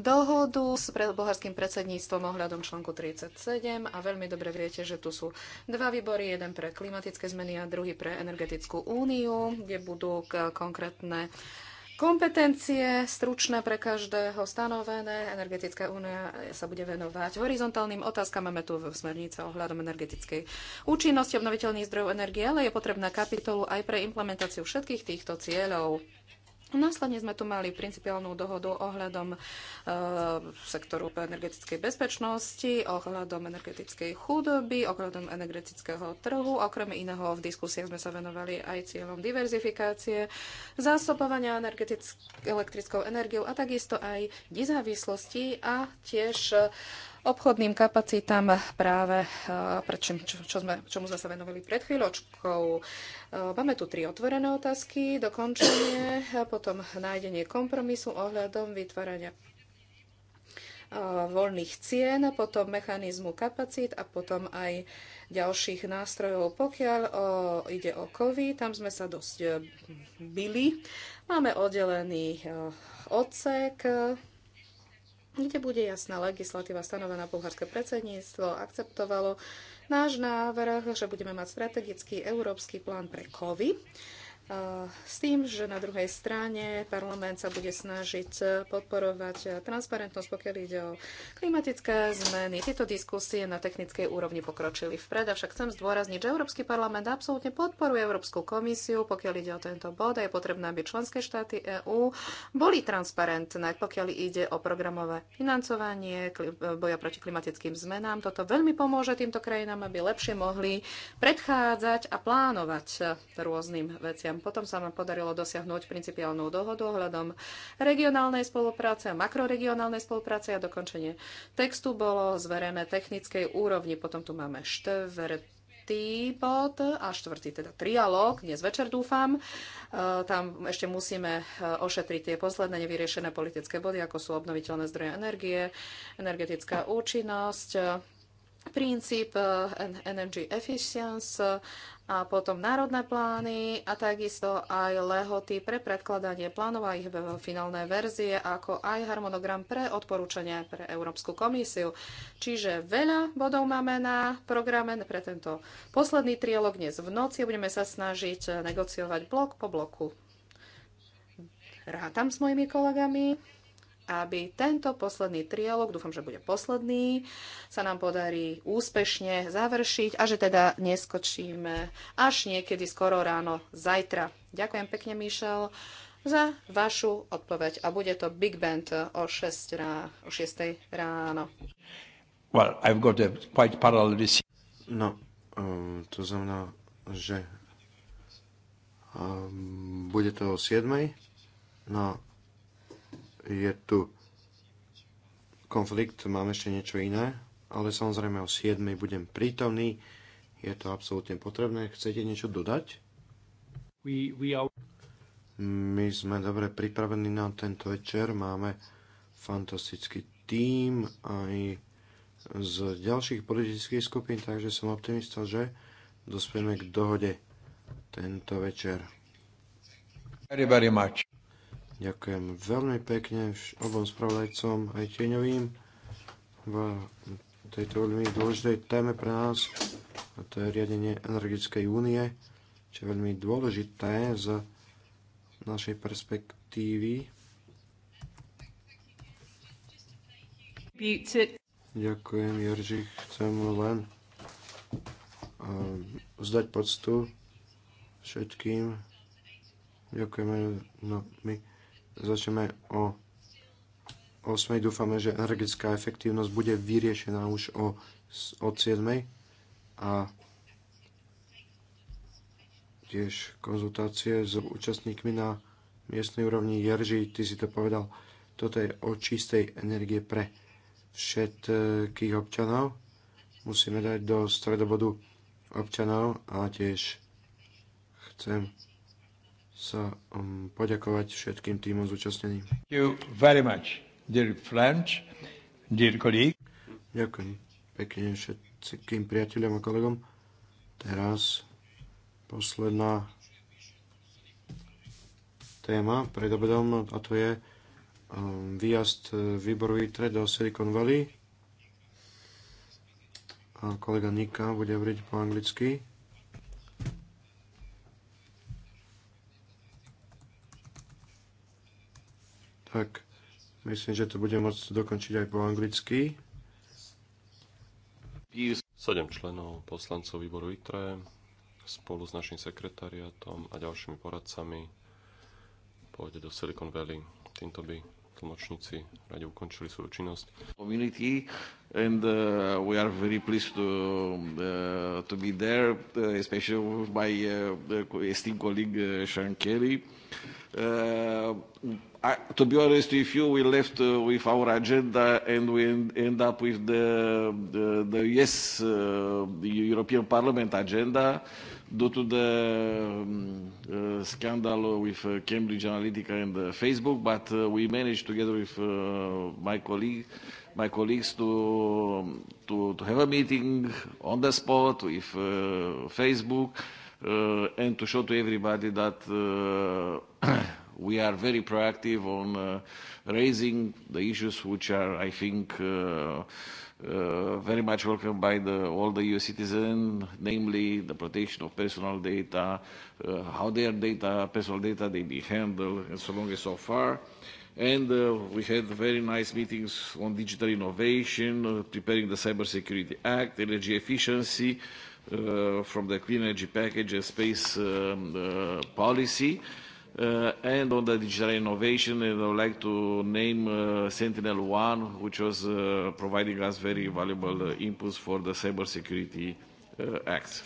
S2: dohodu s bulharským predsedníctvom ohľadom článku 30 27 a veľmi dobre viete, že tu sú dva výbory, jeden pre klimatické zmeny a druhý pre energetickú úniu, kde budú konkrétne Kompetencie stručné pre každého stanovené. Energetická únia sa bude venovať horizontálnym otázkam. Máme tu smernice ohľadom energetickej účinnosti obnoviteľných zdrojov energie, ale je potrebná kapitolu aj pre implementáciu všetkých týchto cieľov. Následne sme tu mali principiálnu dohodu ohľadom e, sektoru energetickej bezpečnosti, ohľadom energetickej chudoby, ohľadom energetického trhu. Okrem iného v diskusiách sme sa venovali aj cieľom diverzifikácie, zásobovania elektrickou energiou a takisto aj nezávislosti a tiež e, obchodným kapacitám práve e, pred čo, čo sme, čomu sme sa venovali pred chvíľočkou. E, máme tu tri otvorené otázky, dokončenie, potom nájdenie kompromisu ohľadom vytvárania e, voľných cien, potom mechanizmu kapacít a potom aj ďalších nástrojov. Pokiaľ o, ide o kovy, tam sme sa dosť byli. Máme oddelený odsek, kde bude jasná legislatíva stanovená bulharské predsedníctvo, akceptovalo náš návrh, že budeme mať strategický európsky plán pre COVID s tým, že na druhej strane parlament sa bude snažiť podporovať transparentnosť, pokiaľ ide o klimatické zmeny. Tieto diskusie na technickej úrovni pokročili vpred, avšak chcem zdôrazniť, že Európsky parlament absolútne podporuje Európsku komisiu, pokiaľ ide o tento bod a je potrebné, aby členské štáty EÚ boli transparentné, pokiaľ ide o programové financovanie boja proti klimatickým zmenám. Toto veľmi pomôže týmto krajinám, aby lepšie mohli predchádzať a plánovať rôznym veciam. Potom sa nám podarilo dosiahnuť principiálnu dohodu ohľadom regionálnej spolupráce a makroregionálnej spolupráce a dokončenie textu bolo zverené technickej úrovni. Potom tu máme štvrt štvrtý bod a štvrtý teda trialog, dnes večer dúfam. E, tam ešte musíme e, ošetriť tie posledné nevyriešené politické body, ako sú obnoviteľné zdroje energie, energetická účinnosť, princíp eh, Energy Efficiency eh, a potom národné plány a takisto aj lehoty pre predkladanie plánov a ich finálne verzie, ako aj harmonogram pre odporúčania pre Európsku komisiu. Čiže veľa bodov máme na programe pre tento posledný trialog dnes v noci. Budeme sa snažiť eh, negociovať blok po bloku. Rátam s mojimi kolegami aby tento posledný trialog, dúfam, že bude posledný, sa nám podarí úspešne završiť a že teda neskočíme až niekedy skoro ráno zajtra. Ďakujem pekne, Míšel, za vašu odpoveď. A bude to Big Band o 6, o 6 ráno.
S4: Well, I've got a quite parallel No, um, to znamená, že um, bude to o 7. No, je tu konflikt, mám ešte niečo iné, ale samozrejme o 7. budem prítomný, je to absolútne potrebné. Chcete niečo dodať?
S5: We, we are... My
S4: sme dobre pripravení na tento večer, máme fantastický tím aj z ďalších politických skupín, takže som optimista, že dospieme k dohode tento večer. Very, very much. Ďakujem veľmi pekne obom spravodajcom aj tieňovým v tejto veľmi dôležitej téme pre nás a to je riadenie energetickej únie, čo je veľmi dôležité z našej perspektívy. Ďakujem, Jerži. Chcem len ehm, vzdať poctu všetkým. Ďakujeme, no my začneme o 8. Dúfame, že energetická efektívnosť bude vyriešená už o, od 7. A tiež konzultácie s účastníkmi na miestnej úrovni. Jerži, ty si to povedal, toto je o čistej energie pre všetkých občanov. Musíme dať do stredobodu občanov a tiež chcem sa um, poďakovať všetkým týmom zúčastneným. Much, dear dear Ďakujem pekne všetkým priateľom a kolegom. Teraz posledná téma pred obedom, a to je um, výjazd výboru ITRE do Silicon Valley. A kolega Nika bude hovoriť po anglicky. tak myslím, že to budem môcť dokončiť aj po anglicky.
S1: 7 členov poslancov výboru ITRE spolu s našim sekretariatom a ďalšími poradcami
S6: pôjde do Silicon Valley. Týmto by tlmočníci radi ukončili svoju činnosť and uh, we are very pleased to, uh, to be there, uh, especially with my uh, uh esteemed colleague uh, Sean Kelly. Uh, I, to be honest with you, we left uh, with our agenda and we end up with the, the, the yes, uh, the European Parliament agenda due to the um, uh, scandal with uh, Cambridge Analytica and uh, Facebook, but uh, we managed together with uh, my colleague my colleagues to, to, to have a meeting on the spot with uh, Facebook uh, and to show to everybody that uh, (clears throat) we are very proactive on uh, raising the issues which are, I think, uh, uh, very much welcomed by the, all the EU citizens, namely the protection of personal data, uh, how their data, personal data, they be handled, and so long and so far. Uh, And uh, we had very nice meetings on digital innovation, uh, preparing the Cybersecurity Act, energy efficiency uh, from the clean energy package and space um, uh, policy. Uh, and on the digital innovation, and I would like to name uh, Sentinel-1, which was uh, providing us very valuable uh, inputs for the Cybersecurity uh, Act.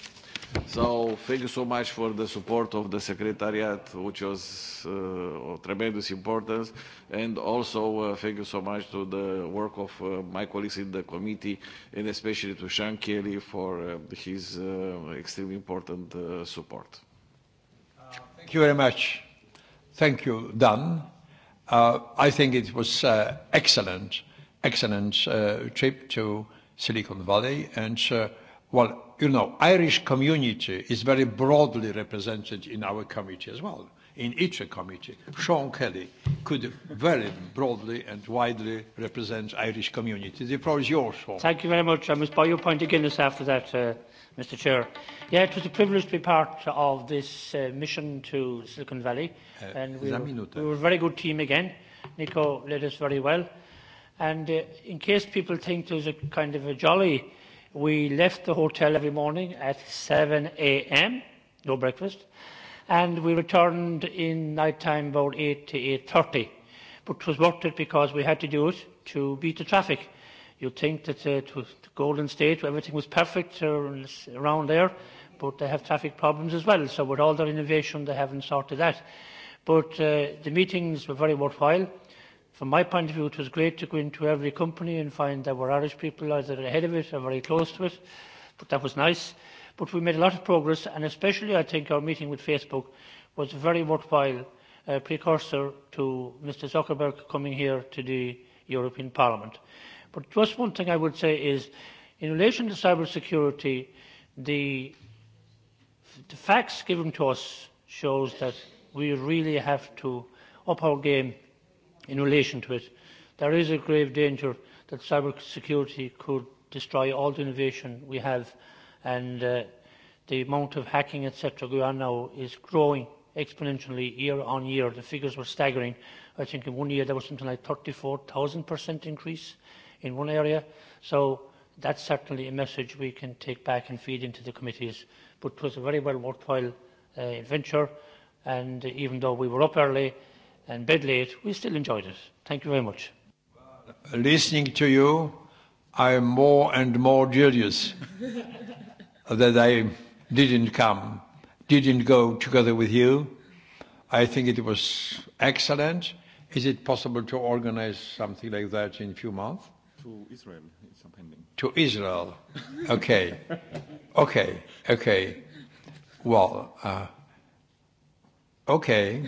S6: So thank you so much for the support of the Secretariat, which was uh, of tremendous importance, and also uh, thank you so much to the work of uh, my colleagues in the committee, and especially to Sean Kelly for uh, his uh, extremely important uh, support. Uh, thank
S3: you very much. Thank you, Dan. Uh, I think it was uh, excellent, excellent uh, trip to Silicon Valley, and uh, well you know, Irish community is very broadly represented in our committee as well, in each committee. Sean Kelly could very broadly and widely represent Irish community. The floor is yours, Sean.
S5: Thank you very much. I must buy your point again this after that, uh, Mr Chair. Yeah, it was a privilege to be part of this uh, mission to Silicon Valley. Uh, and we were, we were a very good team again. Nico led us very well. And uh, in case people think there's a kind of a jolly We left the hotel every morning at 7 a.m., no breakfast, and we returned in night time about 8 to 8.30. But it was worth it because we had to do it to beat the traffic. You'd think that uh, it was the Golden State, where everything was perfect around there, but they have traffic problems as well. So with all their innovation, they haven't sorted that. But uh, the meetings were very worthwhile From my point of view, it was great to go into every company and find there were Irish people either ahead of it or very close to it, but that was nice. But we made a lot of progress, and especially I think our meeting with Facebook was a very worthwhile uh, precursor to Mr. Zuckerberg coming here to the European Parliament. But just one thing I would say is, in relation to cyber security, the, the facts given to us shows that we really have to up our game in relation to it. There is a grave danger that cyber security could destroy all the innovation we have and uh, the amount of hacking etc. going on now is growing exponentially year on year. The figures were staggering. I think in one year there was something like 34,000% increase in one area. So that's certainly a message we can take back and feed into the committees. But it was a very well worthwhile uh, venture and even though we were up early, and bed late, we still enjoyed it. Thank you very much.
S3: Listening to you, I am more and more jealous
S5: (laughs)
S3: that I didn't come, didn't go together with you. I think it was excellent. Is it possible to organize something like that in a few months?
S1: To Israel, it's pending.
S3: To Israel, okay, okay, okay. Well, uh, okay,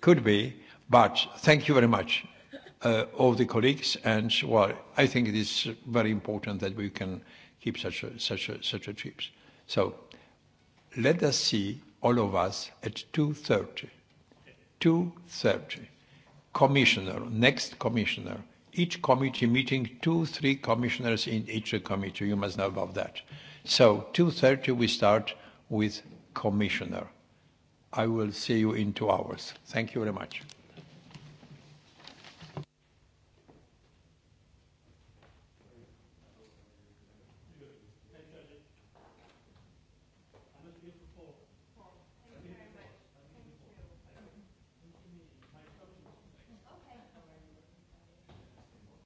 S3: could be. But thank you very much, uh, all the colleagues, and well, I think it is very important that we can keep such a, such a, such a trips. So let us see all of us at 2.30. 2.30. Commissioner, next commissioner. Each committee meeting, two, three commissioners in each committee. You must know about that. So 2.30 we start with commissioner. I will see you in two hours. Thank you very much.